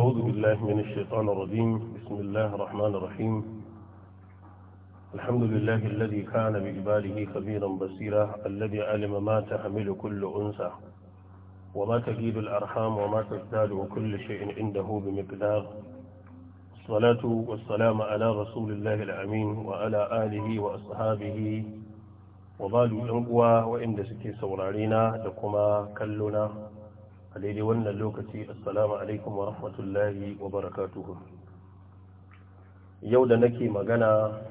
أعوذ بالله من الشيطان الرجيم بسم الله الرحمن الرحيم الحمد لله الذي كان بإباله خبيرا بصيرا الذي علم ما تحمل كل أنثى وما تجيد الأرحام وما تزداد وكل شيء عنده بمقدار الصلاة والسلام على رسول الله الأمين وعلى آله وأصحابه وبالو الأنقوى وإن دسكي سورارينا لكما كلنا a daidai wannan lokaci assalamu alaikum wa rahmatullahi wa barakatuhu yau da nake magana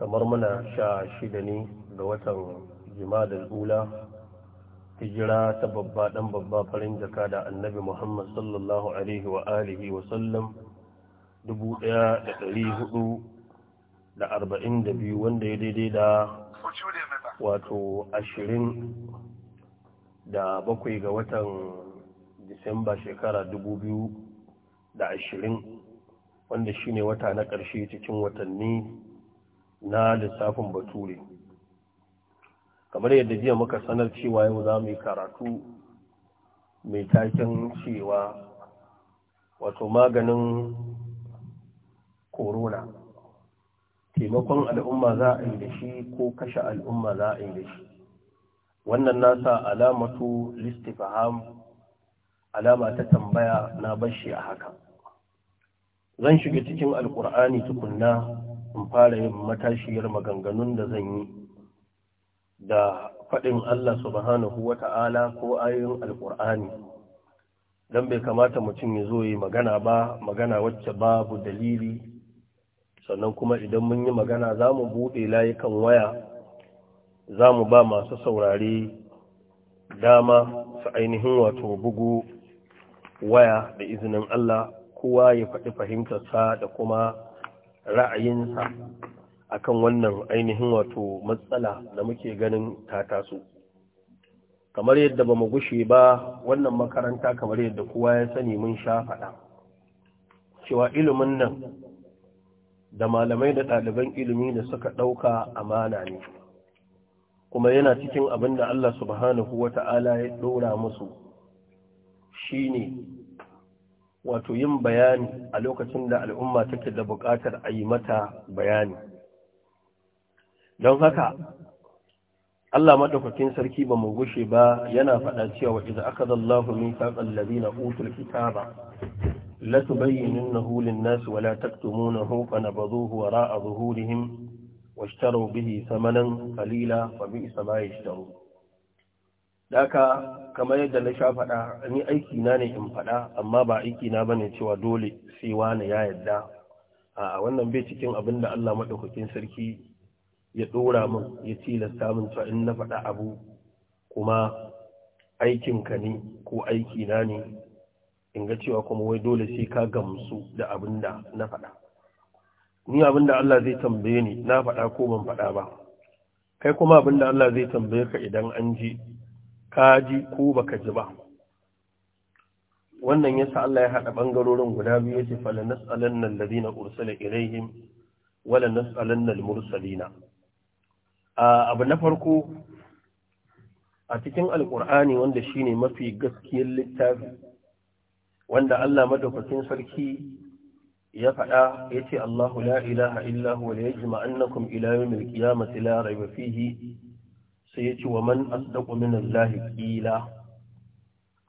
kamar muna sha shida ne ga watan jimadar ula hijira ta babba dan babba farin jaka da annabi muhammad sallallahu alaihi wa alihi wa sallam dubu ɗaya da hudu da biyu wanda ya daidai da wato ashirin da bakwai ga watan disamba shekara dubu biyu da ashirin wanda shine wata na ƙarshe cikin watanni na lissafin bature kamar yadda jiya muka sanar cewa yau za mu yi karatu mai taken cewa wato maganin korona taimakon al'umma za a yi da shi ko kashe al'umma za a yi da shi wannan nasa alamatu listifaham alama ta tambaya na bashi a haka zan shiga cikin alkur'ani tukunna in fara yin matashiyar maganganun da zan yi da faɗin Allah subhanahu wa ta'ala ko ayoyin alkur'ani don bai kamata mutum ya zo yi magana ba magana wacce babu dalili sannan kuma idan mun yi magana za mu buɗe layukan waya za mu ba masu saurari dama su ainihin wato bugu waya da izinin Allah kowa ya faɗi fahimtarsa da kuma ra'ayinsa a kan wannan ainihin wato matsala da muke ganin ta taso kamar yadda ba mu gushe ba wannan makaranta kamar yadda kowa ya sani mun sha faɗa cewa ilimin nan da malamai da ɗaliban ilimi da suka ɗauka amana ne kuma yana cikin abin da Allah subhanahu wa ta'ala ya ɗora musu shi ne wato yin bayani a lokacin da al'umma take da buƙatar a yi mata bayani. Don haka, Allah maɗaukakin sarki ba mu gushe ba yana faɗa cewa iza aka zallahu min saƙon na utul kitaba la tubayyinunnahu hulin nasu wala taktumunhu fa nabadhuhu wara'a zuhurihim واشتروا به ثمنا قليلا فبئس ما يشترون daka kamar yadda na sha faɗa ni aiki na ne in faɗa amma ba aiki na bane cewa dole sai wani ya yadda a wannan bai cikin abin da Allah madaukakin sarki ya dora min ya tilasta min cewa in na faɗa abu kuma aikin ka ne ko aiki na ne in ga cewa kuma wai dole sai ka gamsu da abin da na faɗa ni abinda Allah zai tambaye ni na faɗa ko ban faɗa ba kai kuma abinda Allah zai tambaye ka idan an ji ka ji ko baka ji ba wannan yasa Allah ya haɗa bangarorin guda biyu yace fala nas'alanna alladhina ursila ilaihim wala nas'alanna almursalina abu na farko a cikin alkur'ani wanda shine mafi gaskiyar littafi wanda Allah madaukakin sarki ya faɗa ya ce Allahu la ilaha illahu huwa ya ji annakum ila yawmil qiyamati la rayba fihi sai ya ce wa man asdaqu min Allah qila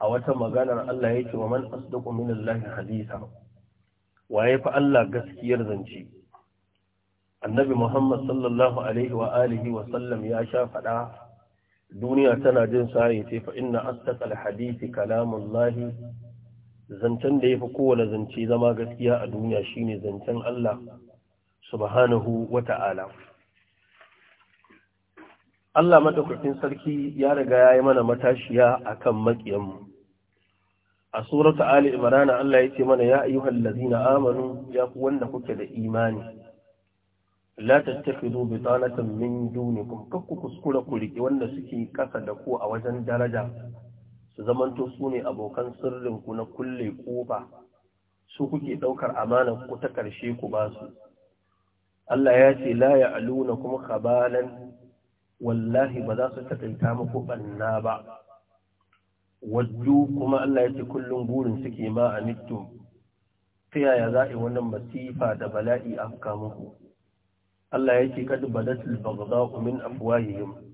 a wata maganar Allah ya ce wa man asdaqu min Allah hadisa waye fa Allah gaskiyar zance annabi Muhammad sallallahu alaihi wa alihi wa sallam ya sha faɗa duniya tana jin sa ya ce fa inna asdaqal hadisi kalamullahi zancen da ya fi kowane zance zama gaskiya a duniya shine zancen Allah subhanahu wa ta'ala. Allah matakwafin sarki ya riga ya yi mana matashiya a kan maƙiyanmu. A surata Ali Imran Allah ya ce mana ya hallazi na amanu ya fi wanda kuke da imani. La zobe bitanatan min kuma kakku kuskura ku riƙe wanda suke ƙasa da ku a wajen daraja su zamanto su ne abokan sirrinku na kulle ƙofa su kuke ɗaukar amanar ku ta ƙarshe ku ba su Allah ya ce la ya aluna kuma kabalan wallahi ba za su takaita muku ɓanna ba waddu kuma Allah ya ce kullum burin suke ma a mitu ta yaya za a yi wannan masifa da bala'i a muku Allah ya ce kad badatul baghdha min afwahihim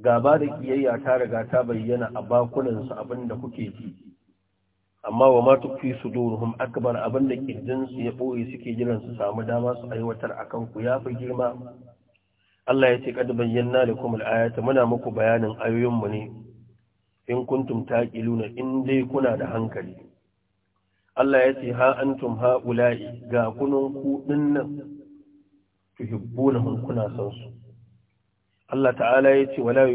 gaba da kiyayya ta riga ta bayyana a bakunansu abinda kuke ji amma wa ma su suduruhum akbar abinda da ya boye suke jiran su samu dama su aiwatar akan ku ya fi girma Allah ya ce kad bayyana lakum al-ayata muna muku bayanin ayoyin mu ne in kuntum taqiluna in dai kuna da hankali Allah ya ce ha antum ulai ga kunun ku dinnan tuhibbunahum kuna san su Allah ta'ala ya ce wala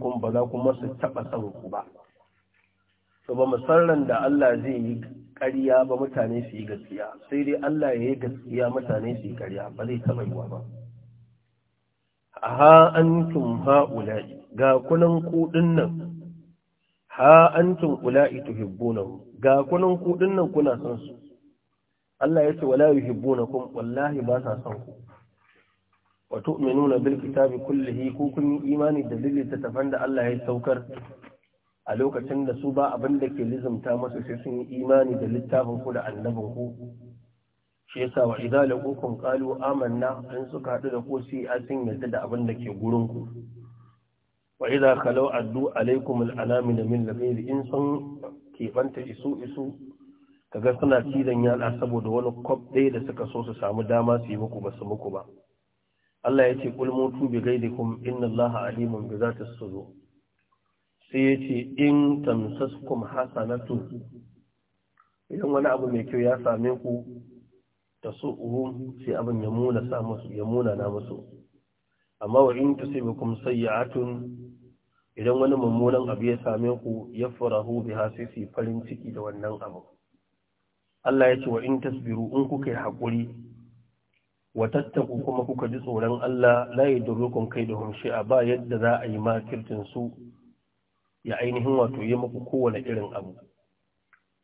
kun ba za kuma su taba san ku ba to ba musarran da Allah zai yi ƙarya ba mutane su yi gaskiya sai dai Allah ya yi gaskiya mutane su yi ƙarya ba zai taba yi ba ha antum ha'ula'i ga kunan ku dinnan ha antum ula'i tuhibbunahu ga kunan ku dinnan kuna son su Allah ya ce wala kun wallahi ba sa son ku wa tu'minuna bil kitabi kullihi ku kun imani da tafan da Allah ya saukar a lokacin da su ba abin da ke lizumta masu sai sun yi imani da littafin ku da annabin ku shi yasa wa idza laqukum qalu amanna in suka hadu da ku sai a sun yarda da abin da ke gurin ku wa idza khalu addu alaikum al anamina min labir in sun kebanta isu isu kaga suna cizon yana saboda wani kwab ɗaya da suka so su samu dama su yi muku ba su muku ba Allah ya ce kul mutu bi ghaidikum inna Allah alimun bi zati sudur sai ya ce in tamsaskum hasanatu idan wani abu mai kyau ya same ku ta uhu sai abin ya muna sa musu ya muna na musu amma wa in tusibukum sayyi'atun idan wani mummunan abu ya same ku ya farahu biha sai su farin ciki da wannan abu Allah ya ce wa in tasbiru in kuka yi haƙuri wa tattaku kuma kuka ji tsoron Allah layi kai da kaiduhum a ba yadda za a yi makircin su ya ainihin wato yi muku kowane irin abu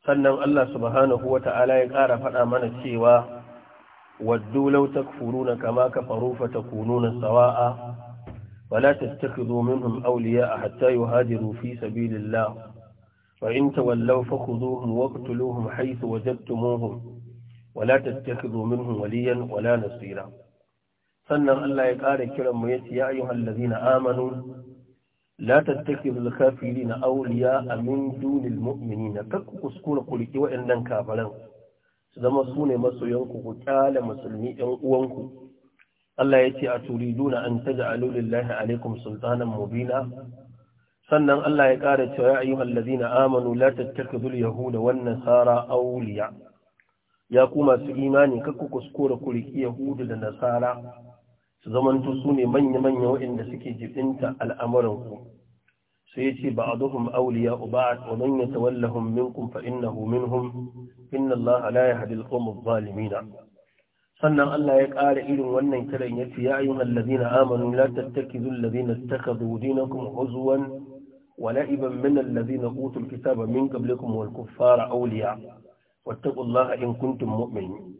sannan Allah subhanahu ta'ala ya ƙara faɗa mana cewa waddu law takfuruna kama kafaru fatakununa sawa'a wala tattakhidhu minhum a hatta yuhajiru fi sabilillah wa in tawallaw fakhuduhum waqtuluhum haythu wajadtumuhum wala domin minhum waliyan wala nasira sannan Allah ya ƙara kiran mu yace ya ayyuhal ladina amanu la tattakhidhu al-kafirina awliya'a min dunil mu'minina kakku kuskura kulki wa'annan kafiran su zama su ne masoyanku ku kyale musulmi ɗan uwanku Allah ya ce a turiduna an taj'alu lillahi alaikum sultanan mubina sannan Allah ya ƙara cewa ya ayyuhal ladina amanu la tattakhidhu al-yahuda wan nasara awliya ya ku masu imani kakku kuskura kuriki yahudu da nasara su zamanto su ne manya-manya waɗanda suke jibinta al'amuranku sai ya ce ba a zuhun auliya uba a tsoron ya tawallahun minkum fa inna homin inna Allah la ya hadil ƙomar zalimina sannan Allah ya ƙara irin wannan kiran ya ya yi mallabi amanu la tattaki zullabi na taka kuma wa la'iban min allazi na kutul kitaba min kablikum wal kuffara auliya wattaqullaha in kuntum mu'minin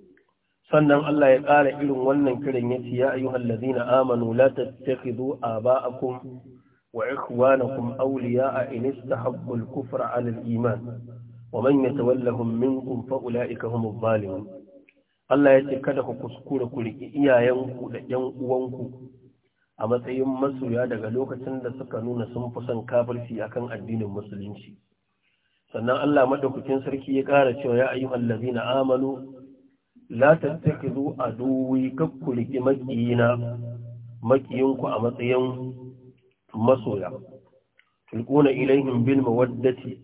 sannan Allah ya ƙara irin wannan kiran yace ya ayyuhal ladina amanu la tattakhidhu aba'akum wa ikhwanakum awliya'a in istahabbu al-kufra 'ala al-iman wa man yatawallahum minkum fa ulaika humuz zalimun Allah ce kada ku kuskura ku riki iyayenku da ƴan uwanku a matsayin masoya daga lokacin da suka nuna sun fi son kafirci akan addinin musulunci sannan Allah madaukakin sarki ya ƙara cewa ya ayyuhal ladina amanu la tattakizu aduwi kakkuliki makiyina makiyinku a matsayin masoya tulquna ilaihim bil mawaddati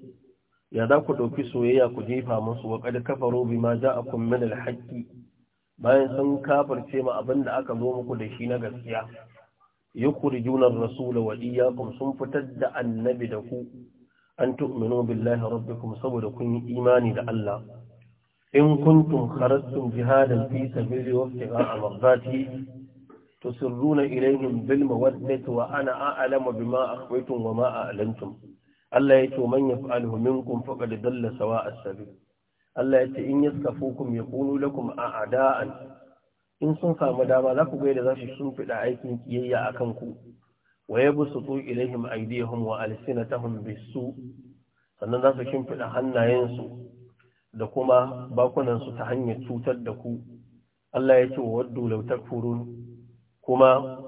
ya za ku ɗauki soyayya ku jefa musu wa qad kafaru bima ja'akum min al haqqi bayan sun kafirce ma da aka zo muku da shi na gaskiya yukhrijuna ar-rasula wa iyyakum sun fitar da annabi da ku an tu'minu billahi rabbikum saboda kun yi imani da Allah in kuntum kharajtum jihadan fi sabili wa ibtigha'a mardati tusirruna ilayhim bil mawaddati wa ana a'lamu bima akhwaytum wa ma a'lantum Allah yace man yaf'aluhu minkum faqad dalla sawa'a sabil Allah yace in yaskafukum yaqulu lakum a'da'an in sun samu dama za ku ga yadda za su shimfiɗa aikin kiyayya akan ku wa yabsutu ilaihim aydihim wa alsinatahum bisu sannan za su shimfiɗa hannayensu da kuma bakunansu ta hanyar cutar da ku Allah ya ce wa waddu lautar takfurun kuma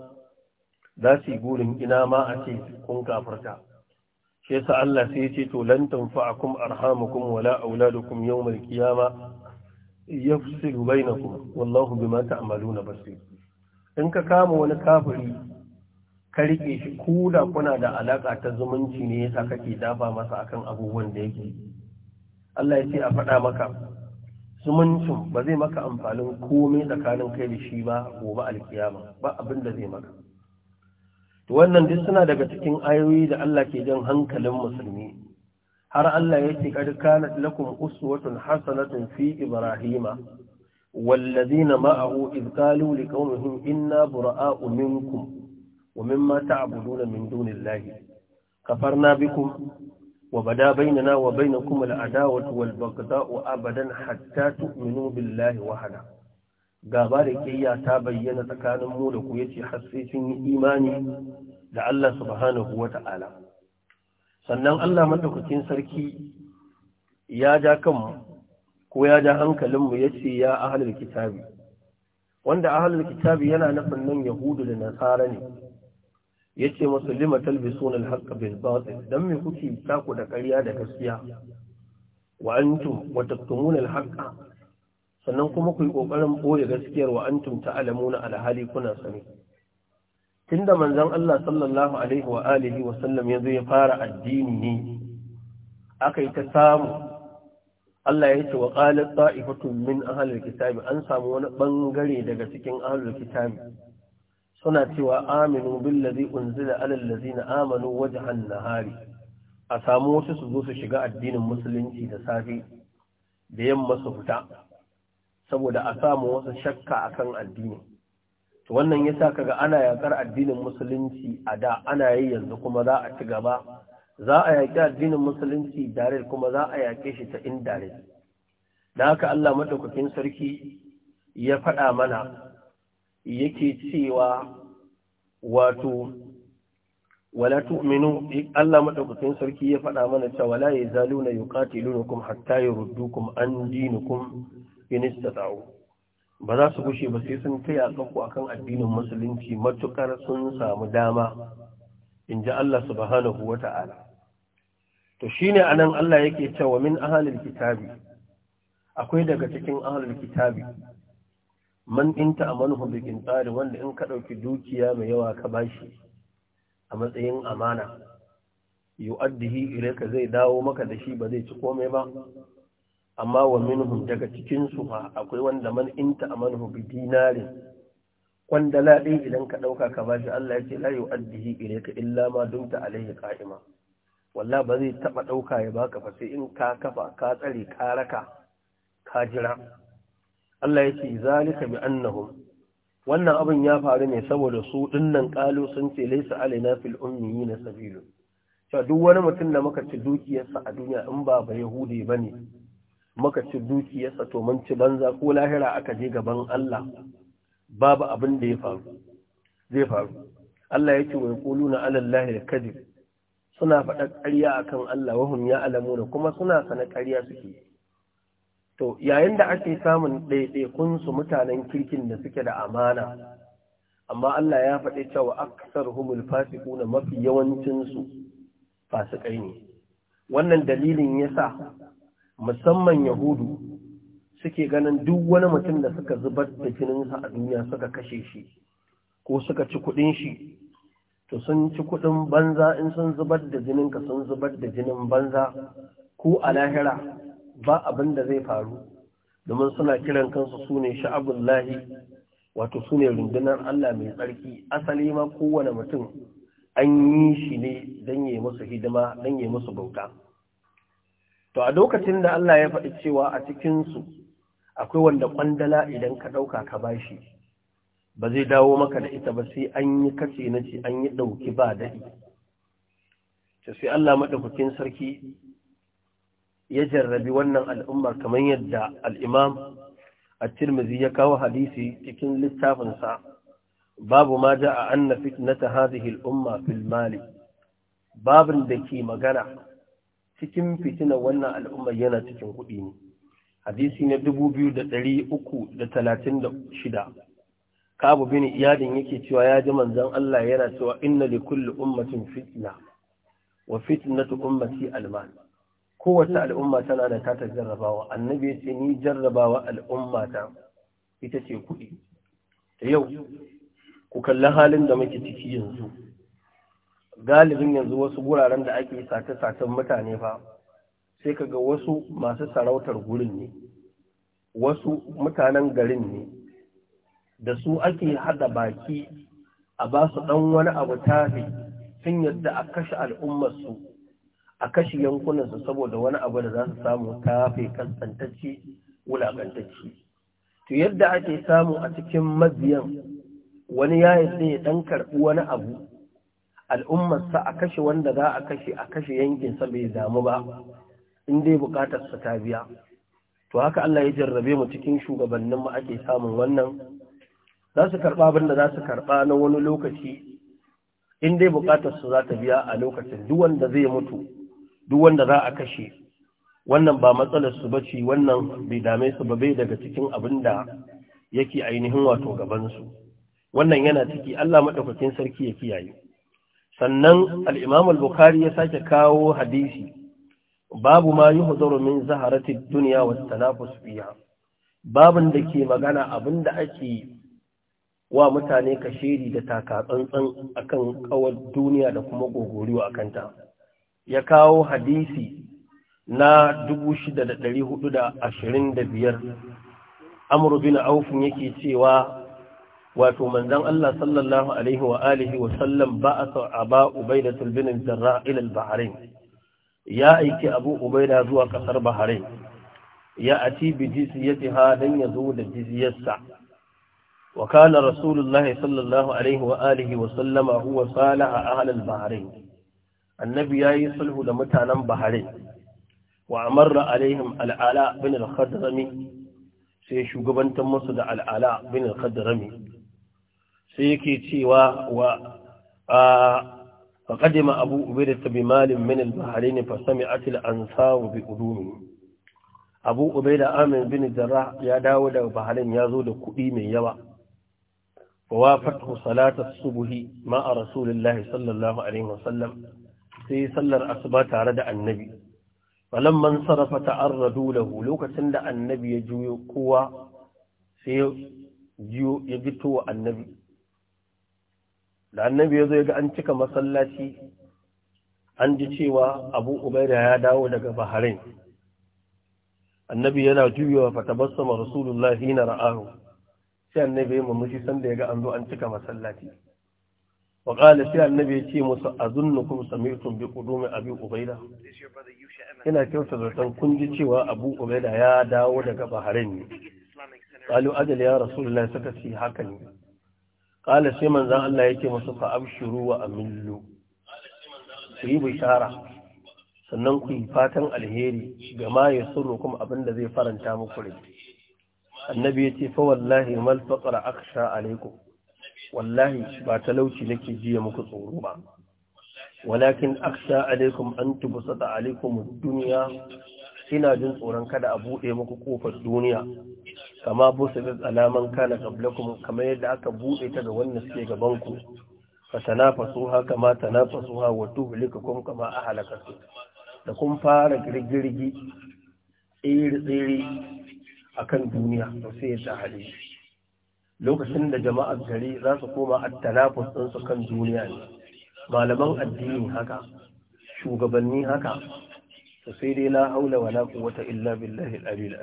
za su yi gurin, ina ma a ce kun kafarta shi yasa Allah sai ya ce to lan tanfa'akum arhamukum wala auladukum yawmal qiyama yafsilu bainakum wallahu bima ta'maluna basir in ka kama wani kafiri ka rike shi kula kuna da alaka ta zumunci ne yasa kake dafa masa akan abubuwan da yake Allah ya ce a faɗa maka zumuncin ba zai maka amfanin komai tsakanin kai da shi ba gobe alkiyama ba abin da zai maka to wannan duk suna daga cikin ayoyi da Allah ke jan hankalin musulmi har Allah ya ce kad kanat lakum uswatun hasanatun fi ibrahima wallazina ma'ahu iz qalu liqaumihim inna براء minkum ومما تعبدون من دون الله كفرنا بكم وبدا بيننا وبينكم العداوة والبغضاء أبدا حتى تؤمنوا بالله وحده gaba da kiyya ta bayyana tsakanin mu da ku yace har sai sun yi imani da Allah subhanahu Ta'ala. sannan Allah madaukakin sarki ya ja kanmu ko ya ja hankalinmu yace ya ahlul kitabi wanda ahlul kitabi yana nufin nan yahudu da nasara ne yace musu lima talbisuna al-haqqa bil batil dan me kuke taku da ƙarya da gaskiya wa antum wa taktumuna al sannan kuma ku yi ƙoƙarin boye gaskiyar wa antum na al-hali kuna sani tunda manzon Allah sallallahu alaihi wa alihi wa sallam ya fara addini ne yi ta samu Allah ya ce wa qalat ta'ifatun min ahlil kitabi an samu wani ɓangare daga cikin ahlul kitabi suna cewa aminu billazi unzila alal ladzina amanu wajhan nahari a samu wasu su zo su shiga addinin musulunci da safe da yamma su fita saboda a samu wasu shakka akan addini to wannan yasa kaga ana yakar addinin musulunci a da ana yi yanzu kuma za a ci gaba za a yaƙi addinin musulunci direct kuma za a yaƙe shi ta indirect da haka Allah madaukakin sarki ya faɗa mana yake cewa wato wala tu'minu Allah madaukakin sarki ya faɗa mana cewa wala yazaluna yuqatilunukum hatta yurdukum an kum in istata'u ba za su gushe ba sai sun taya tsanku akan addinin musulunci matukar sun samu dama in Allah subhanahu wata'ala to shine anan Allah yake cewa min ahlil kitabi akwai daga cikin ahlil kitabi man inta amanuhu bikin tsari wanda in ka ɗauki dukiya mai yawa ka bashi a matsayin amana yu'addihi ilayka zai dawo maka da shi ba zai ci komai ba amma wa minhum daga cikin su fa akwai wanda man inta amanuhu bi dinarin la dai idan ka ɗauka ka bashi Allah ya ce la yu'addihi ilayka illa ma dumta alaihi qa'ima walla ba zai taɓa ɗauka ya baka fa sai in ka kafa ka tsare ka raka ka jira Allah ya ce zalika bi annahum wannan abin ya faru ne saboda su dinnan kalu sun ce laysa alaina fil na sabilun cewa duk wani mutum da muka ci dukiyarsa a duniya in ba ba yahudi bane muka ci dukiyarsa to mun ci banza ko lahira aka je gaban Allah babu abin da ya faru zai faru Allah ya ce wa kulu ala allahi al suna faɗa ƙarya akan Allah wahum ya alamuna kuma suna sana ƙarya suke to yayin da ake samun ɗaiɗaikun su mutanen kirkin da suke da amana amma Allah ya faɗi cewa aksar humul na mafi yawancin su fasikai ne wannan dalilin yasa musamman yahudu suke ganin duk wani mutum da suka zubar da jininsa a duniya suka kashe shi ko suka ci kuɗin shi to sun ci kuɗin banza in sun zubar da jininka sun zubar da jinin banza ko a lahira ba abin da zai faru domin suna kiran kansu su ne sha'abullahi wato su ne rundunar Allah mai tsarki asali ma kowane mutum an yi shi ne don yi musu hidima don yi musu bauta to a lokacin da Allah ya faɗi cewa a cikinsu akwai wanda ƙwandala idan ka ɗauka ka ba shi ba zai dawo maka da ita ba sai an yi kace na ce an yi ɗauki ba daɗi ta sai Allah maɗaukakin sarki ya jarrabi wannan al'ummar kamar yadda al'imam a tirmizi ya kawo hadisi cikin littafinsa babu ma ja a anna fitnata hadhihi al'umma fil mali babin da ke magana cikin fitina wannan al'ummar yana cikin kuɗi ne hadisi na 2336 kabu bin iyadin yake cewa ya ji manzon Allah yana cewa inna li kulli ummatin fitna wa fitnatu ummati al kowace al'umma tana da tata jarrabawa annabi ya ce ni jarrabawa al'umma ta ita ce kuɗi da yau ku kalli halin da muke ciki yanzu galibin yanzu wasu guraren da ake sace-sacen mutane fa sai kaga wasu masu sarautar gurin ne wasu mutanen garin ne da su ake hada baki a ba su ɗan wani abu tafi sun yadda a kashe al'ummarsu a kashe yankunansu saboda wani abu da za su samu tafe kansantacci wulakantacci to yadda ake samu a cikin mabiyan wani ya yi ya dan karɓi wani abu al'ummarsa a kashe wanda za a kashe a kashe yankinsa bai damu ba in dai sa ta biya to haka Allah ya jarrabe mu cikin shugabanninmu ake samun wannan za su karɓa abin da za su karɓa na wani lokaci in dai su za ta biya a lokacin duk wanda zai mutu duk wanda za a kashe wannan ba matsalar su bace wannan bai dame su ba bai daga cikin abin da yake ainihin wato gabansu. wannan yana ciki Allah madaukakin sarki ya kiyaye sannan al-Imam al-Bukhari ya sake kawo hadisi babu ma yuhdaru min zaharati dunya wa tanafus fiha babin da ke magana abin da ake wa mutane kashiri da taka tsantsan akan kawar duniya da kuma gogoriwa akanta ya kawo hadisi na 6425 amru bin aufin yake cewa wato manzon Allah sallallahu alaihi wa alihi wa sallam ba'atha ba ubaida bin jarra ila al-bahrain ya aiki abu ubaida zuwa kasar baharin. ya a ati bi haɗin ya zo da jizyarsa wa kana rasulullahi sallallahu alaihi wa alihi wa sallama huwa salaha ahli al-bahrain annabi ya yi sulhu da mutanen bahare wa amarra alaihim al'ala bin al-khadrami sai shugabantar musu da al'ala bin al-khadrami sai yake cewa wa a qadima abu ubaida bi malin min al-bahrain fa sami'at al-ansar bi udumi. abu ubaida amir bin jarrah ya dawo daga bahrain ya zo da kuɗi mai yawa wa wafatu salata subuhi ma'a rasulillahi sallallahu alaihi wasallam sai sallar asuba tare da annabi man sarrafa ta'arradu lahu lokacin da annabi ya juyo kowa sai ya juyo ya gito wa annabi da annabi ya zo ya ga an cika masallaci an ji cewa abu ubaida ya dawo daga baharin annabi yana juyowa tabassama rasulullahi na ra'ahu sai annabi ya mamushi sanda ya ga an zo an cika masallaci wa sai annabi ya ce musu azunnukum sami'tum bi qudumi abi ubaida ina kyauta zaton kun ji cewa abu ubaida ya dawo daga Bahrain ne qalu ajal ya rasulullahi saka ce haka ne qala sai manzon Allah yake musu fa abshuru wa amillu ku yi bishara sannan ku yi fatan alheri ga ma ya surru kuma abin da zai faranta muku rai annabi ya ce fa wallahi mal faqra akhsha alaikum wallahi ba talauci nake jiya muku tsoro ba walakin aksha alaikum an tubsata alaikum duniya ina jin tsoron kada a buɗe muku kofar duniya kama busa da alaman kana qablakum kamar yadda aka buɗe ta ga wannan suke gaban ku ha kama ha wa tuhlikukum kama ahlakatu da kun fara girgirgi tsiri tsiri akan duniya to sai ta lokacin da jama'ar gari za su koma a talafus ɗinsu kan duniya ne malaman addini haka shugabanni haka to sai dai na haula wala quwwata illa billahi al-aliyyil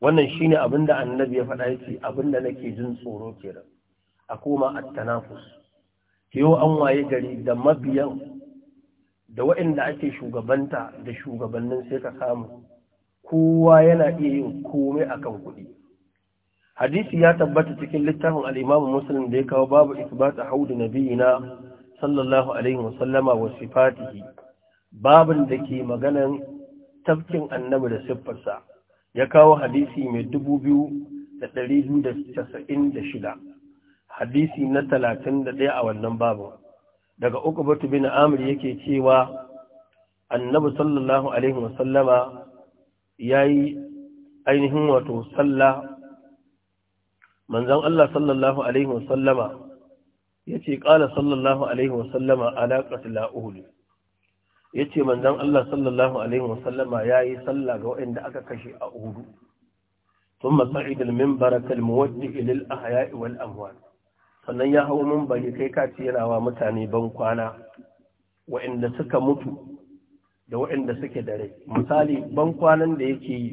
wannan shine abinda annabi ya faɗa yake abinda nake jin tsoro kenan a koma at-tanafus yau an waye gari da mabiyan da waɗanda ake shugabanta da shugabannin sai ka samu kowa yana iya yin komai akan kuɗi hadisi ya tabbata cikin littafin al'imamu muslim da ya kawo babu isbata haudu nabiyina sallallahu alaihi wasallama wa sifatihi babin da ke maganan tafkin annabi da Sifarsa, ya kawo hadisi mai dubu biyu da ɗari biyu da casa'in da shida hadisi na talatin da ɗaya a wannan babin daga uku batu bin amir yake cewa annabi sallallahu alaihi wasallama ya yi ainihin wato sallah Manzan Allah sallallahu alaihi wasallama yace ƙala sallallahu alaihi wasallama ala qatla Ya ce manzan Allah sallallahu alaihi wasallama yayi sallah ga waɗanda aka kashe a Uhudu. thumma sa'ida al-minbara kal muwaddi a ahya'i wal amwat sannan ya hau min minbari kai ka yana wa mutane ban kwana waɗanda suka mutu da waɗanda suke da rai misali ban kwanan da yake yi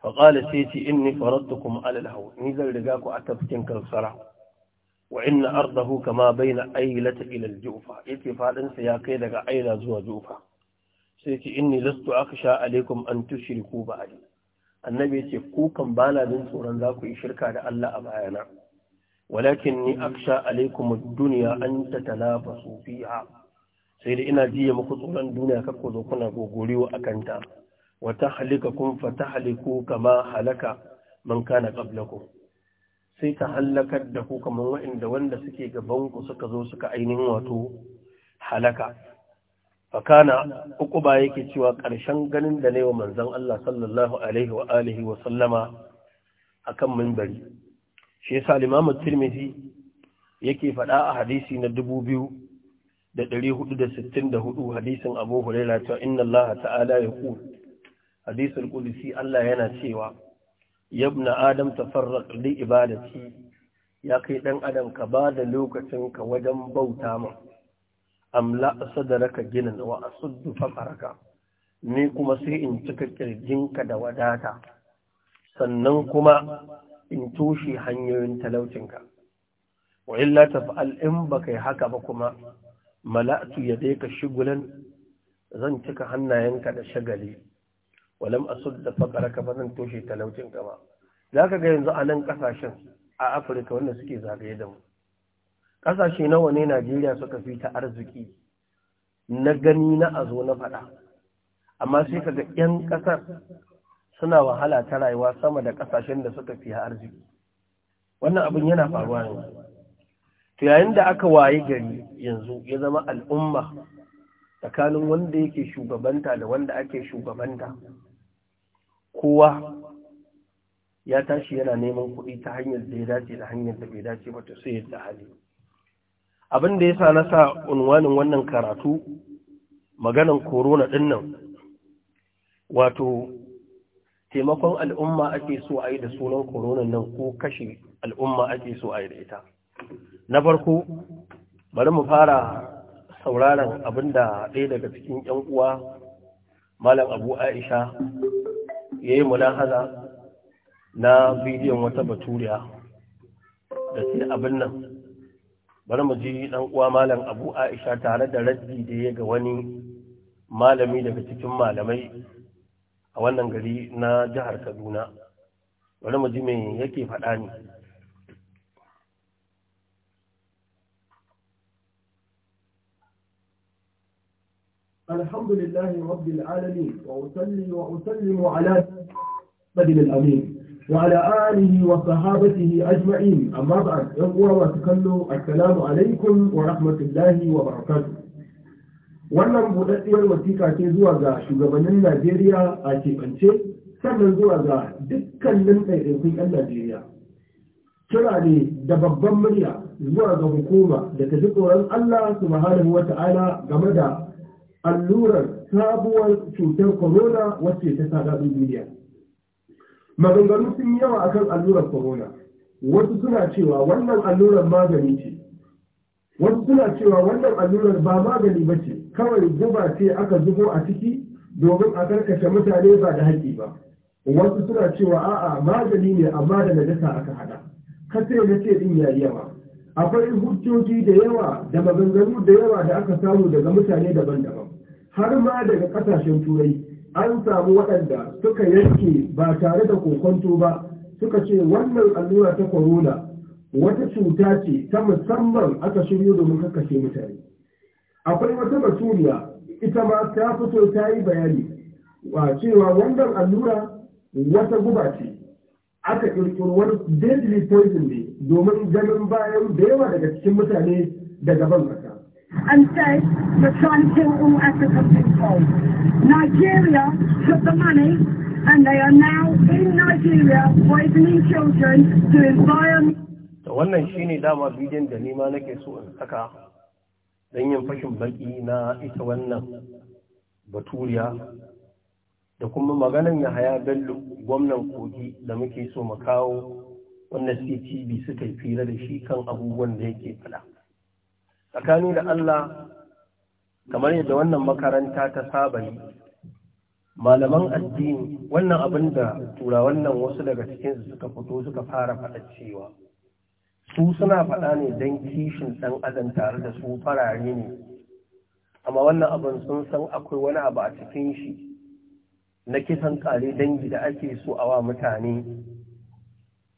faƙala sai ce in ni farattu kuma alal hau ni zan riga ku a tafkin kansara wa inna ardahu kama baina ailata ilal jufa yace fadin sa ya kai daga aila zuwa jufa sai ce inni lastu akhsha alaikum an tushriku ba'di annabi yace ku kan bana jin tsoron za ku yi shirka da Allah a bayana walakin ni akhsha alaikum ad-dunya an tatanafasu fiha sai da ina jiya muku tsoron duniya kakko zo kuna gogorewa kanta. wa tahlikakum fa haliku kama halaka man kana qablakum sai ta hallakar da ku kamar waɗanda wanda suke gaban ku suka zo suka ainihin wato halaka fakana uku ba yake cewa ƙarshen ganin da ne wa manzon Allah sallallahu alaihi wa alihi wa sallama akan mimbari shi yasa al-Imam tirmidhi yake faɗa a hadisi na 2464 hadisin Abu Hurairah cewa inna Allah ta'ala yaqul hadisul qudsi Allah yana cewa yabna adam tafarraq li ibadati ya kai dan adam ka ba da lokacinka wajen bauta min amla raka ginan wa asuddu fakaraka ni kuma sai in cika ka da wadata sannan kuma in toshe hanyoyin talaucinka wa illa taf'al in baka yi haka ba kuma mala'tu ya yadayka shugulan, zan cika hannayenka da shagali walam asud da fakara ka ba zan toshe talaucin ka ba za ka ga yanzu a nan kasashen a afirka wanda suke zagaye da mu Ƙasashe nawa ne najeriya suka fi ta arziki na gani na a zo na faɗa amma sai ka ga 'yan ƙasar suna wahala ta rayuwa sama da ƙasashen da suka fi arziki wannan abin yana faruwa ne to yayin da aka waye gari yanzu ya zama al'umma tsakanin wanda yake shugabanta da wanda ake shugabanta kowa ya tashi yana neman kuɗi ta hanyar da ya dace da hanyar da bai dace ba ta sai yadda hali abin da ya sa na sa unwanin wannan karatu maganan korona ɗin nan wato taimakon al'umma ake so a yi da sunan korona nan ko kashe al'umma ake so a yi da ita na farko bari mu fara sauraron abin da ɗaya daga cikin 'yan uwa malam abu aisha ya yi mulahaza na bidiyon wata baturiya da sai abin nan bari mu ji dan uwa malam abu aisha tare da raddi da ya ga wani malami daga cikin malamai a wannan gari na jihar kaduna bari mu ji me yake faɗa ne الحمد لله رب العالمين وأسلم وأسلم على سيدنا الأمين وعلى آله وصحابته أجمعين أما بعد يقوى وتكلوا السلام عليكم ورحمة الله وبركاته wannan buɗaɗɗiyar wasiƙa ce zuwa ga shugabannin Najeriya a keɓance sannan zuwa ga dukkanin ɗaiɗaikun 'yan Najeriya. Kira ne da babban murya zuwa ga hukuma da ta ji tsoron Allah subhanahu wa ta'ala game da allurar sabuwar cutar corona wacce ta sada duniya maganganu sun yi yawa akan allurar corona wasu suna cewa wannan allurar magani ce wasu suna cewa wannan allurar ba magani ba ce kawai guba ce aka zubo a ciki domin a karkashe mutane ba da haƙƙi ba wasu suna cewa a'a magani ne amma da najasa aka hada kasa na ce din yayi yawa akwai hujjoji da yawa da maganganu da yawa da aka samu daga mutane daban-daban har ma daga kasashen turai an samu waɗanda suka yanke ba tare da kokonto ba suka ce wannan allura ta corona wata cuta ce ta musamman aka shiryo domin kakashe mutane akwai wata baturiya ita ma ta fito ta yi bayani a cewa wannan allura wata guba ce aka ƙirƙiro wani deadly poison ne domin ganin bayan da yawa daga cikin mutane daga ban ƙasa. An They're trying to kill all African people. Nigeria took the money and they are now in Nigeria poisoning children to environment. Da wannan shi ne dama bidiyon da nima nake so in saka don yin fashin baki na ita wannan baturiya da kuma maganin ya haya bello gwamnan kogi da muke so mu kawo wannan ctb suka yi fira da shi kan abubuwan da yake fada tsakani da allah kamar yadda wannan makaranta ta saba yi malaman addini wannan abin da turawan nan wasu daga cikin suka fito suka fara faɗa cewa su suna faɗa ne don kishin ɗan adam tare da su farare ne amma wannan abin sun san akwai wani abu a cikin shi na kisan ƙare dangi da ake so a wa mutane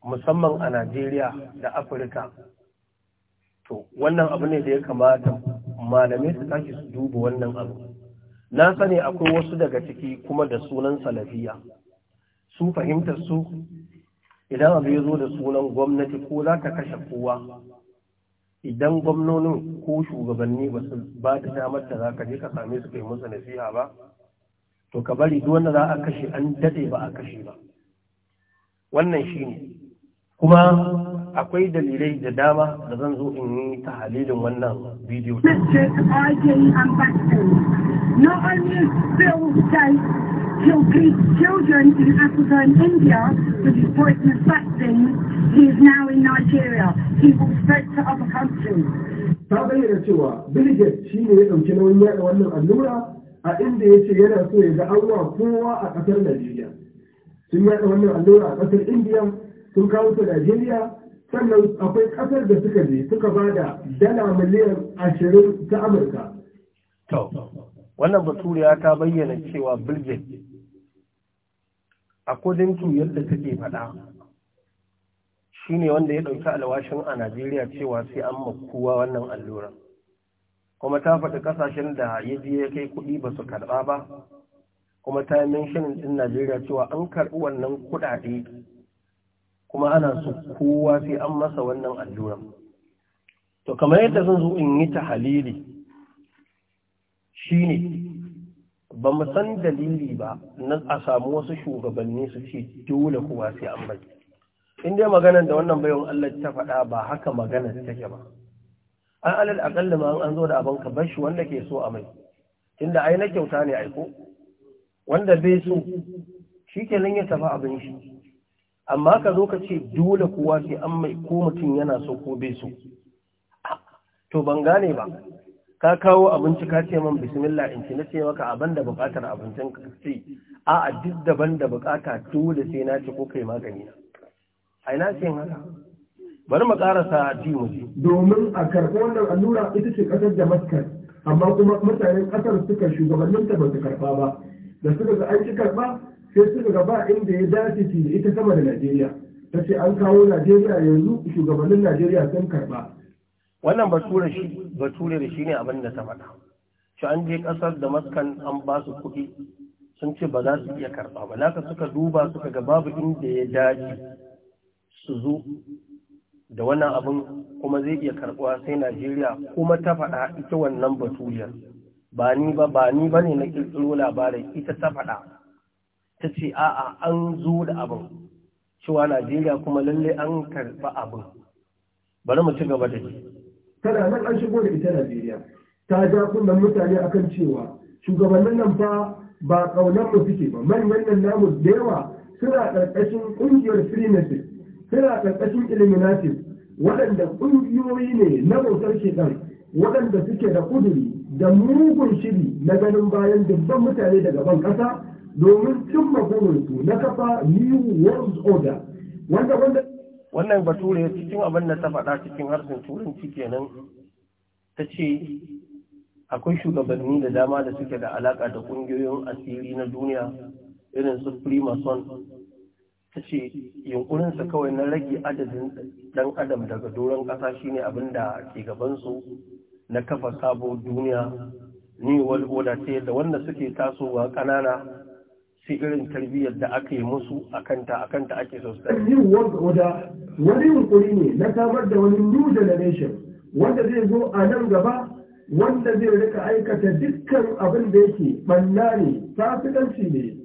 musamman a najeriya da afirka to wannan abu ne da ya kamata malamai su tashi su duba wannan abu na sani akwai wasu daga ciki kuma da sunan salafiya su fahimtar su idan abu ya zo da sunan gwamnati ko za ta kashe kowa idan gwamnonin ko shugabanni ba su ba da damar da za ka je ka same su kai musu nasiha ba to ka bari duk wanda za a kashe an dade ba a kashe ba wannan shine kuma akwai dalilai da dama da zan zo in yi ta halilin wannan bidiyo He'll Ta bayyana cewa Bill shi ne ya ɗauki nauyin yaɗa wannan allura a inda ya ce yana so ya ga auwa kowa a ƙasar Najeriya. Sun yaɗa wannan allura a ƙasar Indiya sun kawo ta Najeriya sannan akwai kasar da suka je suka ba da dala miliyan ashirin ta amurka wannan baturiya ta bayyana cewa bilgin a kudincin yadda take faɗa shi ne wanda ya ɗauki alwashin a najeriya cewa sai an makuwa wannan allura kuma ta faɗi ƙasashen da ya je ya kai kuɗi ba su karɓa ba kuma ta yi ɗin najeriya cewa an karɓi wannan kuɗaɗe kuma ana so kowa sai an masa wannan allura to kamar yadda zan zo in yi ta halili shine ba mu san dalili ba na a samu wasu shugabanni su ce dole kowa sai an bai in dai maganar da wannan bayan Allah ta faɗa ba haka maganar take ba an alal akalla ma an zo da abin ka bashi wanda ke so a mai tunda ai na kyauta ne aiko wanda bai so shi kenan ya tafi abin shi amma ka zo ka ce dole kowa sai an mai ko mutum yana so ko bai so to ban gane ba ka kawo abinci ka ce man bismillah in ci na ce maka abin da bukatar abincin ka ce a a duk daban da bukata dole sai na ci ko kai magani na ai na ce haka bari mu karasa ji mu domin a karɓo wannan allura ita ce kasar Damascus amma kuma mutanen kasar suka shugabannin ta ba su karɓa ba da suka ga an ci karɓa sai suka gaba inda ya dace ce ita sama da najeriya ta ce an kawo najeriya yanzu shugabannin najeriya sun karba wannan bature shi ne abin da ta faɗa shi an je ƙasar da maskan an ba su kuɗi sun ce ba za su iya karɓa ba Laka suka duba suka ga babu inda ya dace su zo da wannan abin kuma zai iya karɓuwa sai najeriya kuma ta faɗa ita wannan baturiyar ba ni ba ba ni ba ne na ƙirƙiro labarin ita ta faɗa ta ce a'a an zo da abin cewa najeriya kuma lalle an karba abin bari mu ci gaba da shi tana nan an shigo da ita najeriya ta ja kunnen mutane akan cewa shugabannin nan fa ba kaunar mu suke ba manyan nan namu da yawa suna ƙarƙashin ƙungiyar freemason suna ƙarƙashin illuminati waɗanda ƙungiyoyi ne na bautar shekar waɗanda suke da kuduri da mugun shiri na ganin bayan dubban mutane daga ban ƙasa domin cimma burinsu na kafa new world order wanda wanda wannan bature cikin abin da ta faɗa cikin harshen turanci kenan ta ce akwai shugabanni da dama da suke da alaƙa da ƙungiyoyin asiri na duniya irin su freemason ta ce yunkurinsa kawai na rage adadin ɗan adam daga doron ƙasa shine abin da ke gabansu na kafa sabo duniya ni wal oda ce da wanda suke tasowa ƙanana sai irin tarbiyyar da aka yi musu a kanta a kanta ake sosai. wani yunkuri ne na samar da wani new generation wanda zai zo a nan gaba wanda zai rika aikata dukkan abin da yake banna ne fasikanci ne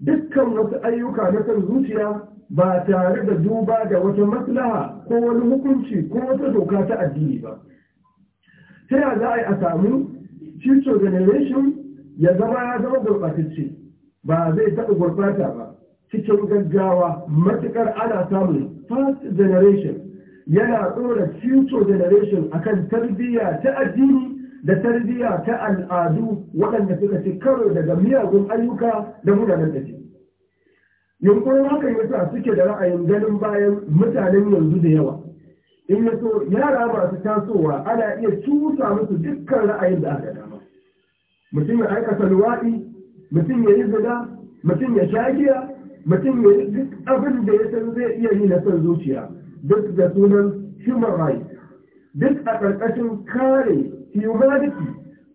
dukkan wasu ayyuka na kan zuciya ba tare da duba da wata maslaha ko wani hukunci ko wata doka ta addini ba ta za a yi a samu future generation ya zama ya zama gurɓatacce ba zai taɓa gurɓata ba cikin gaggawa matuƙar ana samun first generation yana ɗora future generation kan tarbiyya ta addini da tarbiyya ta al'adu waɗanda suka ci karo daga miyagun ayyuka da da ke. yunkurin haka yasa suke da ra'ayin ganin bayan mutanen yanzu da yawa in ya so yara masu tasowa ana iya cusa musu dukkan ra'ayin da aka dama mutum ya aikata luwaɗi mutum ya yi zina mutum ya sha giya mutum ya yi duk abin da ya san zai iya yi na son zuciya duk da sunan human rights duk a ƙarƙashin kare humanity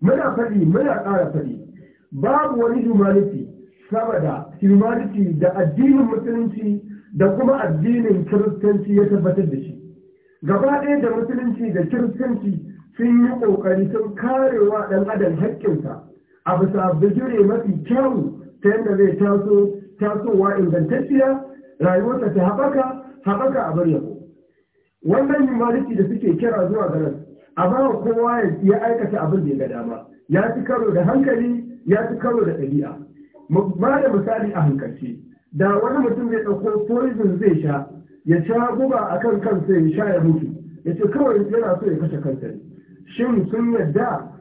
muna faɗi muna ƙara faɗi babu wani humanity sama da humanity da addinin musulunci da kuma addinin kiristanci ya tabbatar da shi gaba ɗaya da musulunci da kiristanci sun yi ƙoƙari sun karewa ɗan adam haƙƙinsa a bisa bijire mafi kyau ta yadda zai taso tasowa ingantacciya rayuwarta ta haɓaka haɓaka a bar yabo wannan maliki da suke kira zuwa garin a bawa kowa ya aikata abin da ya ga dama ya ci karo da hankali ya ci karo da ɗabi'a ba da misali a hankalci da wani mutum ya ɗauko poison zai sha ya sha guba a kan kansa ya sha ya mutu ya ce kawai yana so ya kashe kansa shin sun yadda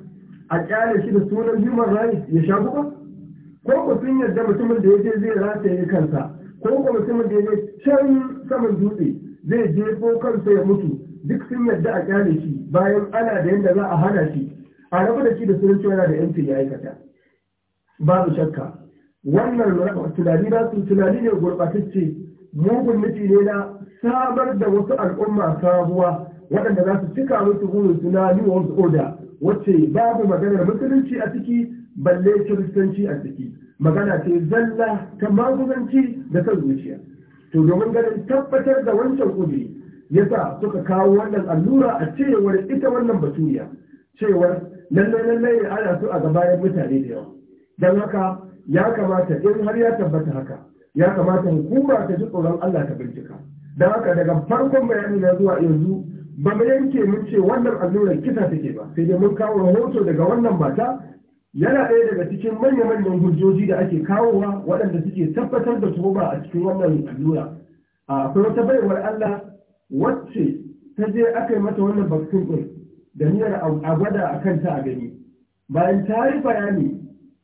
a kyale shi da sunan human rights ya sha kuka ko ku sun yarda mutumin da ya je zai rataye kansa ko ku mutumin da ya je can saman dutse zai je ko kansa ya mutu duk sun yarda a kyale shi bayan ana da yadda za a hana shi a rabu da shi da sunan cewa da yanci ya aikata babu shakka wannan tunani ba su tunani ne gurɓatacce mugun nufi ne na samar da wasu al'umma sabuwa waɗanda za su cika musu gurin suna wa wasu order wacce babu maganar musulunci a ciki balle kiristanci a ciki magana ce zalla ta maguzanci da kan zuciya to domin ganin tabbatar da wancan kudi yasa suka kawo wannan allura a cewar ita wannan baturiya cewar lallai lallai ana so a gabayar mutane da yawa don haka ya kamata in har ya tabbata haka ya kamata hukuma ta ji tsoron Allah ta bincika don haka daga farkon bayani na zuwa yanzu ba mu yanke mun ce wannan allurar kisa take ba sai dai mun kawo rahoto daga wannan mata yana ɗaya daga cikin manya-manyan hujjoji da ake kawowa waɗanda suke tabbatar da tuhuma a cikin wannan allura A akwai wata baiwar Allah wacce ta je aka yi mata wannan bakin ɗin da niyyar a gwada a kanta a gani bayan ta yi bayani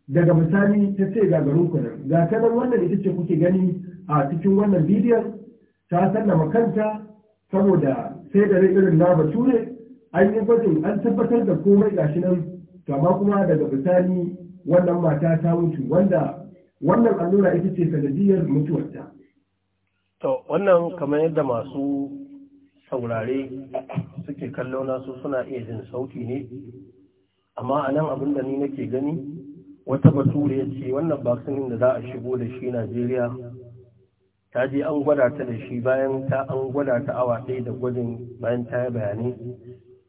daga misali ta ce ga garin ku nan ga ta wannan ita ce kuke gani a cikin wannan bidiyon ta sallama kanta saboda sai da irin na bature an yi gwajin an tabbatar da komai gashi nan kama kuma daga bisani wannan mata ta mutu wanda wannan allura ita ce sanadiyar mutuwarta to wannan kamar yadda masu saurare suke kallo nasu suna iya jin sauti ne amma a nan abin da ni nake gani wata bature ce wannan vaccine da za a shigo da shi najeriya ta je an gwada ta da shi bayan ta an gwada ta awa ɗaya da gwajin bayan ta yi bayanai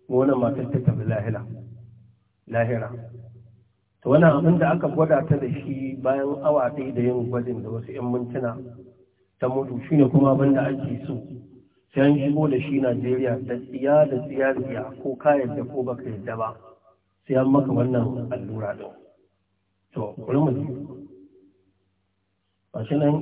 wannan matar ta tafi lahira lahira to wannan abin da aka gwada ta da shi bayan awa ɗaya da yin gwajin da wasu 'yan mintuna ta mutu shi ne kuma abin da ake so sai an shigo da shi najeriya da tsiya da tsiya tsiya ko ka yadda ko baka yadda ba sai an maka wannan allura ɗin to mu shi nan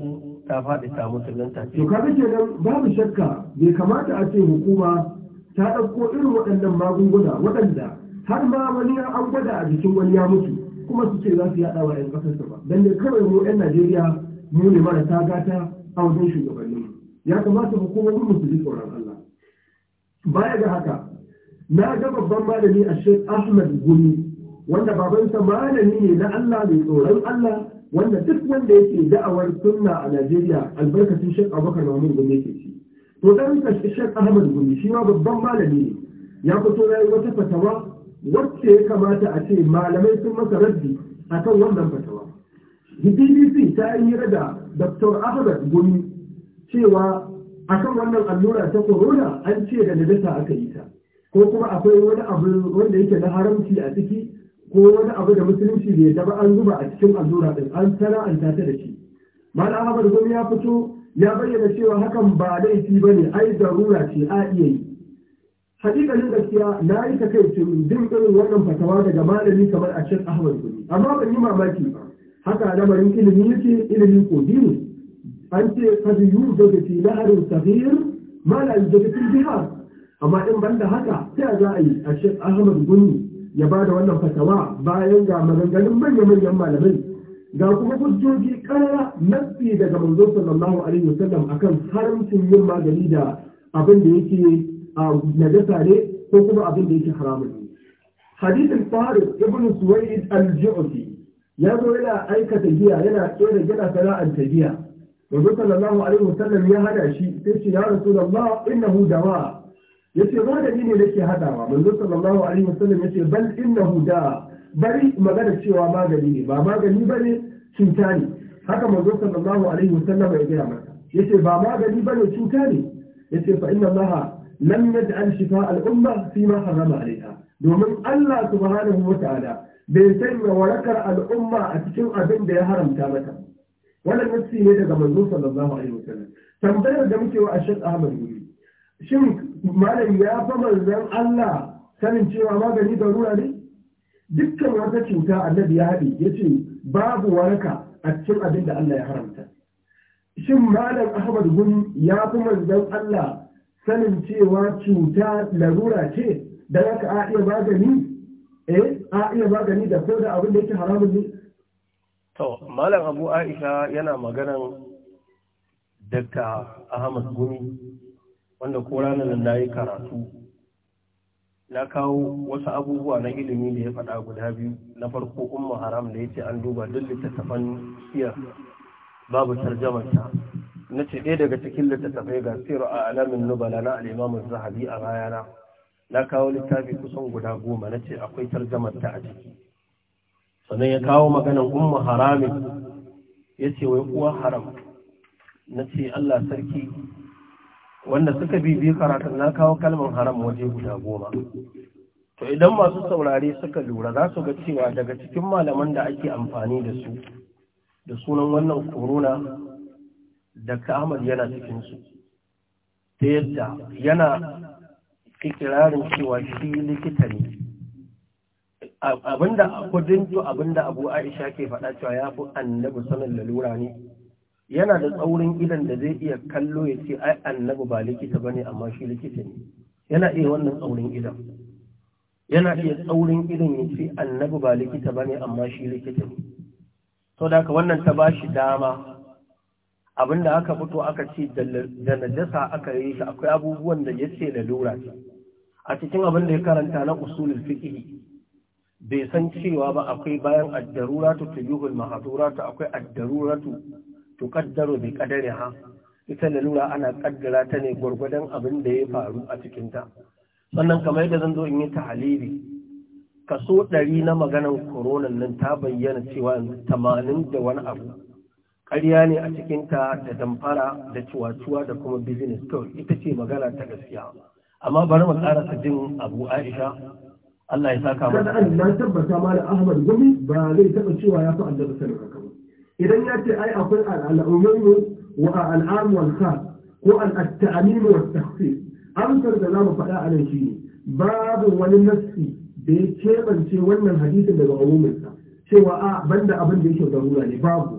ta faɗi ta musulunta ce. To ke nan babu shakka bai kamata a ce hukuma ta ɗauko irin waɗannan magunguna waɗanda har ma wani ya an gwada a jikin wani ya mutu kuma su ce za su yaɗa wa 'yan ƙasarsa ba. Dan ne kawai mu 'yan Najeriya mu ne mara ta gata a wajen shugabanni. Ya kamata hukumomin mu su ji tsoron Allah. Baya ga haka na ga babban malami a Sheikh Ahmad Gumi wanda babansa malami ne na Allah mai tsoron Allah wanda duk wanda yake da'awar sunna a Najeriya albarkacin Sheikh Abubakar Mahmud Gumi yake ci to dan Sheikh Ahmad Gumi shi ma babban malami ne ya fito yi wata fatawa wacce ya kamata a ce malamai sun masa raddi akan wannan fatawa BBC ta yi da Dr. Ahmad Gumi cewa akan wannan allura ta corona an ce da nadasa aka yi ta ko kuma akwai wani abu wanda yake na haramci a ciki ko wani abu da musulunci bai ya ba an zuba a cikin allura din an sana'anta ta da shi malam ahmad gumi ya fito ya bayyana cewa hakan ba laifi ba ne ai zarura ce a iya yi hakikalin gaskiya na yi ta kai din irin wannan fatawa daga malami kamar a cikin ahmad gumi amma ban yi mamaki ba haka lamarin ilimi yake ilimi ko dini an ce kazi yu daga fi laharin safir malam daga fi jihar amma in banda haka sai za a yi a cikin ahmad gumi ya ba da wannan fatawa bayan ga maganganun manya-manyan malamai ga kuma hujjoji kara nafi daga manzo sallallahu alaihi wasallam akan haramcin yin magani da abin da yake a najasa ne ko kuma abin da yake haramun ne hadisin farid ibn suwaid al-ju'fi ya zo yana aikata giya yana tsere gida sana'ar ta giya manzo sallallahu alaihi wasallam ya hada shi sai ce ya rasulullah innahu dawa yace magani ne nake hadawa manzo sallallahu alaihi wasallam yace bal innahu da bari magana cewa magani ne ba magani bane cuta ne haka manzo sallallahu alaihi wasallam ya gaya masa yace ba magani bane cuta ne yace fa inna allaha lam yaj'al shifa al-umma fi ma harrama alaiha domin Allah subhanahu wa ta'ala bai sanya warakar al'umma a cikin abin da ya haramta mata wannan nasi ne daga manzo sallallahu alaihi wasallam tambayar da muke wa Ashad Ahmad Guri shin malam ya fa manzon Allah sanin cewa magani da ruwa ne dukkan wata cuta annabi ya haɗe ya ce babu waraka a cikin abin da Allah ya haramta shin malam Ahmad Gumi ya fi manzon Allah sanin cewa cuta larura ce da haka a iya magani eh a iya magani da ko da abin da yake haramun ne to malam Abu Aisha yana maganan Dr. Ahmad Gumi wanda ko ranar nan na yi karatu na kawo wasu abubuwa na ilimi da ya faɗa guda biyu na farko umma haram da ya ce an duba duk littattafan siya babu tarjamarta na ce ɗaya daga cikin littattafai ga siru a alamin nubala na alimamu zahabi a bayana na kawo littafi kusan guda goma na ce akwai tarjamarta a ciki sannan ya kawo maganan umma haramin ya ce wai uwa haram na ce allah sarki wanda suka bibi karatu na kawo kalmar haram waje guda goma to idan masu saurare suka lura za su ga cewa daga cikin malaman da ake amfani da su da sunan wannan corona da kamar yana cikinsu ta yadda yana ikirarin cewa shi likita ne abinda kudinto abinda abu aisha ke faɗa cewa ya fi annabi sanin lalura ne yana da tsaurin idan da zai iya kallo ya ce ai annabi ba likita bane amma shi likita ne yana iya wannan tsaurin idan yana iya tsaurin idan ya ce annabi ba likita bane amma shi likita ne to da wannan ta bashi dama abinda aka fito aka ci da najasa aka yi shi akwai abubuwan da ya ce da lura. a cikin abin da ya karanta na usulul fiqh bai san cewa ba akwai bayan ad-daruratu tujuhul mahduratu akwai ad-daruratu tuqaddaru bi ha? ita lalura ana kaddara ta ne gwargwadon abin da ya faru a cikinta sannan kamar yadda zan zo in yi tahalili kaso ɗari na maganar corona nan ta bayyana cewa tamanin da wani abu ƙarya ne a cikinta da damfara da ciwatuwa da kuma business kawai ita ce magana ta gaskiya amma bari mu ƙarasa jin abu aisha Allah ya saka mana. Kada an na tabbata mala Ahmad Gumi ba zai taɓa cewa ya fi annabi sallallahu idan ya ce ai akwai al'ummu wa al'am wal ko al wa takhfif amsar da zamu faɗa a nan shine babu wani nassi da ya kebance wannan hadisin daga umumin sa cewa a banda abin da yake zarura ne babu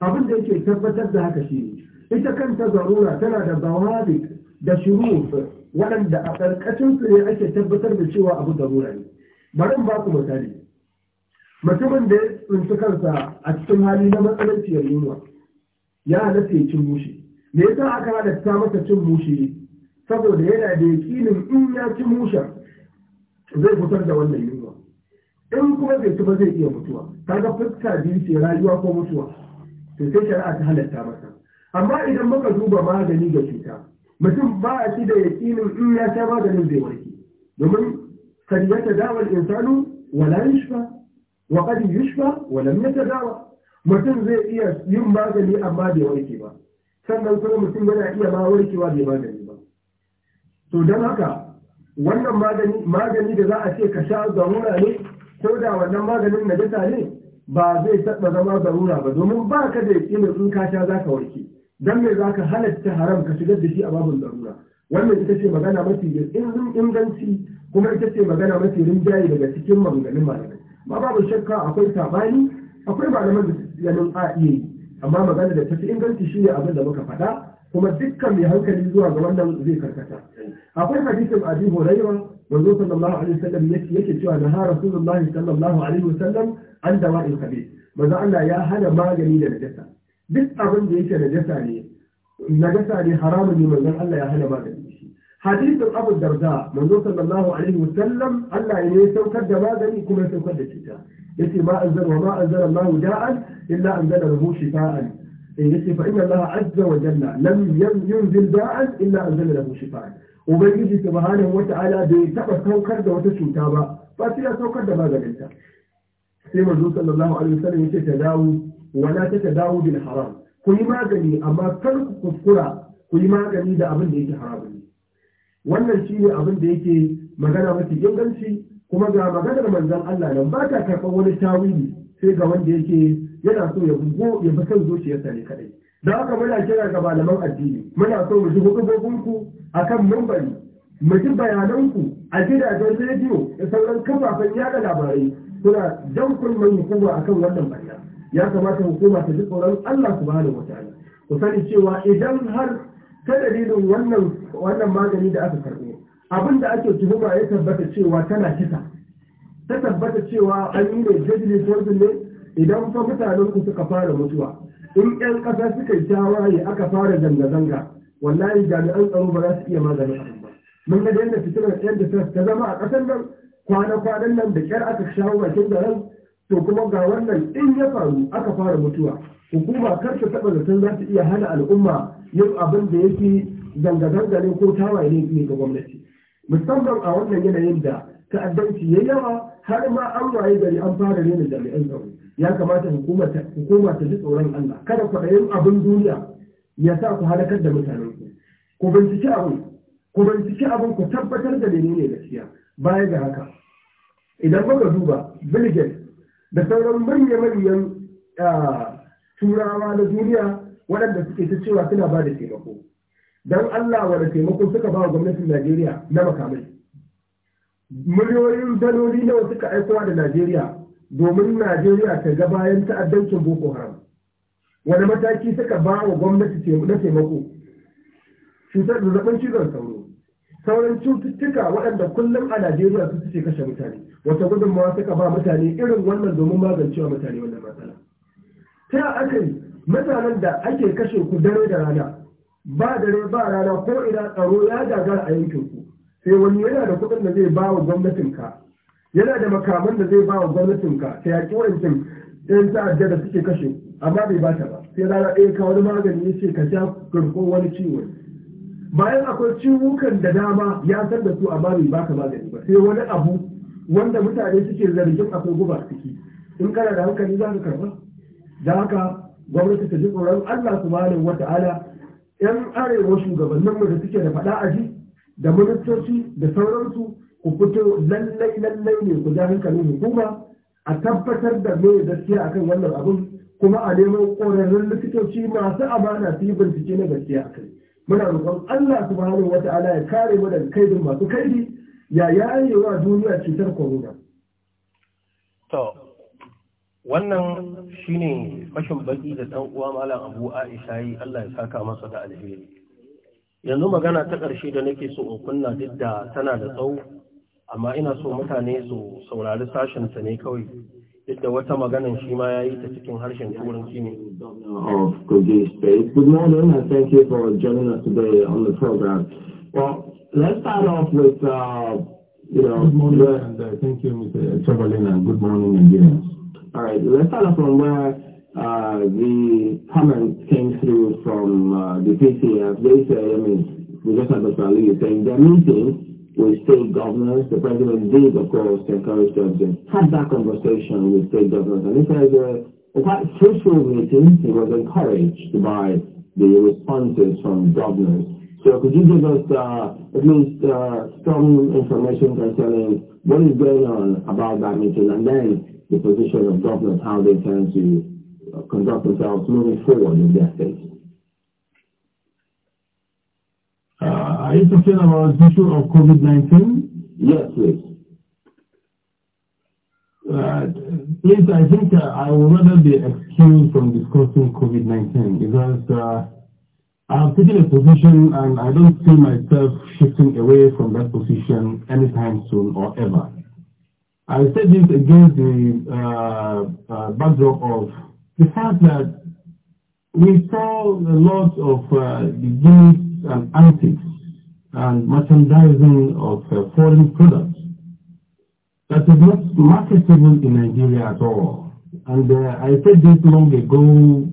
abin da yake tabbatar da haka shine ita kanta zarura tana da bawabi da shuruf waɗanda a ƙarƙashin su ne ake tabbatar da cewa abu zarura ne bari ba ku misali mutumin da ya tsinci kansa a cikin hali na matsalanciyar yunwa ya halatta ya cin mushi me yasa aka halatta masa cin mushi saboda yana da yakinin in ya cin musha zai fitar da wannan yunwa in kuma bai ci ba zai iya mutuwa kaga fuska biyu ce rayuwa ko mutuwa to sai shari'a ta halatta masa amma idan muka duba magani ga cuta mutum ba a ci da yakinin in ya sha maganin zai warke domin kan dawar insanu wala yushfa وقد يشفى ولم يتداوى mutum zai iya yin magani amma bai warke ba sannan kuma mutum yana iya ma warkewa bai magani ba to don haka wannan magani magani da za a ce ka sha garura ne ko da wannan maganin na jita ne ba zai taɓa zama garura ba domin ba ka da yakin in ka sha za ka warke don me za ka halatta haram ka shigar da shi a babin zarura wannan ita ce magana mafi inganci kuma ita ce magana mafi rinjaye daga cikin maganganun malamai ma babu shakka akwai sabani akwai malaman da yanin a amma magana da tafi inganci ne abin da muka faɗa kuma dukkan mai hankali zuwa ga wannan zai karkata akwai hadisin abi hurairah manzo sallallahu alaihi wasallam yake cewa na har rasulullahi sallallahu alaihi wasallam an in kabe. Maza Allah ya hana magani da najasa duk abin da yake najasa ne najasa ne haramun ne manzon Allah ya hana magani hadisin abu darda manzo sallallahu alaihi wa sallam Allah ne saukar da magani kuma ya saukar da cuta yace ma anzal wa ma anzal Allah da'an illa anzala lahu shifaan eh, yace fa inna Allah azza wa jalla lam yunzil da'an illa anzala lahu shifaan ubangiji subhanahu wata'ala bai taba saukar da wata cuta ba ba sai ya saukar da maganinta sai manzo sallallahu alaihi wa sallam yace tadawu bil haram ku yi magani amma kar ku kuskura ku yi magani da abin da yake haramun wannan shi ne abin da yake magana mafi inganci kuma ga maganar manzan Allah nan ba ta karɓar wani tawili sai ga wanda yake yana so ya bugo ya fi kan zuciyarsa ne kaɗai da haka muna kira ga malaman addini muna so mu ji a kan mambari mu ji bayananku a gidajen rediyo da sauran kafafen yada labarai suna jan kulman hukuma a kan wannan barna ya kamata hukuma ta ji tsoron Allah subhanahu wataala ku sani cewa idan har ta dalilin wannan wannan magani da aka karɓo abin da ake tuhuma ya tabbata cewa tana kisa ta tabbata cewa an yi ne jajili sojin ne idan fa mutanen ku suka fara mutuwa in 'yan ƙasa suka yi tawaye aka fara zanga-zanga wallahi jami'an tsaro ba za su iya maganin abin ba mun ga yadda fitilar da ta zama a ƙasar nan kwana-kwanan nan da kyar aka shawo bakin da ran to kuma ga wannan in ya faru aka fara mutuwa hukuma kar ta taɓa zaton za ta iya hana al'umma yin abin da yake zanga-zanga ne ko tawaye ne ga gwamnati musamman a wannan yanayin da ta'addanci ya yawa har ma an waye gari an fara rena jami'an tsaro ya kamata hukuma ta ji tsoron Allah kada yin abin duniya ya sa ku halakar da mutanen ku ku binciki abin ku binciki abin ku tabbatar da menene gaskiya baya ga haka idan muka duba Bill da sauran manya-manyan ah, turawa na duniya waɗanda suke ta cewa suna ba da taimako don Allah wa da taimako suka ba wa gwamnatin Najeriya na makamai miliyoyin daloli nawa suka aikowa da Najeriya domin Najeriya ta ga bayan ta'addancin Boko Haram wani mataki suka ba wa gwamnati na taimako cutar zaɓen cizon sauro sauran cututtuka waɗanda kullum a Najeriya su suke kashe mutane wata gudunmawa suka ba mutane irin wannan domin magancewa mutane wannan matsala ta aka yi mutanen da ake kashe ku dare da rana ba dare ba rana ko ina tsaro ya gagara a yankin ku sai wani yana da kuɗin da zai ba wa gwamnatin ka yana da makaman da zai ba wa gwamnatin ka ta yaƙi wancin ɗan ta'adda da suke kashe ku amma bai ba ta ba sai rana ɗaya ka wani magani ya ce ka sha garkon wani ciwo bayan akwai ciwukan da dama ya san da su amma bai baka magani ba sai wani abu wanda mutane suke zargin akwai guba ciki in kana da hankali za ka karba da haka gwamnati ta ji tsoron Allah subhanahu wata'ala yan arewa shugabannin mu da suke da faɗa aji da ministoci da sauransu ku fito lallai lallai ne ku ja hankalin hukuma a tabbatar da me gaskiya akan wannan abun kuma a nemo ƙwararrun likitoci masu amana su yi bincike na gaskiya akai muna roƙon Allah subhanahu wata'ala ya kare mu daga kaidin masu kaidi ya yayewa duniya cutar corona to wannan shine fashin baki da ɗan uwa malam abu aisha yi Allah ya saka masa da alheri yanzu magana ta ƙarshe da nake so in kunna duk da tana da tsawo amma ina so mutane su saurari sashen ta ne kawai duk da wata magana shi ma yayi ta cikin harshen turanci ne of Kogi State. Good morning and thank you for joining us today on the program. Well, let's start off with, uh, you know, good morning and uh, thank you, Mr. Chabalina good morning again. All right. Let's start off from where uh, the comment came through from uh, the PCF. They say, I mean, we just had Mr. Ali saying their meeting with state governors, the president did, of course, encourage them to have that conversation with state governors. And this was a, a quite fruitful meeting. He was encouraged by the responses from governors. So could you give us uh, at least uh, some information concerning what is going on about that meeting and then the position of government, how they tend to uh, conduct themselves moving forward in their state. Uh, are you talking about the issue of COVID-19? Yes, please. Uh, please, I think uh, I would rather be excused from discussing COVID-19 because uh, I've taken a position and I don't see myself shifting away from that position anytime soon or ever. I said this against the uh, uh, backdrop of the fact that we saw a lot of uh, and antics and merchandising of uh, foreign products that is not marketable in Nigeria at all. And uh, I said this long ago,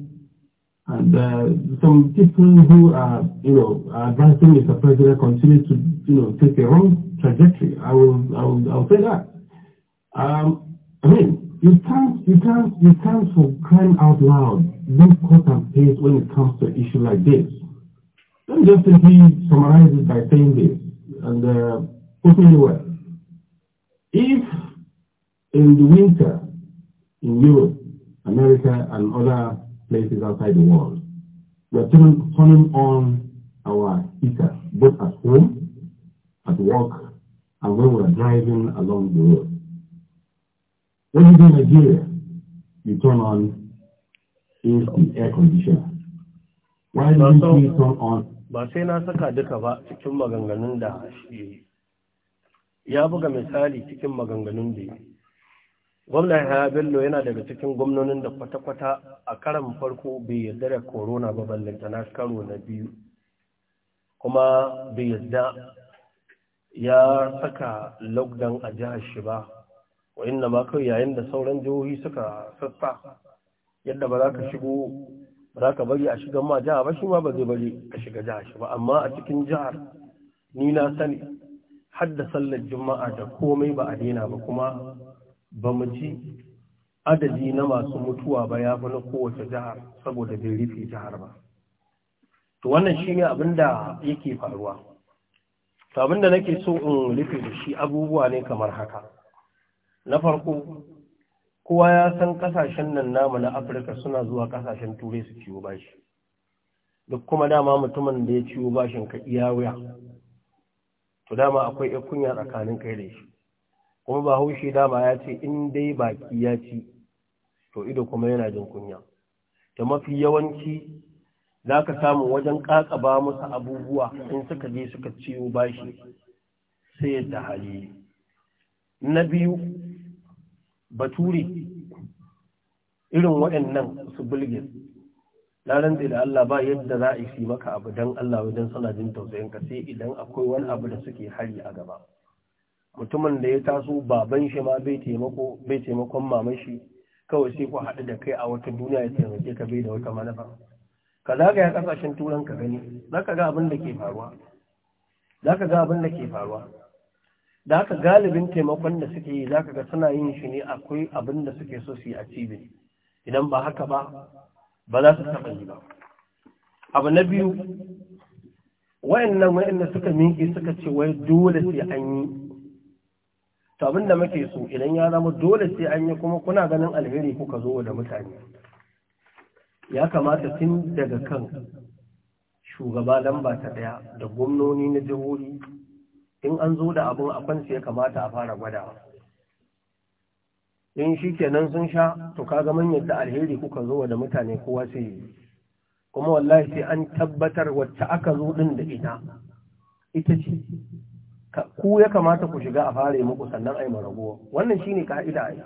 and uh, some people who are, you know, advancing Mr. president continue to, you know, take a wrong trajectory. I will, I will, I will say that. Um, I mean, you can't, you can't, you can't for crying out loud do caught and paste when it comes to an issue like this. Let me just simply summarize it by saying this and uh, put it anywhere. If in the winter in Europe, America, and other places outside the world, we are turning, turning on our heater both at home, at work, and when we are driving along the road. What you do in Nigeria? You turn on is the air conditioner. Why do you see turn on? Ba sai na saka duka ba cikin maganganun da shi ya buga misali cikin maganganun da Gwamna ya Bello yana daga cikin gwamnonin da kwata-kwata a karan farko bai yarda da corona ba ballanta na karo na biyu. Kuma bai yarda ya saka lockdown a jihar shi ba wa inna ma kawai yayin da sauran jihohi suka sassa yadda ba za ka shigo ba za ka bari a shigan ma jiha ba shi ma ba zai bari a shiga jiha shi ba amma a cikin jihar ni na sani har sallar juma'a da komai ba a daina ba kuma ba mu ci adadi na masu mutuwa ba ya fi na kowace jihar saboda bai rufe jihar ba to wannan shi ne abin da yake faruwa to abin da nake so in rufe da shi abubuwa ne kamar haka na farko kowa ya san kasashen nan namu na afirka suna zuwa kasashen turai su ciwo bashi duk kuma dama mutumin da ya ciwo bashin ka iya wuya to dama akwai ya kunya tsakanin kai da shi kuma ba haushe dama ya ce in dai baki ya ci to ido kuma yana jin kunya da mafi yawanci za ka samu wajen ƙaƙaba musu abubuwa in suka je suka ciwo bashi sai ya hali na biyu bature irin waɗannan su bulgis na da Allah ba yadda za a yi maka abu don Allah wajen suna jin tausayin ka sai idan akwai wani abu da suke hari a gaba mutumin da ya taso baban shi ma bai taimako bai taimakon maman shi kawai sai ku haɗu da kai a wata duniya ya taimake ka bai da wata manufa ka zaga ya kasashen turan ka gani za za ga abin da ke faruwa da haka galibin taimakon da suke yi zaka ga suna yin shi ne akwai abin da suke so su yi a cibin idan ba haka ba ba za su taɓa yi ba abu na biyu wayannan wayanda suka miƙe suka ce wai dole sai an yi to abin da muke so idan ya zama dole sai an yi kuma kuna ganin alheri kuka zo da mutane ya kamata tun daga kan shugaba lamba ta ɗaya da gwamnoni na jihohi in an zo da abin a kwansu ya kamata a fara gwadawa in shi kenan sun sha to kaga manyan da alheri kuka zo da mutane kowa sai yi kuma wallahi sai an tabbatar wacce aka zo din da ita ita ce ku ya kamata ku shiga a fara yi muku sannan a yi maragowa wannan shine ka'ida yi.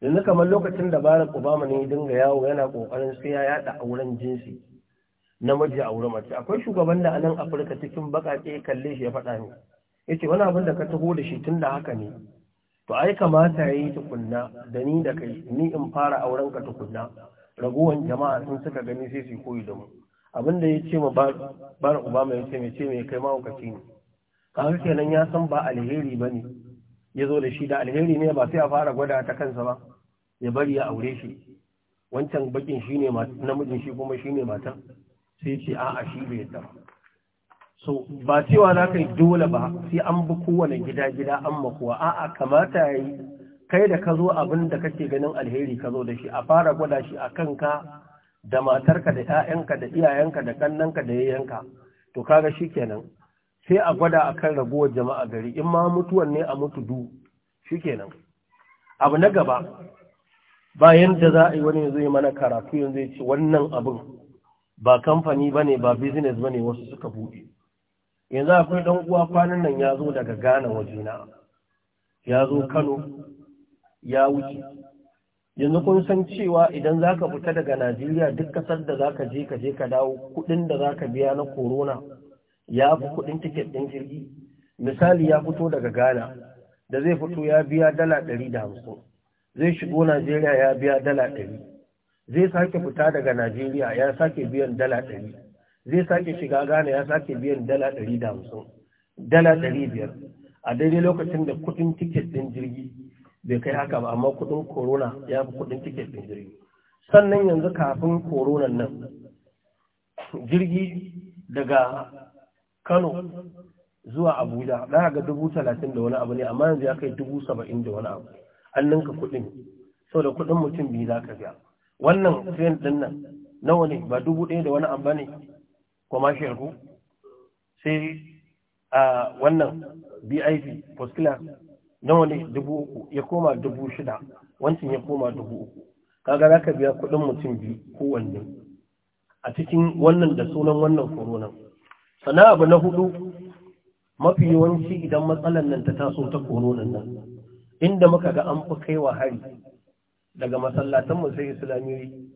yanzu kamar lokacin da barak Obama ne dinga yawo yana kokarin sai ya yada auren jinsi namiji a wurin mace akwai shugaban da a nan Afirka cikin baƙaƙe kalle shi ya faɗa ne yace wani abin da ka taho da shi tun da haka ne to ai kamata ya yi tukunna da ni da kai ni in fara auren ka tukunna ragowar jama'a sun suka gani sai su koyi da mu abin da ya ce ma bar obama ya ce mai ce mai kai mahaukaci ne kawai kenan ya san ba alheri ba ne ya zo da shi da alheri ne ba sai a fara gwada ta kansa ba ya bari ya aure shi wancan bakin shi ne namijin shi kuma shi ne matan sai ce a'a shi bai yadda so ba cewa za ka yi dole ba sai an bi kowane gida-gida an makuwa a'a kamata ya yi kai da ka zo abin da kake ganin alheri ka zo da shi a fara gwada shi a kanka da matarka da 'ya'yanka da iyayenka da kannanka da yayyanka to kaga shi kenan sai a gwada a kan ragowar jama'a gari in ma mutuwan ne a mutu du shi kenan abu na gaba bayan da za a yi wani zai mana karatu yanzu ya ce wannan abin ba kamfani ba ne ba business ba ne wasu suka buɗe yanzu akwai ɗan uwa kwanan nan ya zo daga waje wajena ya zo Kano ya wuce yanzu kun san cewa idan za ka fita daga Najeriya duk kasar da za ka je ka je ka dawo kuɗin da za ka biya na Korona ya fi kuɗin tiket ɗin jirgi misali ya fito daga Ghana da zai fito ya biya dala ɗari da hamsin zai shigo Najeriya ya biya dala ɗari zai sake fita daga Najeriya ya sake biyan dala ɗari zai sake shiga gane ya sake biyan dala ɗari da hamsin dala ɗari biyar a daidai lokacin da kuɗin tiket ɗin jirgi bai kai haka ba amma kuɗin korona ya fi kuɗin tiket ɗin jirgi sannan yanzu kafin koronan nan jirgi daga kano zuwa abuja za ga dubu talatin da wani abu ne amma yanzu ya kai dubu saba'in da wani abu an ninka kuɗin saboda kuɗin mutum biyu za ka biya wannan train ɗin nan nawa ne ba dubu ɗaya da wani abu ne commercial sai a wannan bip first class nawa ne dubu uku ya koma dubu shida wancan ya koma dubu uku kaga za ka biya kuɗin mutum biyu kowanne a cikin wannan da sunan wannan koronan sannan abu na hudu mafi yawanci idan matsalar nan ta taso ta koronan nan inda muka ga an fi kaiwa hari daga masallatan mu sai islamiyoyi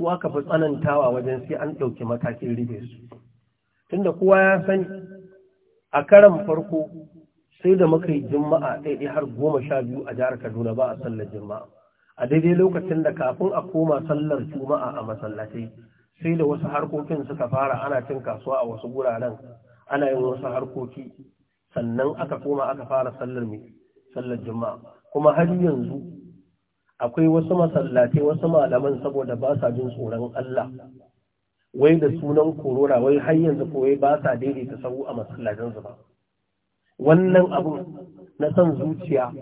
su aka fi tsanantawa wajen sai an ɗauki matakin rufe su tunda kowa ya sani a karan farko sai da muka yi juma'a ɗaiɗai har goma sha biyu a jihar kaduna ba a sallar juma'a a daidai lokacin da kafin a koma sallar juma'a a masallatai sai da wasu harkokin suka fara ana cin kasuwa a wasu guraren ana yin wasu harkoki sannan aka koma aka fara sallar mai sallar juma'a kuma har yanzu akwai wasu masallatai wasu malaman saboda ba sa jin tsoron Allah wai da sunan korora wai har yanzu koyi ba sa daidaita sabu a su ba wannan abu na san zuciya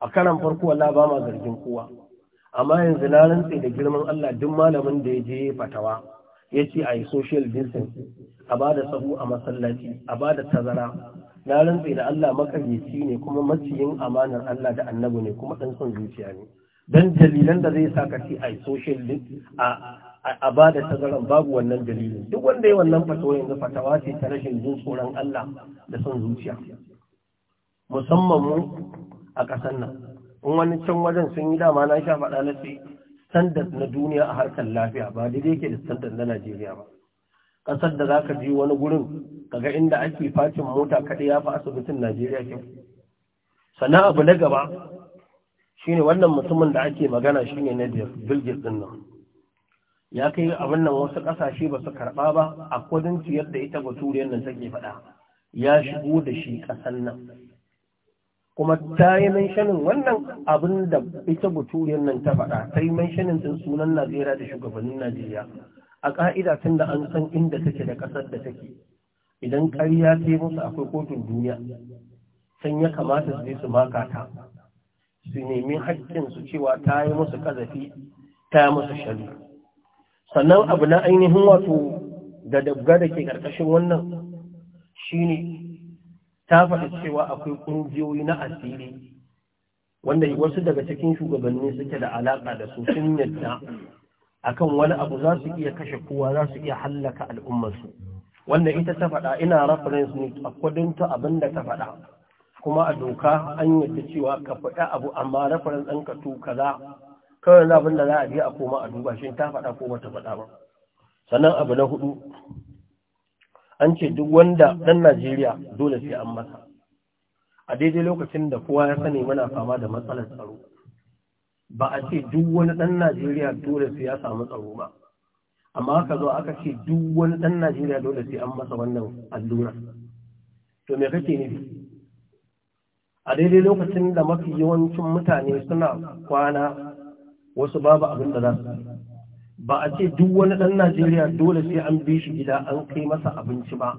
a karan farko Allah ba ma zargin kowa amma yanzu na rantse da girman Allah duk malamin da ya je fatawa ya ce a yi social distancing a ba da sabu a masallaci a ba da tazara na rantse da Allah makaryaci ne kuma maciyin amanar Allah da annabi ne kuma ɗan son zuciya ne dan dalilan da zai saka ci a social a a ba da tazaran babu wannan dalilin duk wanda ya wannan fatawa yanzu fatawa ce ta rashin jin tsoron Allah da son zuciya musamman mu a ƙasar nan in wani can wajen sun yi dama na sha faɗa na ce standard na duniya a harkar lafiya ba daidai yake da standard na Najeriya ba ƙasar da zaka je wani gurin kaga inda ake facin mota kaɗai ya fi asibitin Najeriya kyau sannan abu na gaba shine wannan mutumin da ake magana shine na bilgis din nan ya kai abin nan wasu kasashe ba su karɓa ba a kudanci yadda ita baturiyar nan take faɗa ya shigo da shi ƙasan nan kuma ta yi manshanin wannan abin da ita baturiyar nan ta faɗa ta yi manshanin sun sunan najeriya da shugabannin najeriya a ƙa'ida tun da an san inda take da ƙasar da take idan karya ta yi musu akwai kotun duniya sun ya kamata su je su maka ta su nemi haƙƙinsu cewa ta yi musu ƙazafi ta yi musu shari sannan abu na ainihin wato da dabga da ke ƙarƙashin wannan Shi ne ta faɗi cewa akwai ƙungiyoyi na asiri wanda wasu daga cikin shugabanni suke da alaƙa da su sun yadda a kan wani abu za su iya kashe kowa za su iya hallaka al'ummarsu wanda ita ta faɗa ina reference ne a kudinta abin da ta faɗa kuma a doka an yadda cewa ka faɗa abu amma reference ɗan ka to kaza kawai na abin da za a je a koma a duba shi ta faɗa ko bata faɗa ba sannan abu na hudu an ce duk wanda ɗan Najeriya dole sai an masa a daidai lokacin da kowa ya sani mana fama da matsalar tsaro ba a ce duk wani ɗan Najeriya dole sai ya samu tsaro ba amma aka zo aka ce duk wani ɗan Najeriya dole sai an masa wannan allura to me kake nufi a daidai lokacin da mafi yawancin mutane suna kwana wasu babu abin da za su ba a ce duk wani ɗan najeriya dole sai an bi shi gida an kai masa abinci ba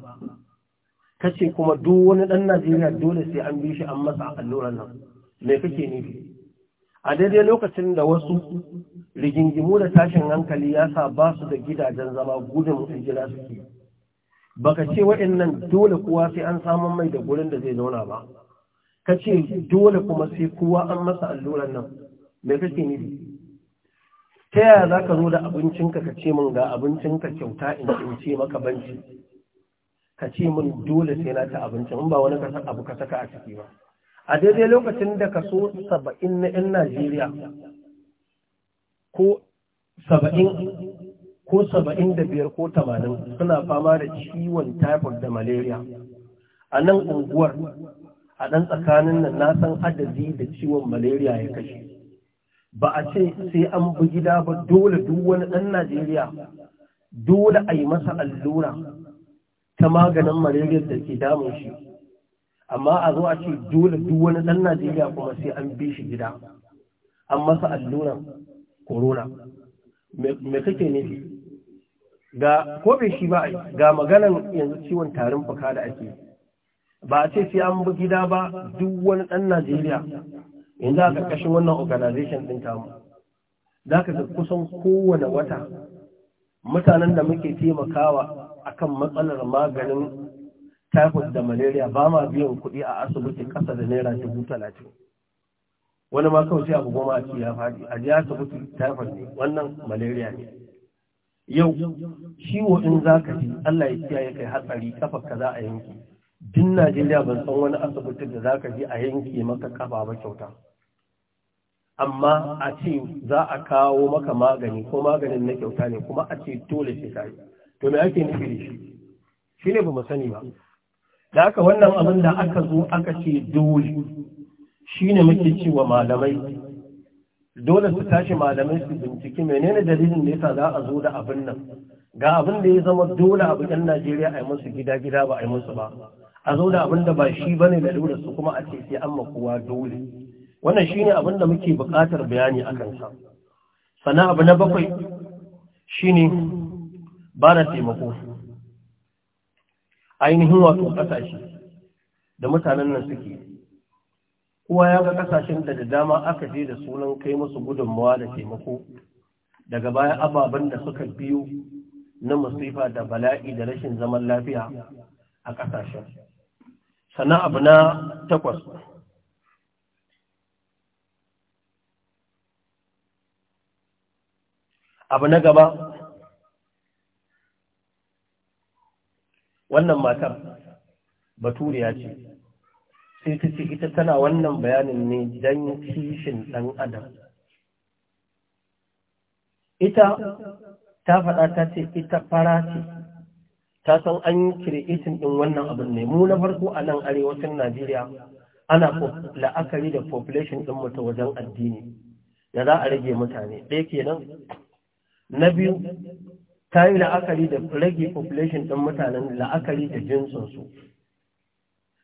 kace kuma duk wani ɗan najeriya dole sai an bi shi an masa allurar nan me kake nufi a daidai lokacin da wasu rigingimu da tashin hankali ya sa ba su da gidajen zama gudun gida suke baka ce waɗannan dole kuwa sai an samun mai da gurin da zai zauna ba ka ce dole kuma sai kowa an masa allurar nan mai kake nufi ta yaya za ka zo da abincinka ka ce min ga abincinka kyauta in ce maka banci ka ce min dole sai na ta abincin in ba wani abu ka saka a ciki ba a daidai lokacin da ka so saba'in na 'yan najeriya ko saba'in ko saba'in da biyar ko tamanin suna fama da ciwon typhoid da malaria a nan unguwar a ɗan tsakanin nan na san adadi da ciwon malaria ya kashe ba a ce sai an bi gida ba dole duk wani ɗan najeriya dole a yi masa allura ta maganin malaria da ke damun shi amma a zo a ce dole duk wani ɗan najeriya kuma sai an bi shi gida an masa alluran corona me kake ne ga ko bai shi ba ga maganan yanzu ciwon tarin fuka da ake yi ba a ce sai an bi gida ba duk wani ɗan Najeriya yanzu a ƙarƙashin wannan organization ɗin tamu za ka ga kusan kowane wata mutanen da muke taimakawa akan matsalar maganin typhoid da malaria ba ma biyan kuɗi a asibiti ƙasa da naira dubu talatin wani ma kawai sai abu goma a ya faɗi a ji asibiti typhoid ne wannan malaria ne yau ciwo in za ka ji Allah ya kiyaye kai hatsari kafa ka za a yanki din Najeriya ban san wani asibitin da za ka je a yanke maka kafa ba kyauta. Amma a ce za a kawo maka magani ko maganin na kyauta ne kuma a ce dole sai ka To me ake nufi da shi? Shi ne ba mu sani ba. Da haka wannan abin da aka zo aka ce dole shi ne muke cewa malamai. Dole su tashi malamai su bincike? menene dalilin da yasa za a zo da abin nan. Ga abin da ya zama dole a 'yan Najeriya a yi musu gida-gida ba a yi musu ba. a zo da abin da ba shi ba da lalurar su kuma a ce sai an kowa dole wannan shi ne abin da muke buƙatar bayani a kansa sannan abu na bakwai shi ne, ba na taimako ainihin wato ƙasashe da mutanen nan suke kowa ya ga ƙasashen da da dama aka je da sunan kai musu gudunmawa da taimako daga baya ababen da suka biyo na masifa da bala'i da rashin zaman lafiya a ƙasashen sannan abu na takwas abu na gaba wannan matar baturiya ce sai ta ce ita tana wannan bayanin ne don kishin ɗan adam ita ta faɗa ta ce ita fara ce ta san an yi kiretin ɗin wannan abin ne mu na farko a nan arewacin najeriya ana la'akari da population ɗin mutu wajen addini da za a rage mutane ɗaya kenan na biyu ta yi la'akari da rage population ɗin mutanen la'akari da jinsinsu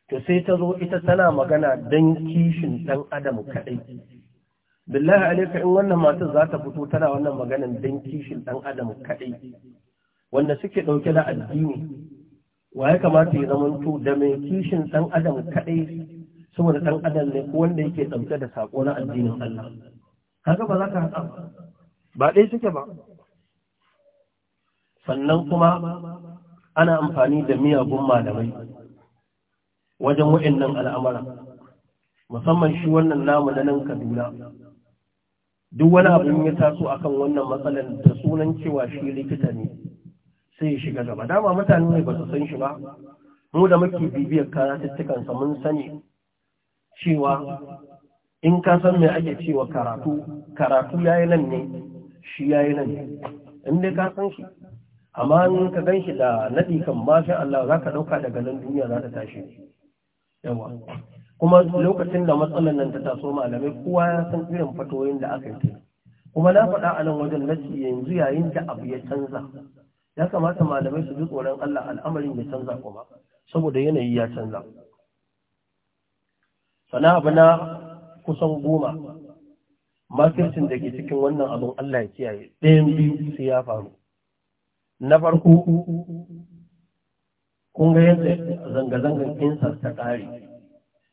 to sai ta zo ita tana magana don kishin ɗan adam kaɗai billahi alaika in wannan matar za ta fito tana wannan maganan don kishin ɗan adam kaɗai wanda suke ɗauke da addini wa ya kamata ya zamanto da mai kishin ɗan adam kaɗai saboda ɗan adam ne ko wanda yake ɗauke da saƙo na addinin Allah kaga ba za ka haɗa ba ɗaya suke ba sannan kuma ana amfani da miyagun malamai wajen wa'annan al'amura musamman shi wannan namu na nan Kaduna duk wani abin ya taso akan wannan matsalar da sunan cewa shi likita ne sai ya shiga gaba dama mutane ne ba su san shi ba mu da muke bibiyar sa mun sani cewa in ka san me ake cewa karatu karatu yayi nan ne shi yayi nan ne in dai ka san shi amma in ka gan shi da naɗi kan masha Allah za ka ɗauka daga nan duniya za ta tashi yawa kuma lokacin da matsalar nan ta taso malamai kowa ya san irin fatoyin da aka yi kuma na faɗa a nan wajen nace yanzu yayin da abu ya canza ya kamata malamai su bi tsoron Allah al'amarin ya canza kuma saboda yanayi ya canza sana abu na kusan goma makircin da ke cikin wannan abin Allah ya kiyaye ɗayan biyu sai ya faru na farko kun ga yadda zanga-zangar insas ta ƙare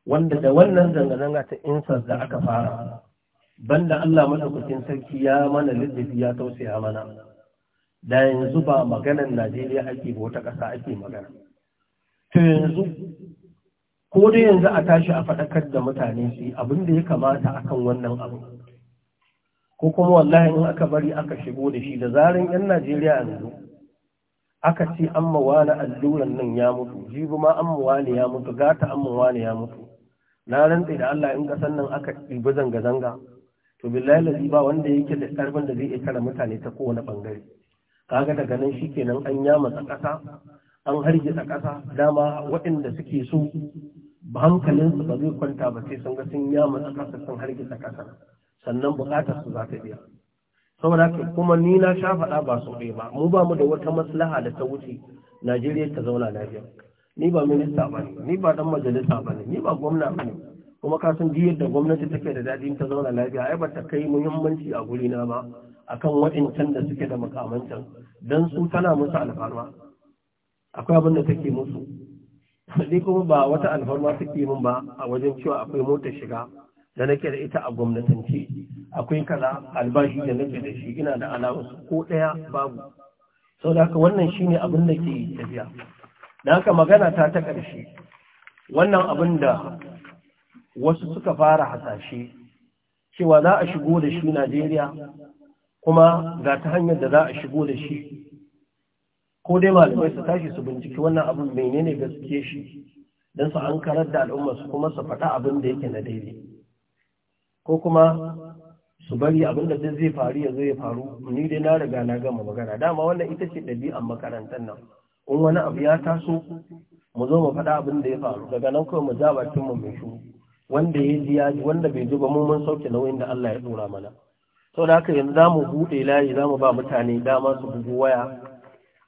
wanda da wannan zanga-zanga ta insas da aka fara banda Allah madaukakin sarki ya mana littafi ya tausaya mana da yanzu ba maganan Najeriya ake ba wata ƙasa ake magana. To yanzu, ko dai yanzu a tashi a faɗakar da mutane su abin da ya kamata a kan wannan abu. Ko kuma wallahi in aka bari aka shigo da shi da zarin 'yan Najeriya yanzu. Aka ce an mawane alluran nan ya mutu, jibi ma an mawane ya mutu, gata an mawane ya mutu. Na rantse da Allah in ƙasan nan aka ɗibi zanga-zanga, to billahi ba wanda yake da ƙarfin da zai iya kare mutane ta kowane ɓangare. kaga daga nan kenan an yama ƙasa an hargitsa ƙasa dama waɗanda suke so ba su ba zai kwanta ba sai sun ga sun yama ƙasa sun hargitsa ƙasa sannan buƙatar su za ta biya saboda haka kuma ni na sha faɗa ba su ɗaya ba mu ba mu da wata maslaha da ta wuce Najeriya ta zauna lafiya ni ba minista ba ne ni ba ɗan majalisa ba ne ni ba gwamna ba ne kuma ka san jiyar da gwamnati take da daɗi ta zauna lafiya ai ba ta kai muhimmanci a guri na ba akan waɗancan da suke da makamantan dan su tana musu alfarma akwai abin da take musu sai kuma ba wata alfarma take min ba a wajen cewa akwai motar shiga da nake da ita a gwamnatance akwai kaza albashi da nake da shi ina da alawarsu ko ɗaya babu sau haka wannan shine abin da ke tafiya da haka magana ta ta ƙarshe wannan abin da wasu suka fara hasashe cewa za a shigo da shi Najeriya kuma ga ta hanyar da za a shigo da shi ko dai malamai su tashi su binciki wannan abin menene gaske shi don su hankarar da al'umma su kuma su faɗa abin da yake na daidai ko kuma su bari abin da zai faru ya ya faru ni dai na riga na gama magana dama wannan ita ce ɗabi'an makarantar nan in wani abu ya taso mu zo mu faɗa abin da ya faru daga nan kawai mu ja bakin mu mai shuru wanda ya ji ya ji wanda bai ji ba mu mun sauke nauyin da Allah ya dora mana saboda haka yanzu zamu bude layi zamu ba mutane dama su bugu waya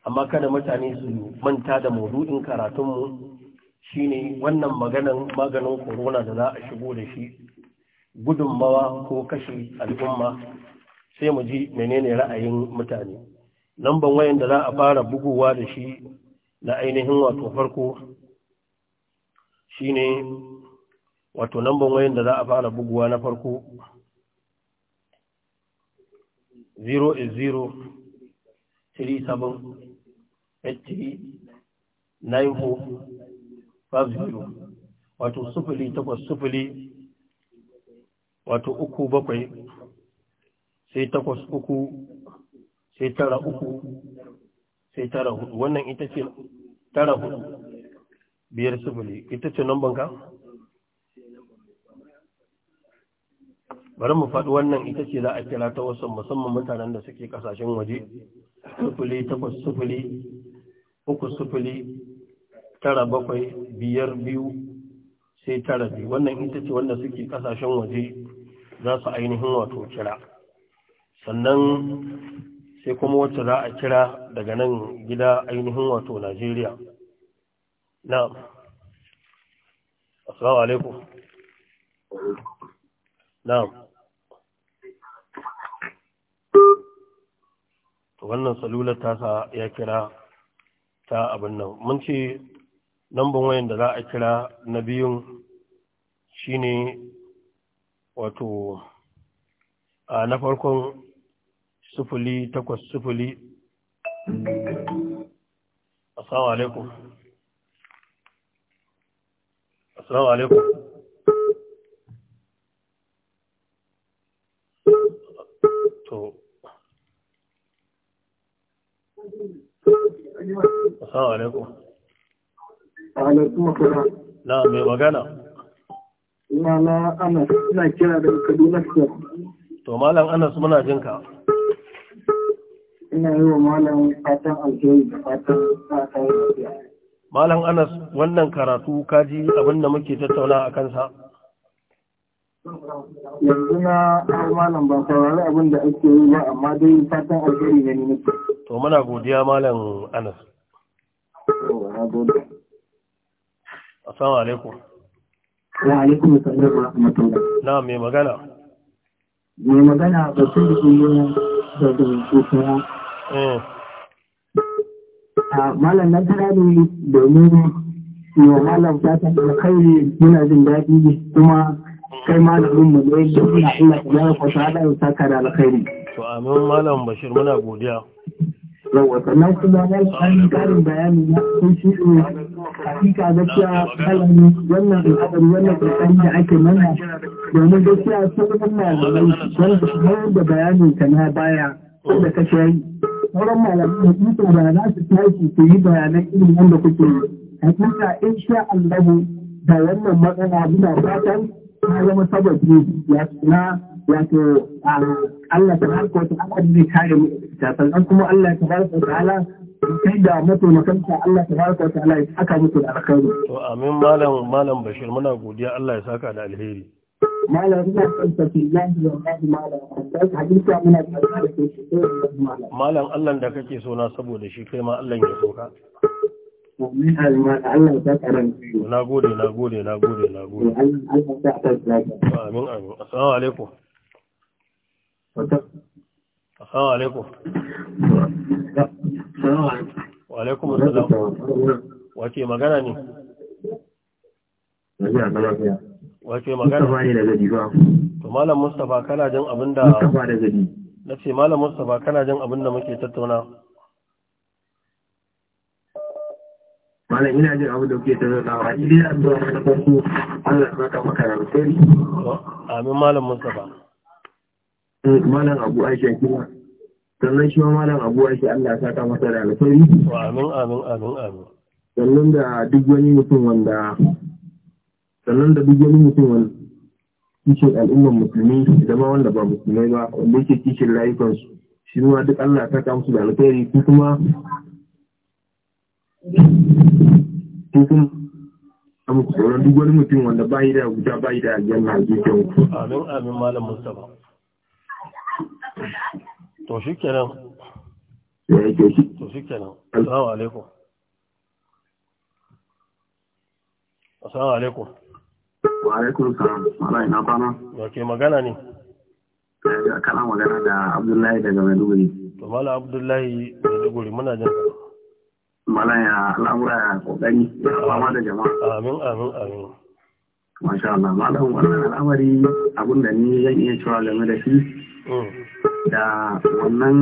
amma kada mutane su manta da maudu'in karatun mu shine wannan maganan maganin corona da za a shigo da shi gudunmawa ko kashe al'umma sai mu ji menene ra'ayin mutane lamban wayan da za a fara bugowa da shi na ainihin wato farko shine wato namban wayan da za a fara buguwa na farko 0 is 0 37 83 wato sufuli takwas sufuli wato uku bakwai sai takwas uku sai tara uku sai tara hudu wannan ita ce tara hudu biyar sufuli ita ce namban ka? bari mu faɗi wannan ita ce za a kira ta wasu musamman mutanen da suke ƙasashen waje sufuli takwas sufuli uku sufuli tara bakwai biyar biyu sai tara biyu wannan ita ce wanda suke ƙasashen waje za su ainihin wato kira sannan sai kuma wacce za a kira daga nan gida ainihin wato najeriya na asalamu alaikum na'am wannan salular tasa ya kira ta abin nan mun ce namban wayan da za a kira na biyun shine wato a na farkon sufuli takwas sufuli assalamu alaikum assalamu alaikum to Assalamu alaikum. Alaikum assalam. Na mai magana. Ina na Anas ina kira daga Kaduna Sir. To malam Anas muna jin ka. Ina yi wa malam fatan alheri da fatan fatan Malam Anas wannan karatu kaji abin da muke tattauna a kansa. yanzu na malam ba saurari abin da ake yi ba amma dai fatan alheri ne nake to muna godiya malam anas gode. Assalamu alaikum. Wa alaikum assalam wa Na me magana? Me magana ba su da kuma da da Eh. A malam na tara ne domin yau malam ta san da kai muna jin daɗi kuma kai malamin mu ne da Allah ya fara fata da alkhairi. To amin malam Bashir muna godiya. yawa kuma ba su an karin bayani na sun shi ne hakika gaskiya kalami wannan al'adari wannan kokari da ake mana domin gaskiya sun yi malamai wanda su da bayanin ka na baya da ka yi. sauran malamai da ikon da za su tashi su yi bayanan irin wanda kuke yi hakika sha Allah da wannan matsala muna fatan ya zama sababi ya na wato Allah ta harko ta Allah zai kare mu ta sannan kuma Allah ta baraka ta ala kai da mataimakanka Allah ta baraka ta ala ya saka musu da alkhairi to amin malam malam Bashir muna godiya Allah ya saka da alheri malam ina son ta fi lahi wa lahi malam sai hadisi muna da shi. malam Allah da kake so na saboda shi kai ma Allah ya soka Na gode, na gode, na gode, na gode. Amin, amin. Assalamu alaikum. Assalamu alaikum. Wa alaikum assalam. Wace magana ne? Wace magana? To Malam Mustapha kana jin da Malam kana jin muke tattauna. Malam ina jin abin da kuke tattaunawa. Idan an zo farko Allah ya Amin Malam Mustapha. Eh, malam abu aisha kuma sannan shi malam abu aisha Allah ya saka masa da amin amin amin amin sannan da duk wani mutum wanda sannan da duk wani mutum wanda kishin al'ummar musulmi da ma wanda ba musulmai ba wanda yake kishin rayukansu shi ma duk Allah ya saka musu da alkhairi ko kuma ko kuma tsoron duk wani mutum wanda bayi da guda bayi da aljanna a gefen ku amin amin malam mustafa to shi kenan eh, to shi kenan assalamu alaikum assalamu alaikum wa alaikum salam ala ina bana ya ke magana ne eh, kana magana da abdullahi daga maiduguri to mala abdullahi maiduguri muna jin mala ya al'amura ya kokari ya fama da jama'a amin amin amin masha Allah malam wannan al'amari abin da ni zan iya cewa game da shi da wannan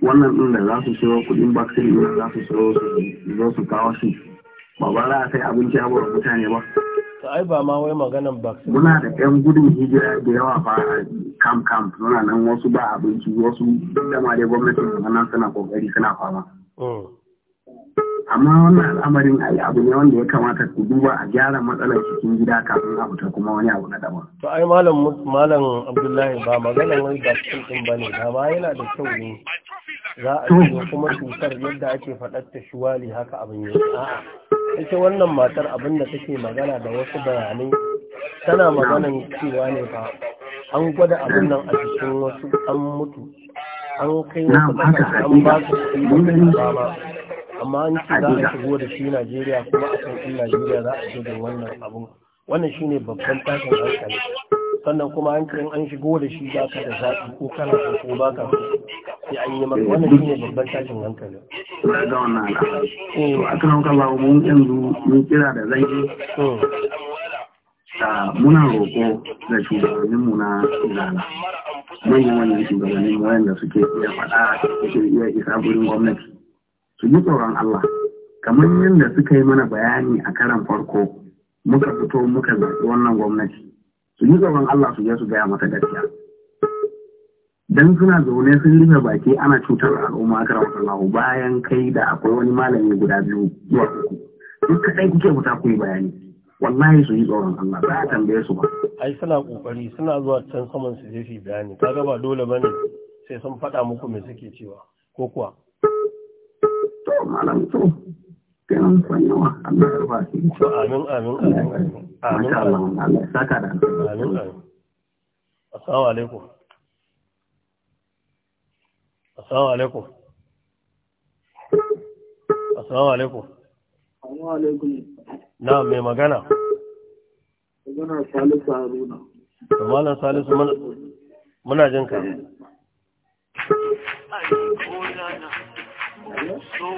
wannan din da za su siyo kudin vaccine din za su siyo su zo su kawo shi ba ba za a kai abinci a wurin mutane ba to ai ba ma wai maganan vaccine muna da yan gudun hijira da yawa fa kam camp muna nan wasu ba abinci wasu duk da ma dai gwamnatin nan suna kokari suna fama mm. amma wannan al'amarin ayi abu ne wanda ya kamata ku duba a gyara matsalar cikin gida kafin a fita kuma wani abu na daban to ai malam malam abdullahi ba maganar wani da cikin din bane da ba yana da kyau ne za a yi kuma cutar yadda ake faɗar ta shuwali haka abin yi a'a ita wannan matar abin da take magana da wasu bayanai tana maganan cewa ne ba an gwada abin nan a cikin wasu an mutu an kai wasu an ba su ba amma an ce za a shigo da shi Najeriya kuma a san Najeriya za a da wannan abun wannan shine babban tashin hankali sannan kuma an ce an shigo da shi za ka da zaɓi ko kana so ko ba ka sai an yi maka wannan shine babban tashin hankali ga wannan al'amari eh. to akan hauka ba mu yanzu mun kira da zai hmm. ah, muna roƙo da shugabanninmu na mun manyan wannan shugabannin wayanda suke iya faɗa suke iya isa gurin gwamnati su yi tsoron Allah kamar yadda suka yi mana bayani a karan farko muka fito muka zaɓi wannan gwamnati su yi tsoron Allah su je su gaya mata gaskiya dan suna zaune sun rufe baki ana cutar al'umma akara wasallahu bayan kai da akwai wani malami guda biyu zuwa uku duk kadai kuke fita ku yi bayani wallahi su yi tsoron Allah za a tambaye su ba ai suna kokari suna zuwa can saman su je su bayani kaga ba dole bane sai sun faɗa muku me suke cewa ko kuwa to malam to kenan an Allah ya ba shi to amin amin amin amin Allah Allah saka da amin assalamu alaikum assalamu alaikum assalamu alaikum assalamu alaikum na mai magana magana Salisu Haruna to malam Salisu muna jinka.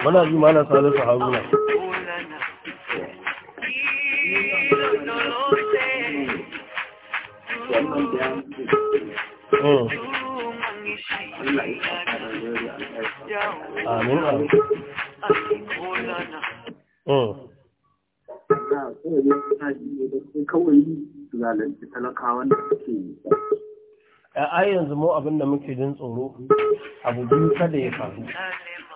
muna ji mana salisu haruna hmm. Amin. Hmm. a yanzu mu abinda muke jin tsoro abu biyu kada ya faru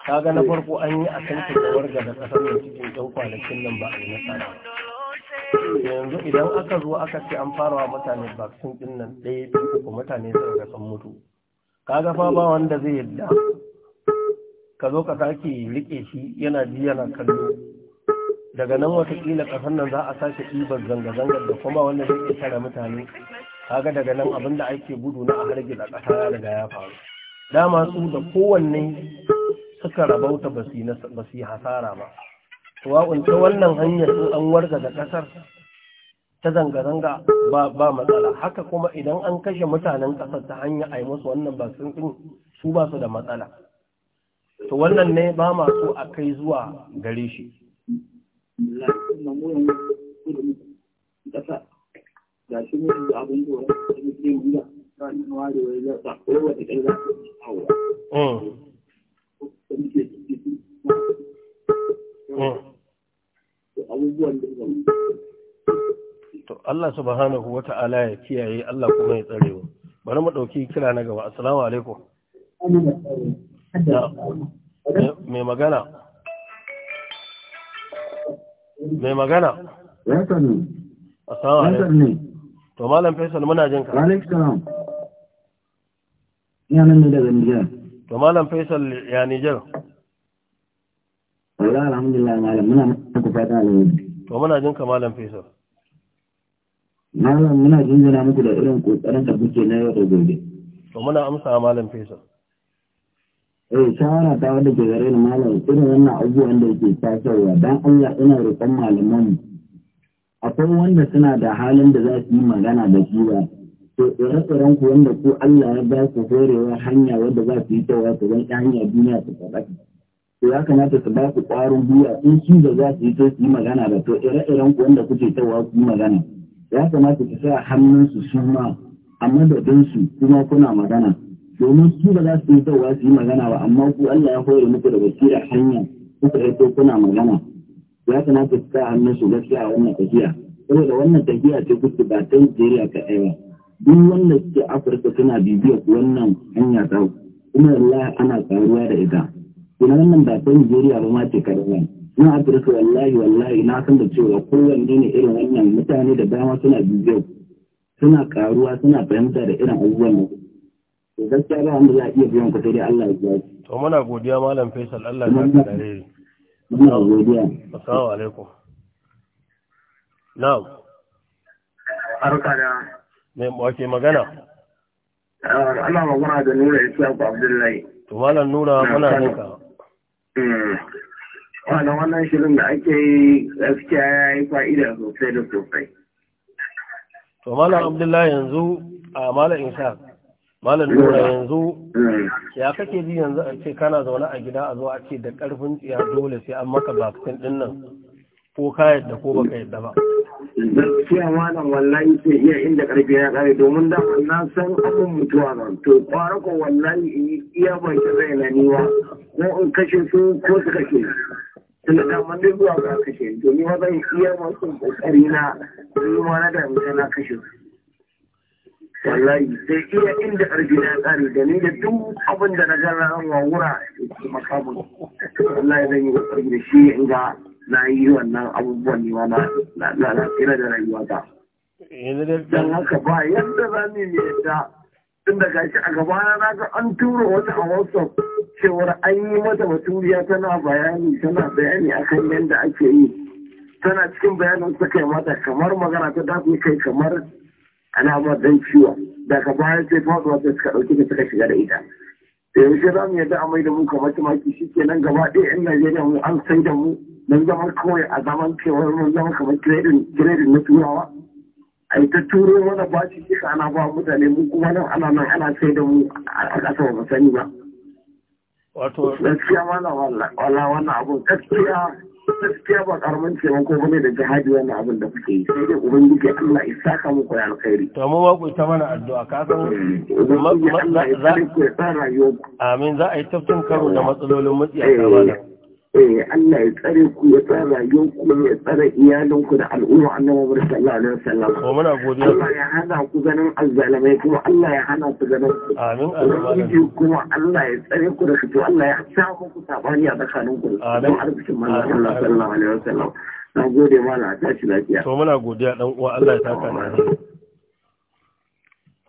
kaga na farko an yi a kan kyakkyawar ga da kasar da cikin ɗan kwanakin nan ba a yi nasara yanzu idan aka zo aka ce an fara wa mutane vaccine ɗin nan ɗaya biyu kuma mutane sun ga sun mutu kaga fa ba wanda zai yadda ka zo ka sake riƙe shi yana ji yana kallo daga nan watakila ƙasar nan za a sake ɗibar zanga-zangar da kuma wanda zai iya tara mutane kaga daga nan abin da ake gudu na a hargitsa ƙasa ya riga ya faru dama su da kowanne suka rabauta ba su yi hasara ba wa'un ta wannan hanyar sun an warga da ƙasar ta zanga-zanga ba matsala haka kuma idan an kashe mutanen ƙasar ta hanyar a yi musu wannan ba sun su ba su da matsala to wannan ne ba masu a kai zuwa gare shi Mm. to Allah subhanahu wa ta'ala ya kiyaye Allah kuma ya tsare mu bari mu dauki kira na gaba assalamu alaikum mai magana mai magana assalamu alaikum to malam faisal muna jin ka alaikum salam ina nan daga Nijar to malam faisal ya nijar wala alhamdulillah malam muna muku fata ne to muna jin ka malam faisal malam muna jira muku da irin kokarin da kuke na yau da gobe to muna amsa malam faisal eh shawara ta wanda ke gare ni malam irin wannan abubuwan da yake tasarwa dan Allah ina roƙon malaman akwai wanda suna da halin da za su yi magana da shi ba to ire-iren ku wanda ku Allah ya ba ku horewar hanya wadda za su yi cewa su zan hanya duniya su karɓa to ya kamata su ba ku ƙwarin gwiwa in su da za su yi to su yi magana da to ire-iren ku wanda kuke cewa su yi magana ya kamata ku sa hannunsu su ma amma a madadinsu kuma kuna magana domin su ba za su yi cewa su yi magana ba amma ku Allah ya hore muku da basira hanya kuka yi to kuna magana ya kamata ku sa hannunsu gaskiya a wannan tafiya saboda wannan tafiya ce kuke ba ta Nigeria ka aiwa. duk wanda suke afirka suna bibiyar wannan hanya ta kuma wallahi ana karuwa da ita ina wannan ba ta nigeria ba ma ce karuwa na afirka wallahi wallahi na san da cewa kowanne ne irin wannan mutane da dama suna bibiyar suna karuwa suna fahimta da irin abubuwan da to gaskiya ba wanda za a iya biyan ku sai dai Allah ya ji to muna godiya malam Faisal Allah ya ka dare muna godiya assalamu alaikum na'am barka da ke magana ah, ana magana da nura isa ku abdullahi to malam nura muna nuka. ka mm. wannan wannan shirin da ake yi gaskiya ya yi fa'ida sosai da sosai to malam abdullahi yanzu a malam isa malam nura mm. yanzu mm. ya kake ji yanzu a ce kana zaune a gida a zo a ce da ƙarfin tsiya dole sai an maka vaccine din nan ko ka yadda ko baka yadda ba gaskiya malam wallahi sai iya inda karfi ya kare domin da na san abin mutuwa nan to kwara ko wallahi iya ban shi zai na niwa ko in kashe su ko su kashe tunda da man dai zuwa ga kashe to ni ma iya masu kokari na ni ma na da na kashe su wallahi sai iya inda ƙarfi na tsari da ni da duk abin da na gara an wawura da ke makamun wallahi zan yi ƙarfi da shi in ga na yi wannan abubuwan ne ma na tsira da rayuwata. Don haka ba yadda za mu yi yadda tun da gashi a gaba na ga an tura wata a WhatsApp cewar an yi mata baturiya tana bayani tana bayani akan yadda ake yi tana cikin bayanin ta kai mata kamar magana ta dafi kai kamar alamar dan ciwon daga baya sai faduwa ta suka ɗauki da suka shiga da ita. Da yaushe za mu yadda amai da mu kamar tumaki shi kenan gaba ɗaya 'yan Najeriya mu an sai da mu mun zama kawai a zaman cewar mun zama kamar giredin na turawa a yi ta turo mana ba shi shi ana ba mutane mun kuma nan ana nan ana sai da mu a ƙasa ba sani ba. Wato. Gaskiya mana wala wannan abun gaskiya gaskiya ba karamin taimako bane da jihadi wannan abin da kuke yi sai dai ubangiji Allah ya saka muku da alkhairi. To mu ba ku ta mana addu'a ka san ubangiji Allah ya tsare ku ya tsara yau. Amin za a yi tafkin karo da matsalolin mutsiya ta bana. Eh. Eh, Allah ya tsare ku ya tsare rayuwar ku ya tsare iyalin ku da al'umma annabi Muhammad sallallahu alaihi wasallam. Ko muna godiya. Allah ya hana ku ganin azzalamai kuma Allah ya hana ku ganin ku. Amin amin. Kuma Allah ya tsare ku da fito Allah ya sa ku sabani a tsakanin ku. Amin. Don arzikin manzon Allah sallallahu alaihi wasallam. Na gode mana a tashi lafiya. To muna godiya dan uwa Allah ya saka ni.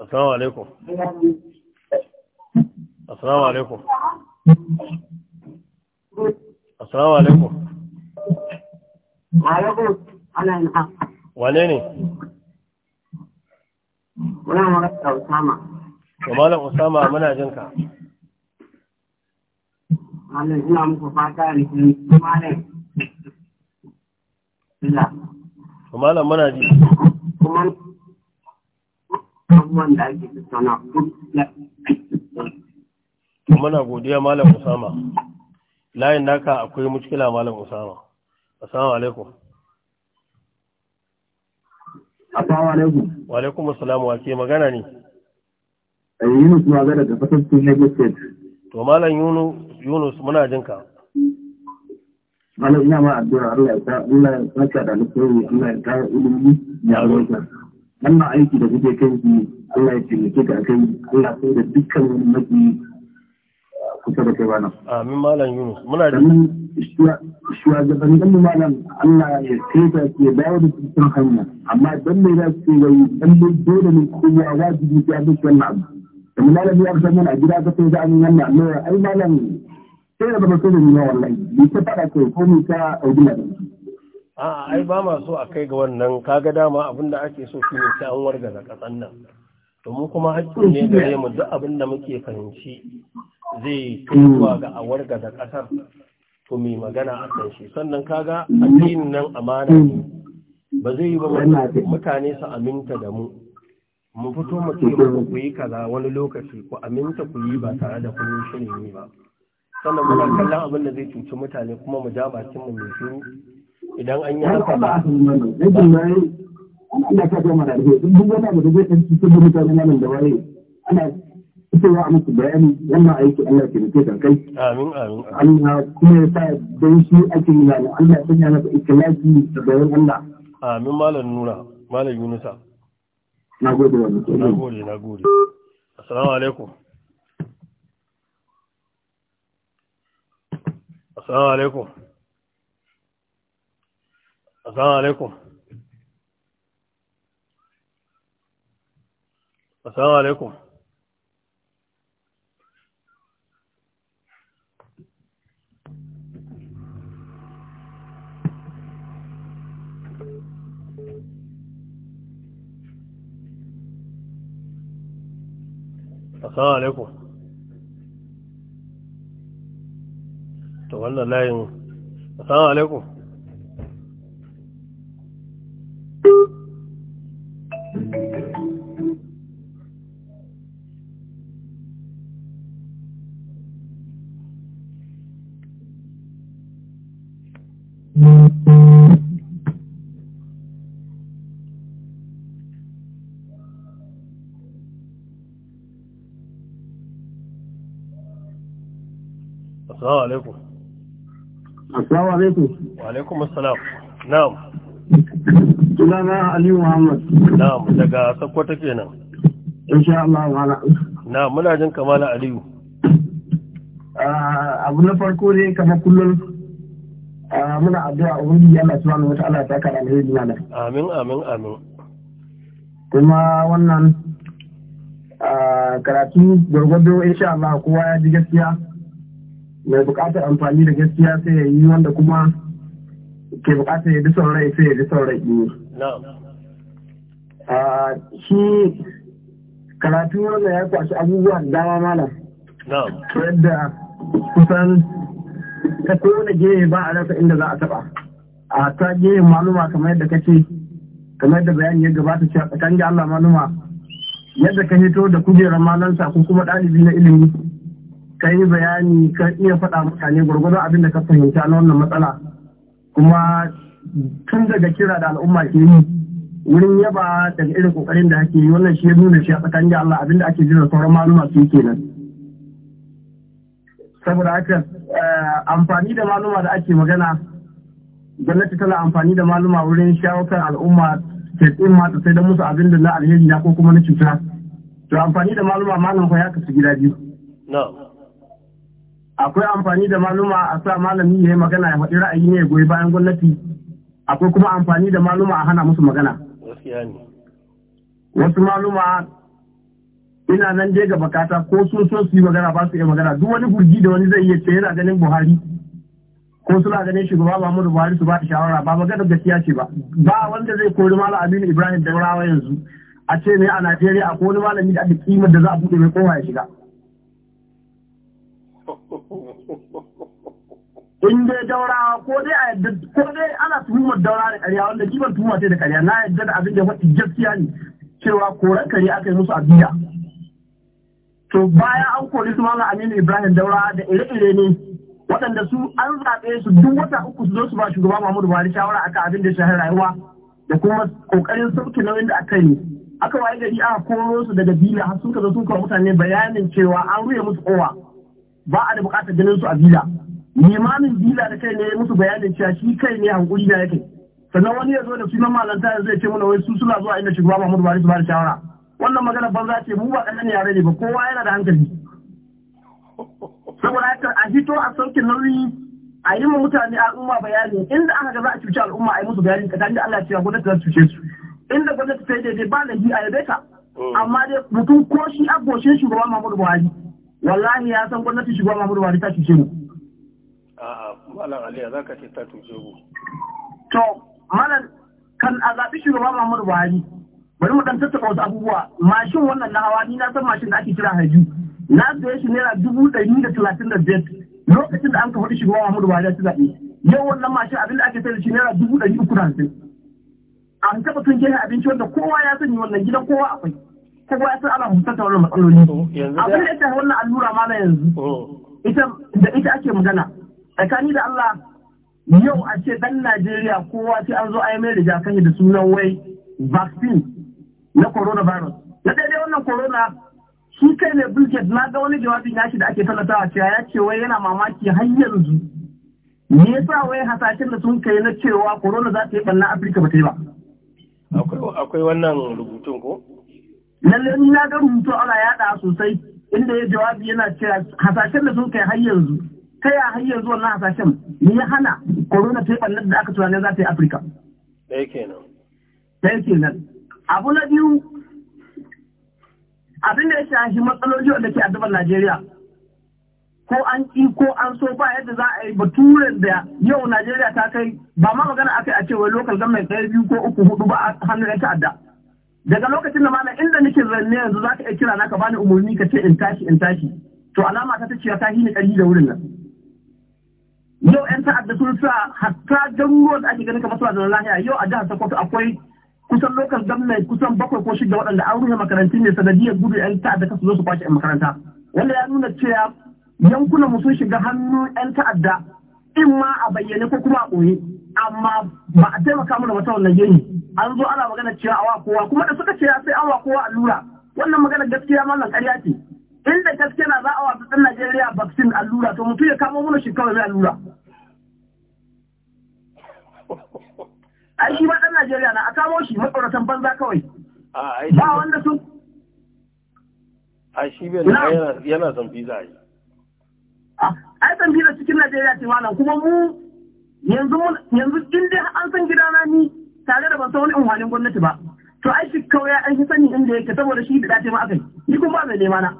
Assalamu alaikum. Assalamu alaikum. Asalamu alaikum. Alaikum, ana yin ha. Wane ne? Muna magana Usama. To Malam Usama muna jin ka. Malam ina muku fata ne Malam. Illa. To Malam muna ji. Kuma abubuwan da ake tattauna Kuma muna godiya Malam Usama. layin naka akwai mushkila malam usama assalamu alaikum assalamu alaikum wa alaikum assalam wa ke magana ne eh, yunus magana da fasar tunai state to malam yunus muna jin ka malam ina ma addu'a Allah ya sa Allah ya saka da alheri Allah ya kawo ilimi ya roƙa wannan aiki da kuke kai Allah ya taimake ka kai Allah sai da dukkan wani kusa da kai ba nan. Amin Malam Yunus. Muna da. mu malam Allah ya kaita ke dawo da cikin hanya. Amma dan mai za su yi dan mai dole ne kowa a wajibi ya bi wannan abu. Da malam ya san mana a gida ka sai za a yi wannan amma ai malam sai da ba sai da ni wallahi. Ni ta fada kai ko mu ta audi na. A'a ai ba ma so a kai ga wannan kaga dama abinda ake so shine ta an wargaza kasan nan. domin kuma haƙƙi ne gare mu duk abin da muke fahimci zai tuwa ga awarga da ƙasar to mai magana a kan shi sannan kaga addinin nan amana ne ba zai yi ba mutane su aminta da mu mu fito mu ce mu ku yi kaza wani lokaci ku aminta ku yi ba tare da kun yi ne ba sannan muna kallon abin da zai cuci mutane kuma mu ja bakin mu mai shiru idan an yi haka ba Allah ta kama da alheri duk wani abu da zai san cikin da mutane nan da waye ana fitowa a musu bayani wannan aiki Allah ke nufi da kai amin amin Allah kuma ya sa dan shi ake yi nan Allah ya sanya masa ikhlasi da bayan Allah amin malam nura malam yunusa nagode wa mutum nagode nagode assalamu alaikum assalamu alaikum assalamu alaikum Assalamu alaikum. Assalamu alaikum. To wannan layin Assalamu alaikum. alaikum assalamu alaikum wa alaikum assalam na'am na aliyu muhammad na'am daga take kenan insha Allah wala na'am muna jin kamala aliyu ah, abu na farko ne kamar kullum ah, muna addu'a ya Allah subhanahu wa ta'ala ta kada alheri na amin amin amin kuma wannan ah, karatu gwargwado insha Allah kowa ya ji gaskiya mai buƙatar amfani da gaskiya sai ya yi wanda kuma ke buƙatar ya bi son rai sai ya bi son rai ne. Shi karatu wanda ya kwashi abubuwa da dama malam. To yadda kusan ta kowane gehe ba a rasa inda za a taɓa. A ta gehe maluma kamar yadda kace kamar yadda bayani ya gabata cewa tsakanin Allah maluma yadda ka hito da kujerar malansa ko kuma ɗalibi na ilimi ka yi bayani ka iya faɗa mutane gwargwado abin da ka fahimta na wannan matsala kuma tun daga kira da al'umma ke yi wurin yaba daga irin kokarin da ake yi wannan shi ya nuna shi a tsakanin da Allah abin da ake jira sauran maluma su kenan saboda haka eh, amfani da maluma da ake magana gwamnati tana amfani da maluma wurin shawo kan al'umma ke tsin mata sai da musu abin da na alheri na ko kuma na cuta to amfani da maluma malam ya kasu gida biyu akwai amfani da maluma a sa malami ya yi magana ya faɗi ra'ayi ne ya goyi bayan gwamnati akwai kuma amfani da maluma a hana musu magana wasu maluma ina nan dai ga bakata ko sun so su yi magana ba su yi magana duk wani burgi da wani zai iya ce yana ganin buhari ko suna ganin shugaba Muhammadu Buhari su ba da shawara ba maganar gaskiya ce ba ba wanda zai kori malam Aminu Ibrahim rawa yanzu a ce ne a Najeriya akwai wani malami da ake kima da za a buɗe mai kowa ya shiga in dai daura ko dai a yadda ko dai ana tuhumar daura da karya wanda kiban tuhuma ce da karya na yadda da abin da faɗi gaskiya ne cewa koran kare aka yi musu abiya to bayan an kori su malam aminu ibrahim daura da ire-ire ne waɗanda su an zaɓe su duk wata uku su zo su ba shugaba muhammadu buhari shawara akan abin da shahar rayuwa da kuma ƙoƙarin sauke nauyin da aka yi aka waye gari aka koro su daga bila har suka zo suka mutane bayanin cewa an ruye musu kowa ba a da bukatar ganin su a bila limamin bila da kai ne ya musu bayanin cewa shi kai ne hankuri da yake sannan wani ya zo da sunan malanta ya zai ce mana wai su suna zuwa inda shugaba Muhammadu Buhari su ba da shawara wannan magana banza ce mu ba kallon yare ne ba kowa yana da hankali saboda haka a fito a sauke nauyi a yi ma mutane al'umma bayani inda aka ga za a cuci al'umma a yi musu bayani tsakanin da Allah a gwamnati za su cuce su inda gwamnati ta yi daidai ba laifi a yabe ka mm. amma dai mutum ko shi goshin shugaban Muhammadu Buhari wallahi ya san gwamnatin shugaban Muhammadu Buhari ta cuce mu a'a malam aliya zaka ce ta cuce mu to malam kan a zaɓi shugaban Muhammadu Buhari bari mu dan tattaka wasu abubuwa mashin wannan na hawa ni na san mashin da ake kira haju na zuwa shi naira dubu ɗari da talatin da biyar lokacin da an kafa shugaban Muhammadu Buhari ya ci zaɓe yau wannan mashin abin da ake sayar da shi naira dubu ɗari uku da hamsin an taɓa tun jihar abinci wanda kowa ya sani wannan gidan kowa akwai ko ga sai ana hukunta wannan matsaloli oh, abin da ita wannan allura ma na yanzu oh. ita da ita ake magana tsakani da Allah yau a ce dan Najeriya kowa sai an zo a yi mai rigakafi da sunan wai vaccine na coronavirus na daidai wannan corona shi kai ne Bill na ga wani jawabin yashi da ake tallatawa cewa ya ce wai yana mamaki har yanzu me yasa wai hasashen da sun kai na cewa corona za ta yi banna Afirka ba ta yi ba akwai wannan rubutun ko lalle in na ga rubutu ana yada sosai inda ya jawabi yana cewa hasashen da suka har yanzu ta ya har yanzu wannan hasashen me ya hana corona ta yi da aka tunanin za ta yi afirka ɗaya kenan ɗaya kenan abu na biyu abin da ya shafi matsaloli wanda ke addabar najeriya ko an ƙi ko an so ba yadda za a yi baturen da yau najeriya ta kai ba ma magana a kai a cewa lokal government ɗaya biyu ko uku hudu ba a hannun ta'adda daga lokacin da malam inda nake zanne yanzu za ka iya kira na ka bani umarni ka ce in tashi in tashi to alama ta tace ta hini ƙarfi da wurin nan yau yan ta'adda sun sa hatta garuruwa da ake ganin kamar suna da lahiya yau a jihar Sokoto akwai kusan da gwamnati kusan bakwai ko shida waɗanda an rufe makarantun ne sanadiyar gudu yan ta'adda kasu zo su kwashe yan makaranta wanda ya nuna cewa yankunan mu sun shiga hannu yan ta'adda in ma a bayyane ko kuma a ɓoye amma ba a taimaka mu da wata wannan yanayi an zo ana magana cewa awa kowa kuma da suka ce sai awa kowa allura wannan magana gaskiya mallan ƙarya ce inda gaske na za a wasu ɗan Najeriya vaccine allura to mutum ya kamo mana shi kawai mai allura ai shi ba ɗan Najeriya na a kamo shi maɗauratan banza kawai ba wanda su. a shi bai yana son a yi ai zambi visa cikin Najeriya ce malam kuma mu yanzu yanzu an san gidana ni tare da ban san wani unhwanin gwamnati ba to ai shi kawai an shi sani inda yake saboda shi da dace ma akai ni kuma ba mai nema na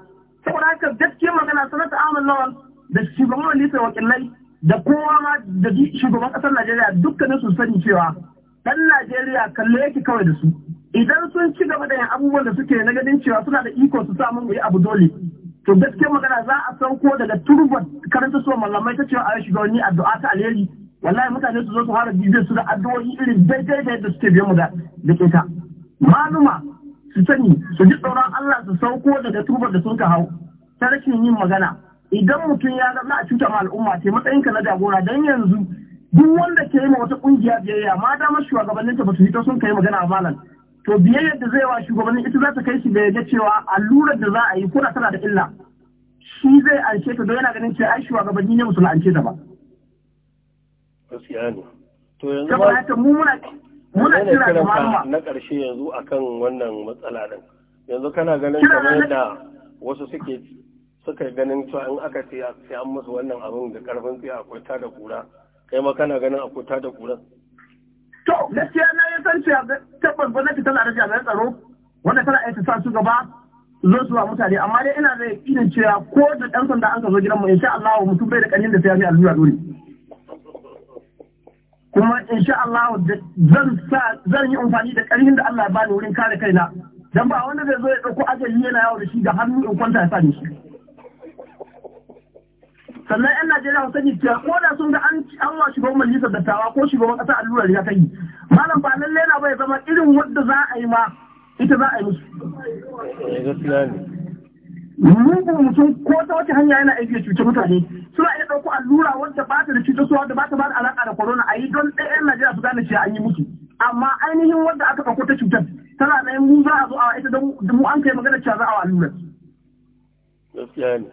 saboda haka Gaskiya magana sanata Ahmad Lawan da shugaban majalisar wakilai da kowa ma da shugaban kasar Najeriya dukkanin su sani cewa dan Najeriya kalle yake kawai da su idan sun ci gaba da yin abubuwan da suke na ganin cewa suna da iko su samu mun yi abu dole to Gaskiya magana za a sauko daga turbar karanta so malamai ta cewa a shugabanni addu'a ta alheri wallahi mutane su zo su fara bibiyar su da addu'o'i irin daidai da yadda suke biyan mu da ta manuma su sani su ji tsoron Allah su sauko daga tubar da sun ka hau ta rashin yin magana idan mutum ya zama a cuta al'umma ce matsayinka na jagora dan yanzu duk wanda ke yi ma wata kungiya biyayya ma dama shugabannin ta basu fito sun kai magana a malam to biyayyar da zai wa shugabannin ita za ta kai shi da yaje cewa allurar da za a yi kuna tana da illa shi zai anshe ta don yana ganin cewa ai shugabanni ne musulunci ta ba gaskiya ne to yanzu ba ta mu muna muna kira da malama na karshe yanzu akan wannan matsala din yanzu kana ganin kamar yadda wasu suke suka ganin to in aka ce sai an musu wannan abin da karfin tsiya akwai ta da kura kai ma kana ganin akwai ta da kura to gaskiya na ya san cewa tabbas gwamnati tana da jami'an tsaro wanda tana aiki sa su gaba zo su ba mutane amma dai ina da yakinin cewa ko da ɗan sanda an ka zo gidanmu insha Allah mutum bai da ƙanin da sai ya fi allura dole kuma sha Allah zan yi amfani da ƙarfin da Allah bani wurin kare kaina dan ba wanda zai zo ya dauko ajali yana yawo da shi da hannu in kwanta ya sa shi sannan yan Najeriya sun yi cewa ko da sun ga an an wa shugaban majalisar dattawa ko shugaban kasa allurar ya kai malam ba lalle na bai zama irin wanda za a yi ma ita za a yi musu eh, mugun mutum ko ta wace hanya yana aiki da cutar mutane suna iya ɗauko allura wanda ba ta da cutar suwa wanda ba ta ba da alaƙa da corona a yi don ɗaya yan Najeriya su gane cewa an yi mutu amma ainihin wanda aka ɗauko ta cutar tana na yin za a zo a ita don mu an kai magana cewa za a allurar. Gaskiya ne.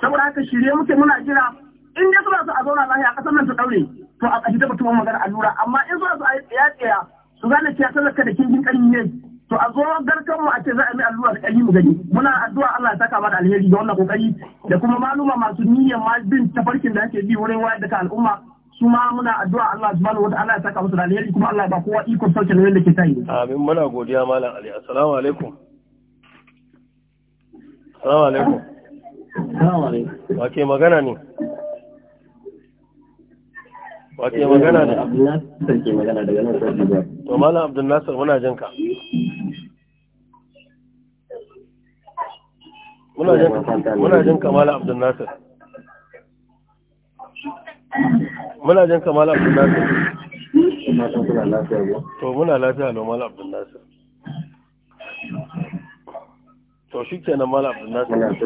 Saboda haka shirye muke muna jira in dai suna so a zauna lafiya a ƙasar nan ta ɗaure to a ƙashi da mutumin magana allura amma in suna so a yi tsaya-tsaya su gane cewa talaka da jin ƙarni ne to a zo garkan mu a ce za a yi allura da mu gani muna addu'a Allah ya saka mana alheri da wannan kokari da kuma maluma masu niyyar ma bin tafarkin da ake bi wurin wayar da kan al'umma su ma muna addu'a Allah subhanahu wataala ya saka musu da alheri kuma Allah ba kowa iko sauke da wanda ke tayi amin muna godiya malam Ali assalamu alaikum assalamu alaikum assalamu alaikum ke magana ne wace eh, magana ne abdulnasir ke magana daga nan sai ba to malam abdulnasir muna jin ka muna jin ka muna jin ka malam abdulnasir muna jin ka malam abdulnasir to muna lafiya lo malam abdulnasir to shi kenan malam abdulnasir malam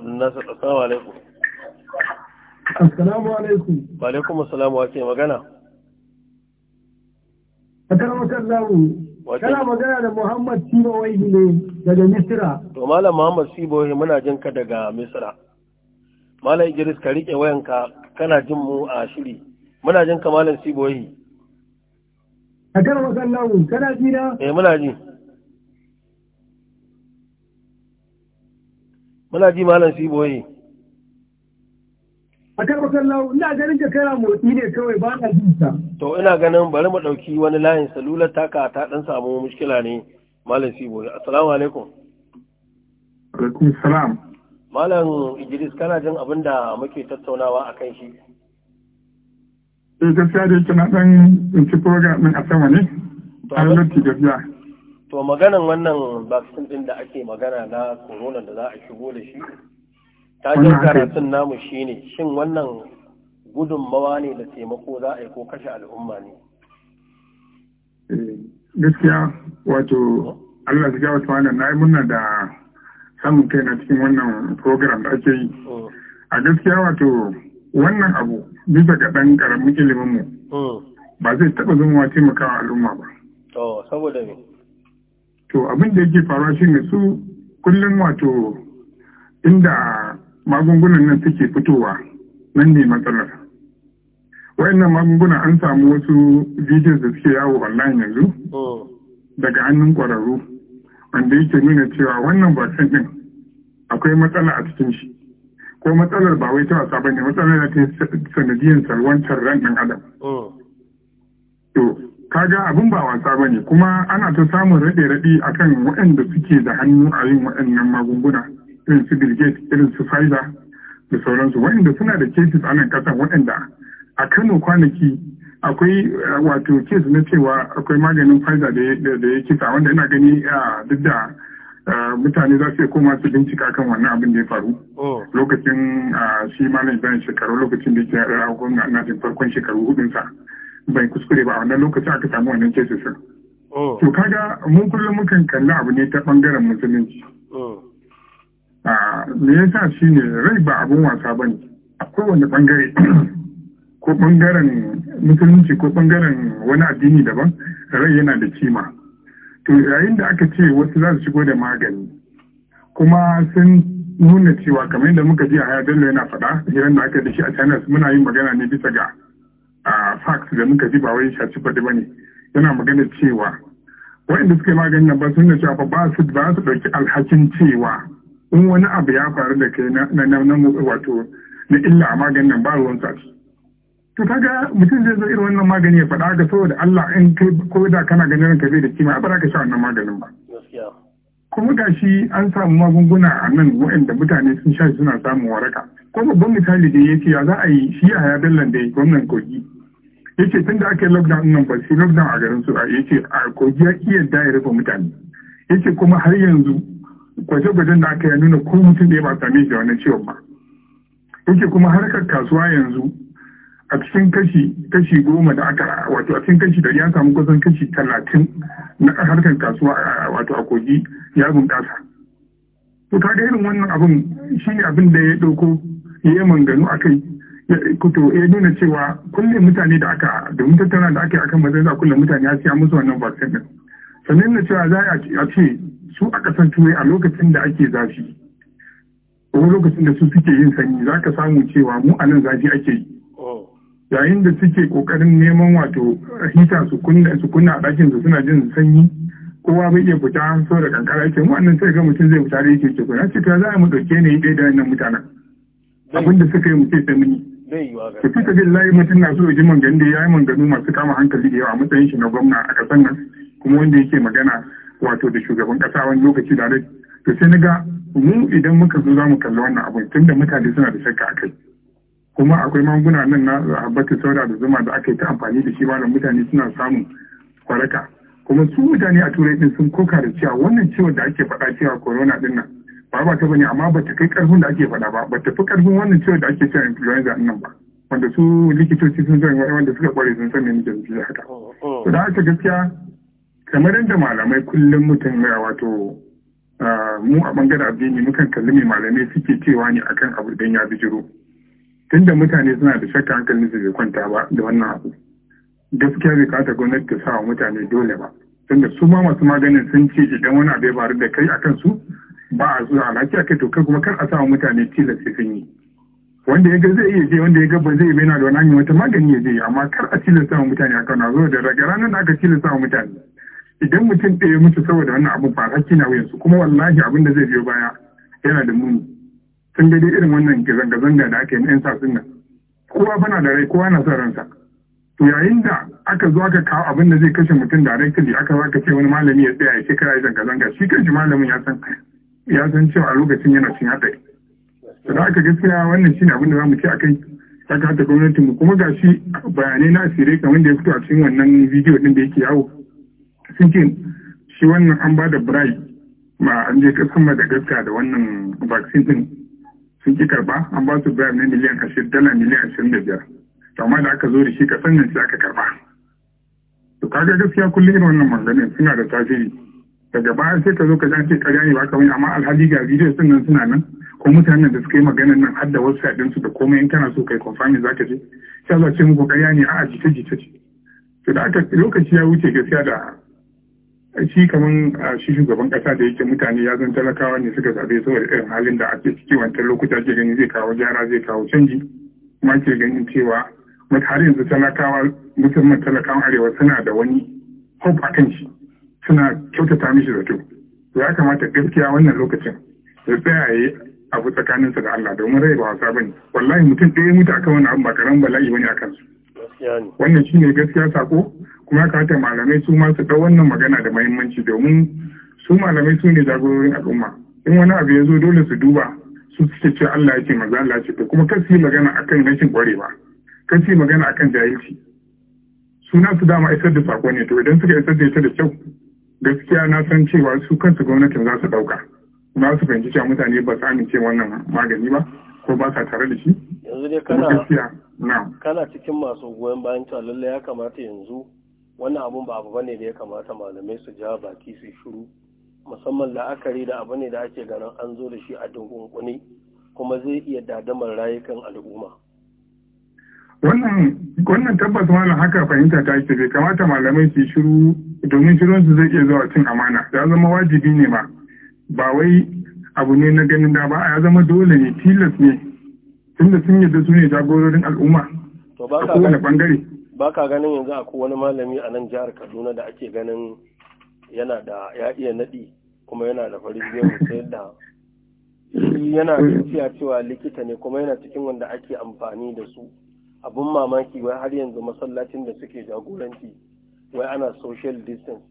abdulnasir assalamu alaikum Assalamu alaikum. Wa alaikum assalamu wa ke magana? Akaramakan lamu, kana magana da Muhammad Wahi ne daga Misira. To Malam Muhammad Wahi muna jin ka daga Misira. Malam Idris ka riƙe wayanka kana jin mu a shiri. Muna jin ka Malam Sibawai. Akaramakan lamu, kana ji na? Eh muna ji. Muna ji Malam Sibawai. a karbatar lawo ina ganin ka kana motsi ne kawai ba na jin sa to ina ganin bari mu dauki wani layin salular taka ta dan samu mushkila ne malam sibo assalamu alaikum alaikum salam malam idris kana jin abin da muke tattaunawa a kan shi eh gaskiya da yake na dan ci program din a sama ne a lokaci gaskiya to maganan wannan vaccine din da ake magana na corona da za a shigo da shi tajin karatun namu shine shin wannan gudunmawa ne da taimako za a yi ko kashe al'umma ne eh, gaskiya wato Allah su gawa tsawana na yi muna da samun kai na cikin wannan program da ake yi hmm. a gaskiya wato wannan abu bisa ga ɗan ƙaramin iliminmu hmm. ba zai taɓa zama taimakawa al'umma ba to saboda ne to abin da yake faruwa shine su kullum wato inda magungunan nan suke fitowa nan ne matsalar wayannan magunguna an samu wasu videos da suke yawo online yanzu oh. daga hannun kwararru wanda yake nuna cewa wannan vaccine din akwai matsala a cikin shi ko matsalar ba wai ta wasa ba ne matsalar da ta sanadiyar salwantar ran ɗan adam oh. to kaga abin ba wasa ba ne kuma ana ta samun raɗe-raɗe akan waɗanda suke da hannu a yin waɗannan magunguna irin su Bill irin su Pfizer da sauransu waɗanda suna da cases a nan ƙasar waɗanda a Kano kwanaki akwai eh, wato case na cewa akwai maganin Pfizer da ya kisa wanda ina gani eh, duk da eh, mutane za su iya koma su bincika kan wannan abin da ya faru oh. lokacin shi malam bayan shekaru lokacin da yake a gwamna na farkon shekaru sa bai kuskure ba a wannan lokacin aka samu wannan cases oh. to kaga mun kullum mukan kalli abu ne ta bangaren musulunci oh. me yasa shi ne rai ba abin wasa ba ne a kowane bangare ko bangaren musulunci ko bangaren wani addini daban rai yana da kima to yayin da aka ce wasu za su shigo da magani kuma sun nuna cewa kamar yadda muka ji a haya dallo yana faɗa hirar da aka da shi a china muna yin magana ne bisa ga A fax da muka ji ba wai shaci faɗi ba ne yana magana cewa waɗanda suka yi maganin nan ba sun nuna cewa ba su ba su ɗauki alhakin cewa in wani abu ya faru da kai na na na wato na illa a maganin nan ba ruwan sa to kaga mutum zai zo irin wannan magani ya faɗa ga saboda Allah in kai ko da kana ganin ranka zai da kima ba za ka sha wannan maganin ba kuma ga shi an samu magunguna a nan waɗanda mutane sun sha suna samun waraka ko babban misali da ya ce ya za a yi shi a ya da gwamnan kogi ya ce tun da aka yi lockdown nan ba sai lockdown a garin su ya ce a kogi ya iya da ya rufe mutane ya ce kuma har yanzu gwaje-gwajen da aka yi nuna ko mutum da ya ba sami shi da wannan ciwon ba yake kuma harkar kasuwa yanzu a cikin kashi kashi goma da aka wato a cikin kashi da ya samu kusan kashi talatin na harkar kasuwa wato a kogi ya bunƙasa to kaga irin wannan abin ne abin da ya ɗauko ya yi manganu a kai kuto ya nuna cewa kullum mutane da aka domin tattauna da aka yi akan mazaza kullum mutane ya siya musu wannan vaccine din sannan na cewa za a ce su a ƙasar turai a lokacin da ake zafi ko lokacin da su suke yin sanyi za ka samu cewa mu a nan zafi ake yi oh. yayin da suke ƙoƙarin neman wato hita su kunna a ɗakin su suna jin sanyi kowa bai iya fita so da kankara yake mu annan sai ga mutum zai fita da yake ce ko na ce ta za a mu ɗauke ne ɗaya da wannan mutanen abin da suka yi mu ce ta mini fi ka bin layi mutum na so ya ji manganu ya yi manganu masu kama hankali da yawa matsayin shi na gwamna a ƙasar nan kuma wanda yake magana wato da shugaban kasa wani lokaci da to sai na ga mu idan muka zo za mu kalli wannan abun da mutane suna da shakka a kai kuma akwai magunguna nan na habbatu sauda da zuma da aka yi ta amfani da shi malam mutane suna samun kwaraka kuma su mutane a turai din sun koka da cewa wannan ciwon da ake faɗa cewa corona din nan ba ba ta bane amma ba ta kai karfin da ake faɗa ba ba ta fi karfin wannan ciwon da ake cewa influenza din nan ba wanda su likitoci sun zai wanda suka kware sun san me nake haka oh, oh. to da haka gaskiya kamar yadda malamai kullum mutum wato mu a bangaren addini mukan kalli mai malamai suke cewa ne akan abu idan ya bijiro tunda mutane suna da shakka hankalin su bai kwanta ba da wannan abu gaskiya bai kata gwamnati ta sa wa mutane dole ba tunda su ma masu maganin sun ce idan wani abu ya faru da kai akan su ba a zuwa lafiya kai to kai kuma kar a sa wa mutane tilas sun yi wanda ya ga zai iya je wanda ya ga ba zai yi bayyana da wani hanyar wata magani ya je amma kar a tilasta wa mutane akan na zo da daga ranar da aka tilasta wa mutane idan mutum ɗaya mutu saboda wannan abu ba hakki na wuyansu kuma wallahi abin da zai biyo baya yana da muni sun dai irin wannan zanga-zanga da aka yi yan sa nan kowa bana da rai kowa na sa ransa to yayin da aka zo aka kawo abin da zai kashe mutum da directly aka zo aka ce wani malami ya tsaya ya ce kara zanga-zanga shi kanshi malamin ya san ya san cewa a lokacin yana cin haɗari to da aka gaskiya wannan shine abin da za mu ce akai ya kamata gwamnatinmu kuma ga shi bayanai na asirai kamar da ya fito a cikin wannan bidiyo ɗin da yake yawo cikin ce shi wannan an ba da bribe ma an je kasan gaska da wannan vaccine din sun ki karba an ba su birai na miliyan ashirin dala miliyan ashirin da biyar amma da aka zo da shi ka nan sai aka karba to kaga gaskiya kullum irin wannan maganganun suna da tasiri daga baya sai ka zo ka ce karya ne ba kamar amma alhali ga bidiyo sun nan suna nan ko mutanen da suka yi maganar nan har da website su da komai in kana so kai confirm za ka je sai za ce muku karya ne a'a jita jita ce to da aka lokaci ya wuce gaskiya da shi kamar shi shugaban kasa da yake mutane ya zan talakawa ne suka zabe saboda irin halin da ake ciki wancan lokuta ke gani zai kawo gyara zai kawo canji kuma ke ganin cewa har yanzu talakawa musamman talakawan arewa suna da wani hope a kan shi suna kyautata mishi zato ya kamata gaskiya wannan lokacin ya tsayaye abu tsakaninsa da Allah domin rai ba wasa bane wallahi mutum ɗaya mutu akan wani abu ba karan bala'i bane a kansu. wannan shine gaskiya sako kuma ta malamai su ma su ɗau wannan magana da mahimmanci domin su malamai su ne jagororin al'umma in wani abu ya zo dole su duba su suke ce Allah yake maza Allah ce to kuma kasi magana akan rashin kwarewa kasi magana akan jahilci suna su dama isar da sako ne to idan suka isar da ita da kyau gaskiya na san cewa su kansu gwamnatin za su ɗauka za su fahimci cewa mutane ba su amince wannan magani ba ko ba sa tare da shi yanzu dai kana cikin masu goyon bayan cewa lallai ya kamata yanzu wannan abun ba abu bane da ya kamata malamai su ja baki su shiru musamman la'akari da abu ne da ake ganin an zo da shi a dunkunkuni kuma zai iya dadamar rayukan al'umma wannan tabbas wannan haka fahimta ta ce bai kamata malamai su shiru domin shirin su zai iya zuwa cin amana ya zama wajibi ne ma ba wai abu ne na ganin da ba ya zama dole ne tilas ne tunda sun yadda su ne jagororin al'umma a kowane bangare ba ka ganin yanzu akwai wani malami a nan jihar kaduna da ake ganin yana da ya iya naɗi kuma yana da farin gemu sai da yana tafiya cewa likita ne kuma yana cikin wanda ake amfani da su abun mamaki wai har yanzu masallacin da suke jagoranci wai ana social distance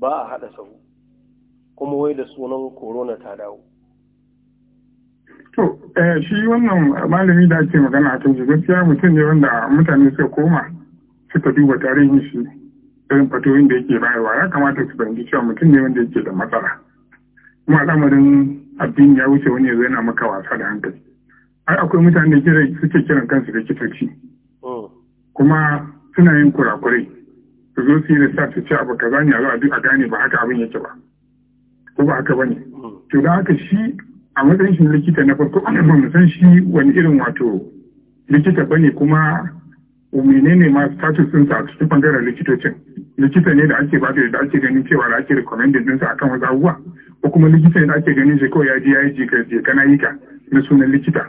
ba a haɗa sahu kuma wai da sunan corona ta dawo to eh, shi wannan malami da ake magana a kan gaskiya mutum ne wanda mutane suka koma suka duba tarihin shi irin fatoyin da yake bayarwa ya kamata su fahimci cewa mutum ne wanda yake da matsala kuma al'amarin addini ya wuce wani yanzu yana maka wasa da hankali ai akwai mutane da kira suke kiran kansu da kitoci hmm. kuma suna yin kurakurai su zo su yi da su ce abu kaza ne a zo a duk a gane ba haka abin yake ba ko ba haka bane hmm. to da haka shi a matsayin shi likita na farko ba mu san shi wani irin wato likita bane kuma menene ma status ɗinsa a cikin ɓangaren likitocin likita ne da ake ba da ake ganin cewa da ake recommended ɗinsa akan wasu abubuwa ko kuma likita ne da ake ganin shi kawai ya ji ya yi jika na yi ka na sunan likita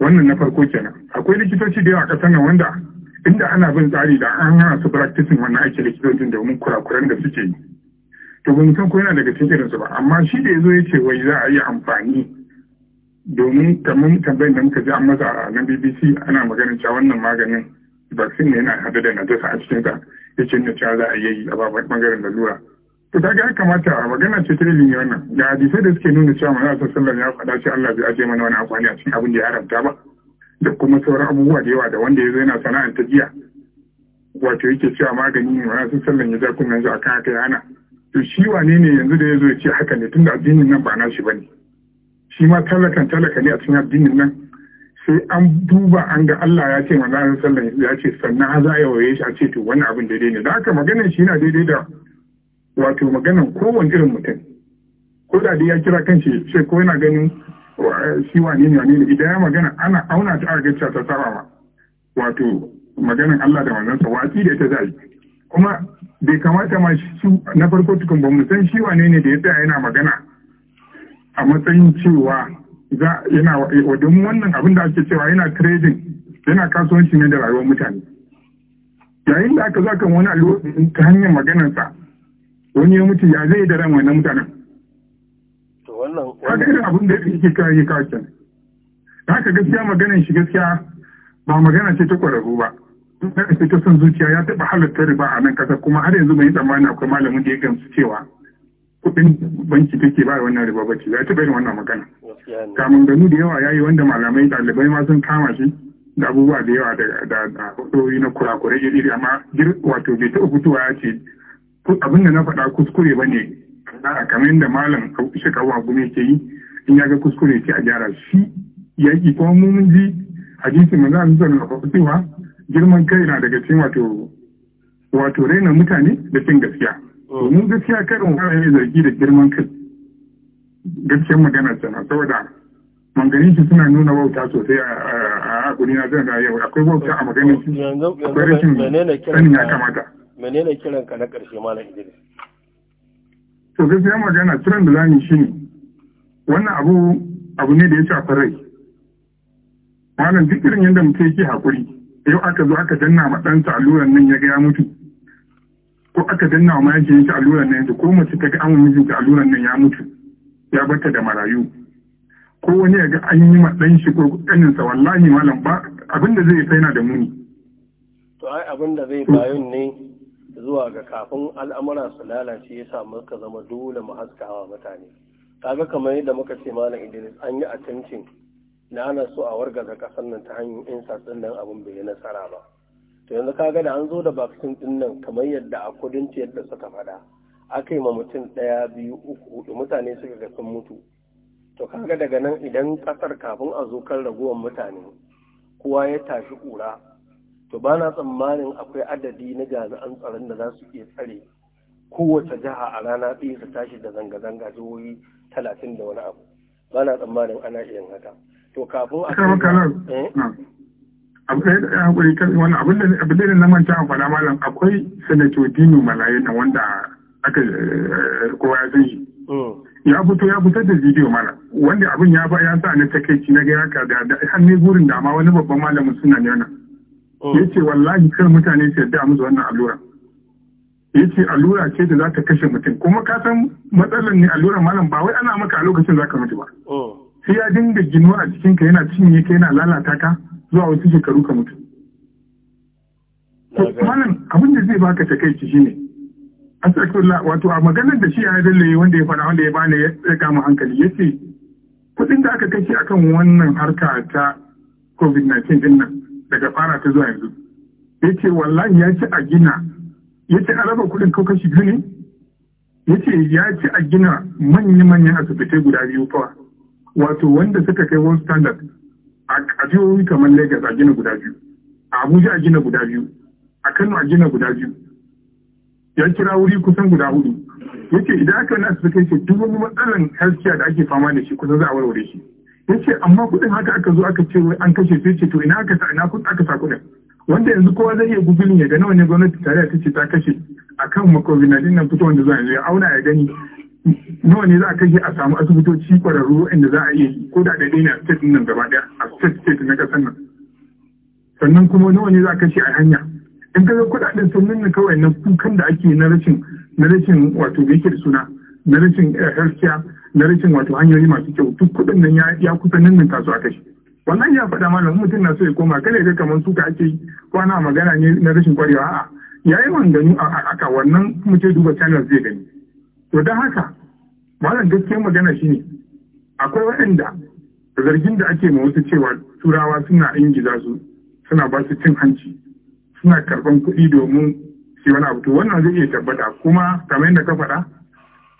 wannan na farko kenan akwai likitoci da yawa a ƙasar nan wanda inda ana bin tsari da an hana su practicing wannan ake likitocin domin kurakuran da suke yi to mu san ko yana daga cikin su ba amma shi da ya zo ya ce wai za a yi amfani domin kamar tambayin da muka ji an maza a nan bbc ana maganin cewa wannan maganin vaccine ne yana hada da najasa a cikin sa ya ce na cewa za a yi a bangaren lalura to ta ga kamata magana ce ta ne wannan ga hadisai da suke nuna cewa manzo sallallahu ya faɗa shi Allah bai aje mana wani amfani a cikin abin da ya haramta ba da kuma sauran abubuwa da yawa da wanda ya zo yana sana'ar ta jiya wato yake cewa magani ne manzo sallallahu ya ja kunnen zuwa kan haka ya hana to shi wane ne yanzu da ya zo ya ce haka ne tunda addinin nan ba na shi ne. shi ma talakan talaka ne a cikin addinin nan sai an duba an ga Allah ya ce manzon sallan ya ce sannan za a yawaye shi a ce to wannan abin daidai ne da haka maganar shi yana daidai da wato maganar kowane irin mutum ko da dai ya kira kanshi sai ko yana ganin shi wane ne wane ne idan ya magana ana auna ta aka gacca ta tsara ma wato maganar Allah da manzon sa wasi da ita za yi kuma bai kamata ma shi na farko tukun ba mu san shi wane ne da ya tsaya yana magana a matsayin cewa yana wadin wannan abin da ake cewa yana trading yana kasuwanci ne da rayuwar mutane yayin da aka zaka wani alwadi ta hanyar maganarsa wani ya mutu ya zai da ran wannan mutanen haka irin abin da yake kawai ya kawo kenan haka gaskiya maganar shi gaskiya ba magana ce ta kwararru ba ta son zuciya ya taɓa halatta riba a nan ƙasa kuma har yanzu mai yi tsammani akwai malamin da ya gamsu cewa Kuɗin banki take ba wannan riba bace ya ta bayin wannan magana kamun gani da yawa yayi wanda malamai ɗalibai ma sun kama shi da abubuwa da yawa da da na kurakure iri amma wato bai taɓa fitowa ya ce abin da na faɗa kuskure ba ne kamar yadda malam a gumi ke yi in ya ga kuskure ce a gyara shi yaki, kuma mun ji hadisi za mu zo na cewa girman kai na daga cikin wato wato raina mutane da cin gaskiya Mun gaskiya karin wani ne zargi da girman kai. Gaskiyar magana na saboda manganin shi suna nuna wauta sosai a hakuri na zan rayu akwai wauta a maganin shi akwai rashin sanin ya kamata. Menene kiran ka na karshe malam Idris? To gaskiya magana kiran da zamu shi ne wannan abu abu ne da ya shafi rai. Malam duk irin yadda mutum yake hakuri yau aka zo aka danna ma ɗansa alluran nan ya ga ya mutu. ko aka danna wa mahaifiyar shi allurar nan yanzu ko mace ta ga an miji ga allurar nan ya mutu ya bata da marayu ko wani ya ga an yi ma shi ko ɗaninsa wallahi malam ba abin da zai faina da muni. to ai abin da zai bayu ne zuwa ga kafin al'amura su lalace ya sa muka zama dole mu haskawa mutane kaga kamar yadda muka ce malam idris an yi attempting na ana so a wargaza kasar nan ta hanyar insa din nan abin bai yi nasara ba to yanzu kaga da an zo da vaccine din nan kamar yadda a kudinci yadda suka fada aka yi ma mutum ɗaya biyu uku hudu mutane suka ga sun mutu to kaga daga nan idan ƙasar kafin a zo kan ragowar mutane kowa ya tashi kura to ba na tsammanin akwai adadi na jami'an tsaron da za su iya tsare kowace jiha a rana ɗaya su tashi da zanga-zanga jihohi talatin da wani abu ba na tsammanin ana iya haka to kafin a abin da ya haƙuri abin da na manta a faɗa malam akwai sanato dino malaye na wanda aka eh, kowa ya san mm. ya fito ya fitar da bidiyo mana wanda abin ya ba ya sa na takaici na ga ya ka da hannun gurin da ma wani babban malamin suna ne wannan mm. ya ce wallahi kan mutane su yarda musu wannan allura ya ce allura ce da za ta kashe mutum kuma ka san matsalar ne allurar malam ba wai ana maka a lokacin za ka mutu ba mm. sai ya dinga ginuwa a cikinka yana cinye ka yana lalata ka zuwa wasu shekaru ka mutu malam abin da zai baka takaici shine astagfirullah wato a maganar da shi ya dalle wanda ya fara wanda ya bani ya tsaka mu hankali ce kudin da aka a kan wannan harka ta covid-19 din nan daga fara ta zuwa yanzu Ya ce wallahi ya ci a gina Ya ce a raba kudin kau kashi biyu ne ce ya ci a gina manya-manyan asibitai guda biyu kawai wato wanda suka kai world standard a jihohi kamar Lagos a gina guda biyu a Abuja a gina guda biyu a Kano a gina guda biyu ya kira wuri kusan guda hudu Yake idan aka na asibiti ce duk wani matsalan healthcare da ake fama da shi kusan za a warware shi yace amma kuɗin haka aka zo aka ce wai an kashe sai ce to ina aka sa ina aka sa kuɗin wanda yanzu kowa zai iya gugulin ya ga nawa ne gwamnati tarayya ta ce ta kashe akan makovinadin nan fito wanda zuwa yanzu ya auna ya gani nawa ne za a kashe a samu asibitoci kwararru inda za a iya ko da ɗaya ne a state nan gaba ɗaya a state state na ƙasar nan sannan kuma nawa ne za a kashe a hanya in ka ga kuɗaɗen sun nuna kawai na kukan da ake na rashin na rashin wato da yake da suna na rashin eh, healthcare na rashin wato hanyoyi masu kyau duk kuɗin nan ya kusa nan taso a kashe wannan ya faɗa mana mutum na so ya koma kada ya ga kamar suka ake yi ko magana ne na rashin kwarewa a'a yayi man gani a aka wannan mutum duba channel zai gani to don haka malam gaske magana shine akwai waɗanda zargin da ake ma wasu cewa turawa suna ingiza su suna ba su cin hanci suna karban kuɗi domin shi wani abu to wannan zai iya tabbata kuma kamar yadda ka faɗa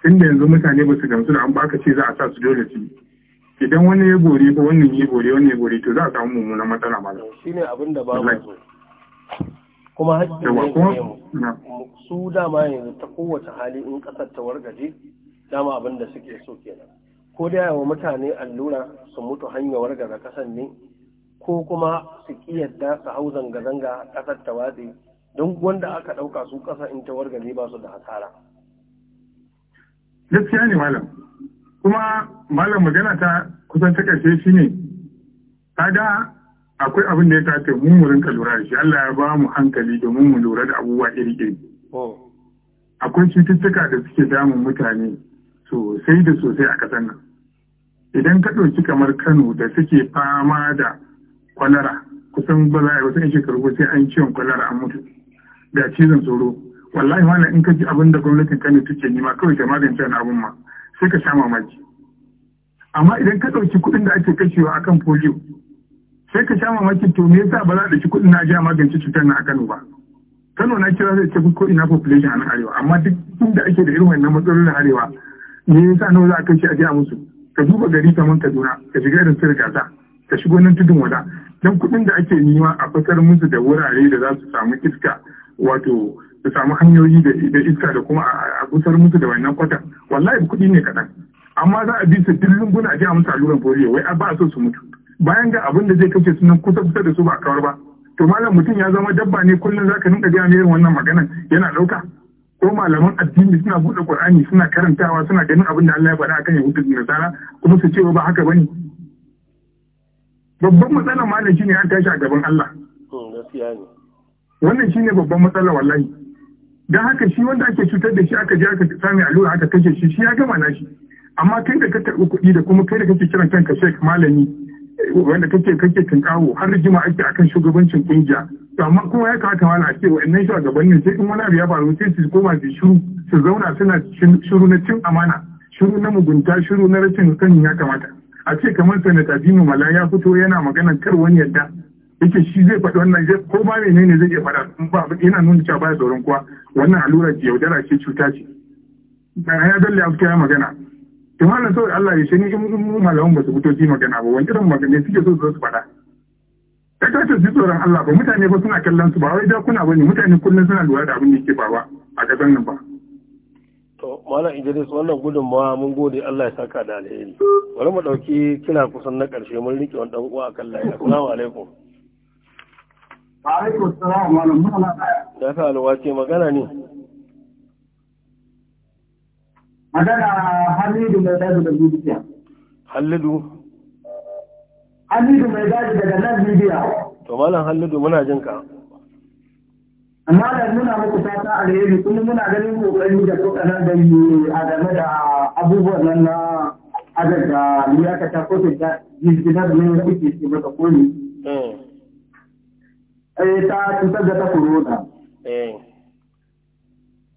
tun da yanzu mutane ba su gamsu da an baka ce za a sa su dole su idan wani ya bore ko wannan ya bore wani ya bore to za a samu mummunan matsala shi ne abin da ba mu kuma haƙƙi ne su dama yanzu ta kowace hali in ƙasar ta wargaje dama abin da suke so kenan ko da yawa mutane allura su mutu hanya wargaza ƙasar ne ko kuma su ƙi yadda su hau zanga-zanga ƙasar ta watsi don wanda aka ɗauka su ƙasa in ta wargaje ba su da hasara. gaskiya ne malam kuma malam magana ta kusan ta ƙarshe shine kaga akwai abin da ya kace mu mu rinka lura shi Allah ya ba mu hankali domin mu lura da abubuwa iri iri oh. akwai cututtuka da suke damun mutane sosai da sosai a ƙasar nan idan ka ɗauki kamar Kano da suke fama da kwalara kusan ba za a wasu shekaru sai an ciwon kwalara an mutu da cizon tsoro wallahi wala in ka ji abin da gwamnatin Kano take nima kawai ta magance wani abin ma sai ka sha mamaki amma idan ka ɗauki kuɗin da ake kashewa akan polio sai ka sha mamakin to me yasa ba za a ɗauki kuɗin na ja magance cutar na a Kano ba Kano na kira zai ce ko ina population a nan arewa amma duk inda ake da irin wannan matsalolin arewa me yasa nawa za a kai shi a ja musu ka duba gari kamar Kaduna ka shiga irin su gasa ka shigo nan tudun wada dan kuɗin da ake nema a fasar musu da wurare da za su samu iska wato su samu hanyoyi da iska da kuma a kusar musu da wannan kwata wallahi kuɗi ne kaɗan amma za a bi su duk lunguna a ji a musu alluran polio wai a ba so su mutu bayan ga abin da zai kashe sunan kusa kusa da su ba kawar ba to malam mutum ya zama dabba ne kullum zaka ninka gaya mai irin wannan maganan yana dauka ko malaman addini suna buɗe qur'ani suna karantawa suna ganin abin da Allah ya faɗa akan yahudu da nasara kuma su ce ba haka bane babban matsalar malam shine an tashi a gaban Allah hmm, wannan shine babban matsala wallahi dan haka shi wanda ake cutar da shi aka je aka sami allura aka kashe shi shi ya gama na shi amma kai da ka karɓi kuɗi da kuma kai da kake kiran kanka shek malami wanda kake kake kawo har rigima ake akan shugabancin kungiya to amma kuma ya kamata mala a ce wa'annan shugabannin sai in wani abu ya faru sai su koma su shiru su zauna suna shiru na cin amana shiru na mugunta shiru na rashin sanin ya kamata a ce kamar sanata dino mala ya fito yana magana kar wani yadda yake shi zai faɗi wannan zai ko ba menene zai iya faɗa ba yana nuna cewa baya tsoron kuwa wannan allura ce yaudara ce cuta ce ya dalle a ya magana to malam saboda Allah ya shani in mun malaman ba su fito ji magana ba wani irin magana suke so su faɗa ta kace su tsoron Allah ba mutane ba suna kallon su ba wai da kuna bane mutane kullum suna lura da abin da yake faruwa a kasan nan ba to malam Idris wannan gudunmawa mun gode Allah ya saka da alheri bari mu dauki kina kusan na karshe mun rike wani dan uwa akan lafiya assalamu alaikum wa alaikum assalam malam muna lafiya ya ta alwace magana ne magana hamidu mai daji da Libya. hallidu hallidu mai daji daga nan Libya. to malam hallidu muna jin ka Malam muna muku ta fata alheri kuma muna ganin kokari da kuka nan da yi a game da abubuwan nan na ajar da liyaka ta kotu da jirginar ne ya kuke ce maka koli eh. eh ta cutar da ta corona eh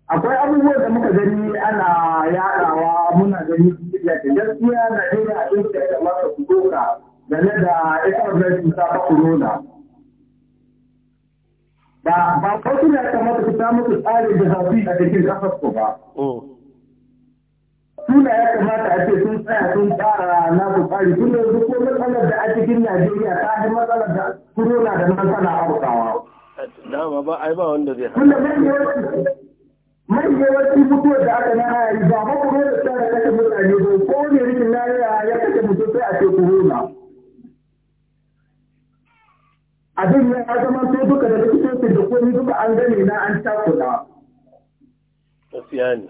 akwai abubuwa da muka gani ana yaɗawa muna gani da gaskiya na ɗaya a cikin da ya kamata ku doka game da ita wannan cuta ta corona ba ba kawai ne kamata ku ta musu tsarin da zafi a cikin ƙasar ku ba oh. suna ya kamata a ce sun tsaya sun fara na su tsari tun da yanzu ko matsalar da a cikin Najeriya ta yi matsalar da corona da nan tana aukawa. Dama ba ai ba wanda zai haɗa. yi yawanci mutuwar da aka na hayi ba makon da tsara kashe mutane ba ko ne rikin lafiya ya kashe mutum sai a ce corona abin ya zama to duka da likitoci da komi duka an gane na an takura gaskiya ne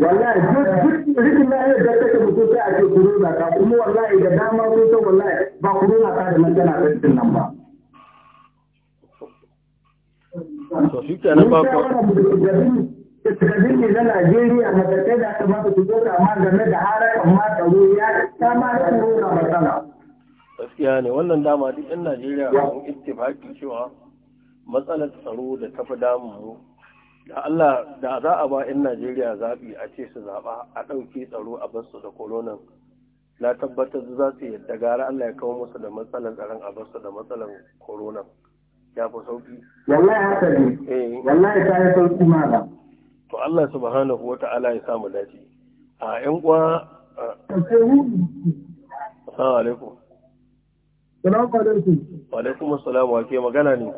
wallahi duk rikin lafiya da kashe mutum sai a ce corona ka kuma wallahi da dama sun san wallahi ba corona ka da nan tana kashe nan ba to shi ke nan ba ku na Najeriya matakai da kamata su zo kama game da harakan ma tsaro ya kama tsaro na matsala. Gaskiya ne wannan dama duk 'yan Najeriya sun ittifaki cewa matsalar tsaro da tafi damu mu da Allah da za a ba 'yan Najeriya zaɓi a ce su zaɓa a ɗauke tsaro a basu da koronan na tabbatar za su yadda gara Allah ya kawo musu da matsalar tsaron a basu da matsalar koronan. ya fi wallahi haka ne eh. wallahi ta yi sauki mana to Allah subhanahu wata'ala ya samu daji. a yan uwa assalamu alaikum assalamu alaikum wa alaikum assalam wa ke magana ne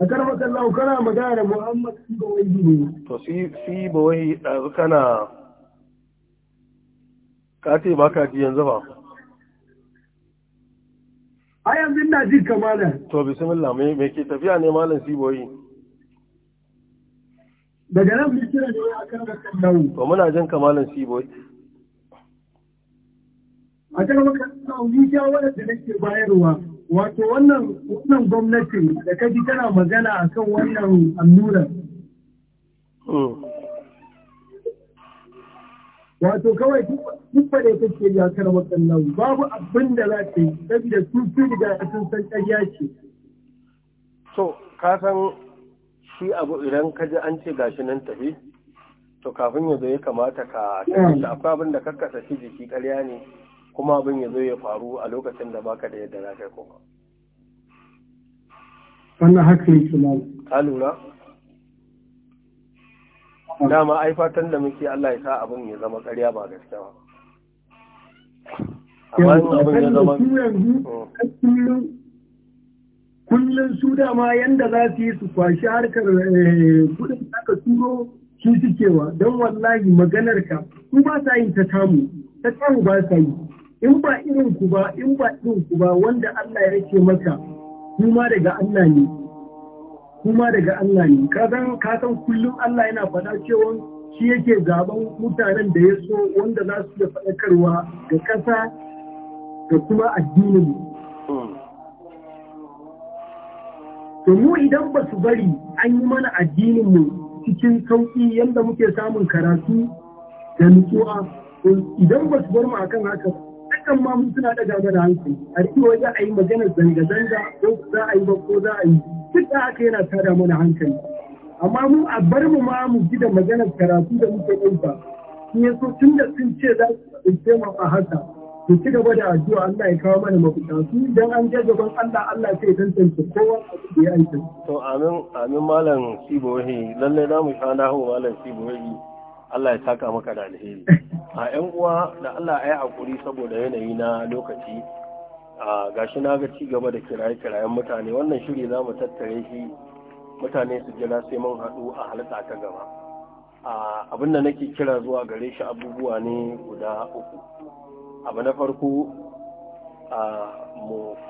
a karfa sallahu kana magana da muhammad si ba wai ne to si ba wai ɗazu kana ka ce ba ka ji yanzu ba a yanzu ina jin kamalan to bismillah me me ke tafiya ne malam siboyi daga nan mu kira ne akan kan nawo to muna jin kamalan siboyi a kan kan nawo ni ja wanda da nake bayarwa wato wannan wannan gwamnati da kaji tana magana a kan wannan annuran hmm. wato kawai duk da kake ce ya waɗannan babu abin da za ta yi saboda su fi riga sun san ƙarya ce. so ka san shi abu idan ka ji an ce gashi nan tafi, to kafin ya zo ya kamata ka tafi akwai abin da kakkasa shi jiki ƙarya ne kuma abin ya zo ya faru a lokacin da baka da yadda za ka yi kuma. Wannan haka yake ma Ka lura? dama ai fatan da muke Allah ya sa abin ya zama ƙarya ba gaskiya ba kullum su dama yanda za su yi su kwashi harkar eh, kudin aka turo shi suke wa don wallahi maganar ka ku ba sa yin ta tamu ta tamu ba sa yi in ba irin ku ba wanda Allah ya rike maka kuma daga Allah ne kuma daga Allah ne kasan kasan kullum Allah yana faɗa cewa shi yake zaben mutanen da ya so wanda za su da faɗakarwa ga ƙasa da kuma addinin to mu idan ba su bari an yi mana addinin mu cikin sauƙi yadda muke samun karatu da nutsuwa idan ba su bar mu akan haka ba. hakan ma mun suna daga mana hankali a rikiwa za a yi maganar zanga-zanga ko za a yi ba ko za a yi duk da haka yana tada mana hankali amma mu a bar mu ma mu ji da maganar karatu da muke ɗauka sun ya so tun da sun ce za su ɗauke mu a haka ku ci gaba da addu'a Allah ya kawo mana mafita su idan an je gaban Allah Allah sai ya tantance kowa a ya aikin. To amin amin malam Sibohi lallai za mu sha nahu malam Sibohi. Allah ya saka maka da alheri a yan uwa da Allah ya yi hakuri saboda yanayi na lokaci a gashi na ga ci gaba da kiraye-kirayen mutane wannan shiri za mu tattare shi mutane su jira sai mun haɗu a halitta ta gaba abin da nake kira zuwa gare shi abubuwa ne guda uku abu na farko a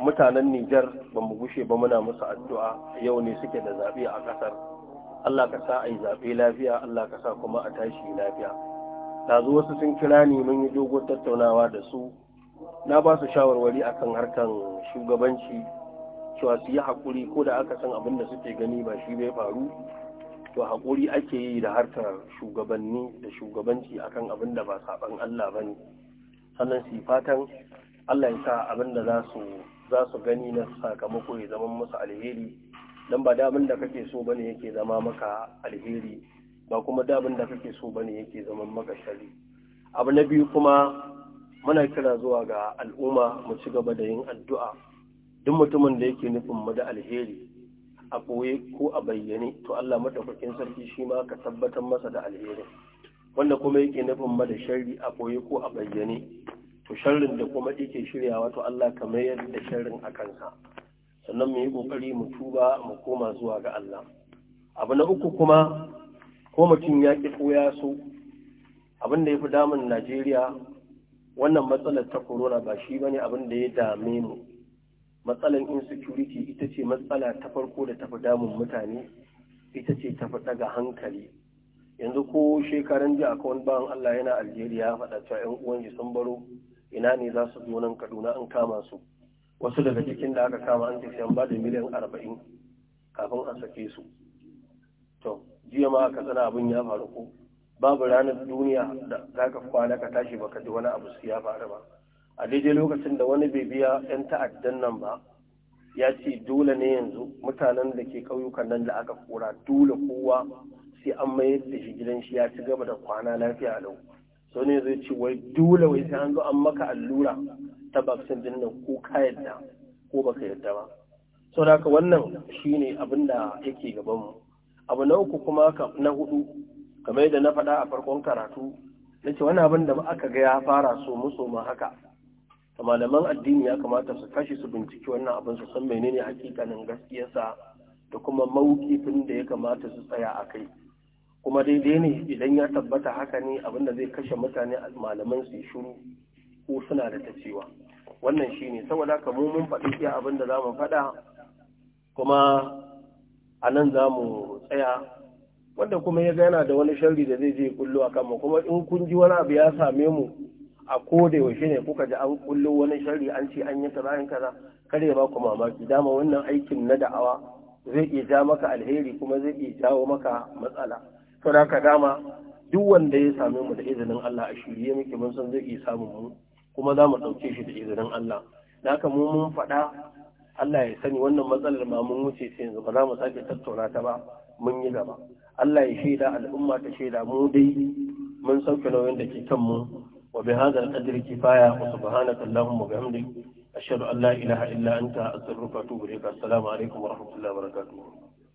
mutanen Nijar ba mu gushe ba muna musu addu'a yau ne suke da zaɓe a ƙasar Allah ka sa a yi zaɓe lafiya Allah ka sa kuma a tashi lafiya Na zo wasu sun kira ni mun yi dogon tattaunawa da su na ba su shawarwari akan harkan shugabanci cewa su yi haƙuri ko da aka san abin da suke gani ba shi bai faru to haƙuri ake yi da harkar shugabanni da shugabanci akan abin da ba saɓan Allah ba ne sannan su fatan Allah ya sa abin da za su gani na sakamako ya zama musu alheri dan ba damin da kake so bane yake zama maka alheri ba kuma damin da kake so bane yake zama maka shari abu na biyu kuma muna kira zuwa ga al'umma mu ci gaba da yin addu'a duk mutumin da yake nufin mu da alheri a ɓoye ko a bayyane to Allah madaukakin sarki shi ma ka tabbatar masa da alheri wanda kuma yake nufin mu da sharri a ɓoye ko a bayyane to sharrin da kuma yake shiryawa to Allah ka mayar da sharrin a kansa sannan mu yi ƙoƙari mu tuba mu koma zuwa ga Allah abu na uku kuma ko mutum ya ƙi ya so abin da ya fi damun Najeriya wannan matsalar ta corona ba shi bane abin da ya dame mu matsalar insecurity ita ce matsala ta farko da tafi damun mutane ita ce tafi daga hankali yanzu ko shekaran jiya aka wani bawan Allah yana Algeria faɗa cewa 'yan uwan sun baro ina ne za su zo nan Kaduna an kama su wasu daga cikin da aka kama an tafi an ba da miliyan arba'in kafin a sake su to jiya ma aka tsana abin ya faru ko babu ranar duniya da za ka kwana ka tashi baka ji wani abu su ya faru ba a daidai lokacin da wani bai biya 'yan ta'addan nan ba ya ce dole ne yanzu mutanen da ke kauyukan nan da aka kora dole kowa sai an mayar da shi gidan shi ya ci gaba da kwana lafiya lau sau ne zai ce wai dole wai sai an zo an maka allura ta vaccine din nan ko ka yadda ko baka yadda ba so da haka wannan shine abin da yake gaban mu abu na uku kuma na hudu kamar yadda na faɗa a farkon karatu na ce wani abin da aka ga ya fara so muso ma haka malaman addini ya kamata su tashi su binciki wannan abin su san menene hakikanin gaskiyarsa da kuma mawukifin da ya kamata su tsaya a kai kuma daidai ne idan ya tabbata haka ne abin da zai kashe mutane malaman su shiru ko suna da tacewa wannan shi ne saboda haka mu mun faɗi iya abin da za mu faɗa kuma a nan za mu tsaya wanda kuma ya yana da wani sharri da zai je kullu a kanmu kuma in kun ji wani abu ya same mu a koda yaushe ne kuka ji an kullu wani sharri an ce an yi kaza an kaza kare ba ku mamaki dama wannan aikin na da'awa zai iya ja maka alheri kuma zai iya jawo maka matsala saboda haka dama duk wanda ya same mu da izinin Allah a shirye muke mun san zai iya samu mu kuma za mu ɗauke shi da izinin Allah da haka mu mun faɗa Allah ya sani wannan matsalar ma mun wuce sai yanzu ba za mu sake tattauna ta ba mun yi gaba Allah ya shaida al'umma ta shaida mu dai mun sauke nauyin da ke kanmu wa bi hadha al-qadri kifaya wa subhanaka allahumma wa bihamdik ashhadu an la ilaha illa anta astaghfiruka wa atubu assalamu alaikum wa rahmatullahi wa barakatuh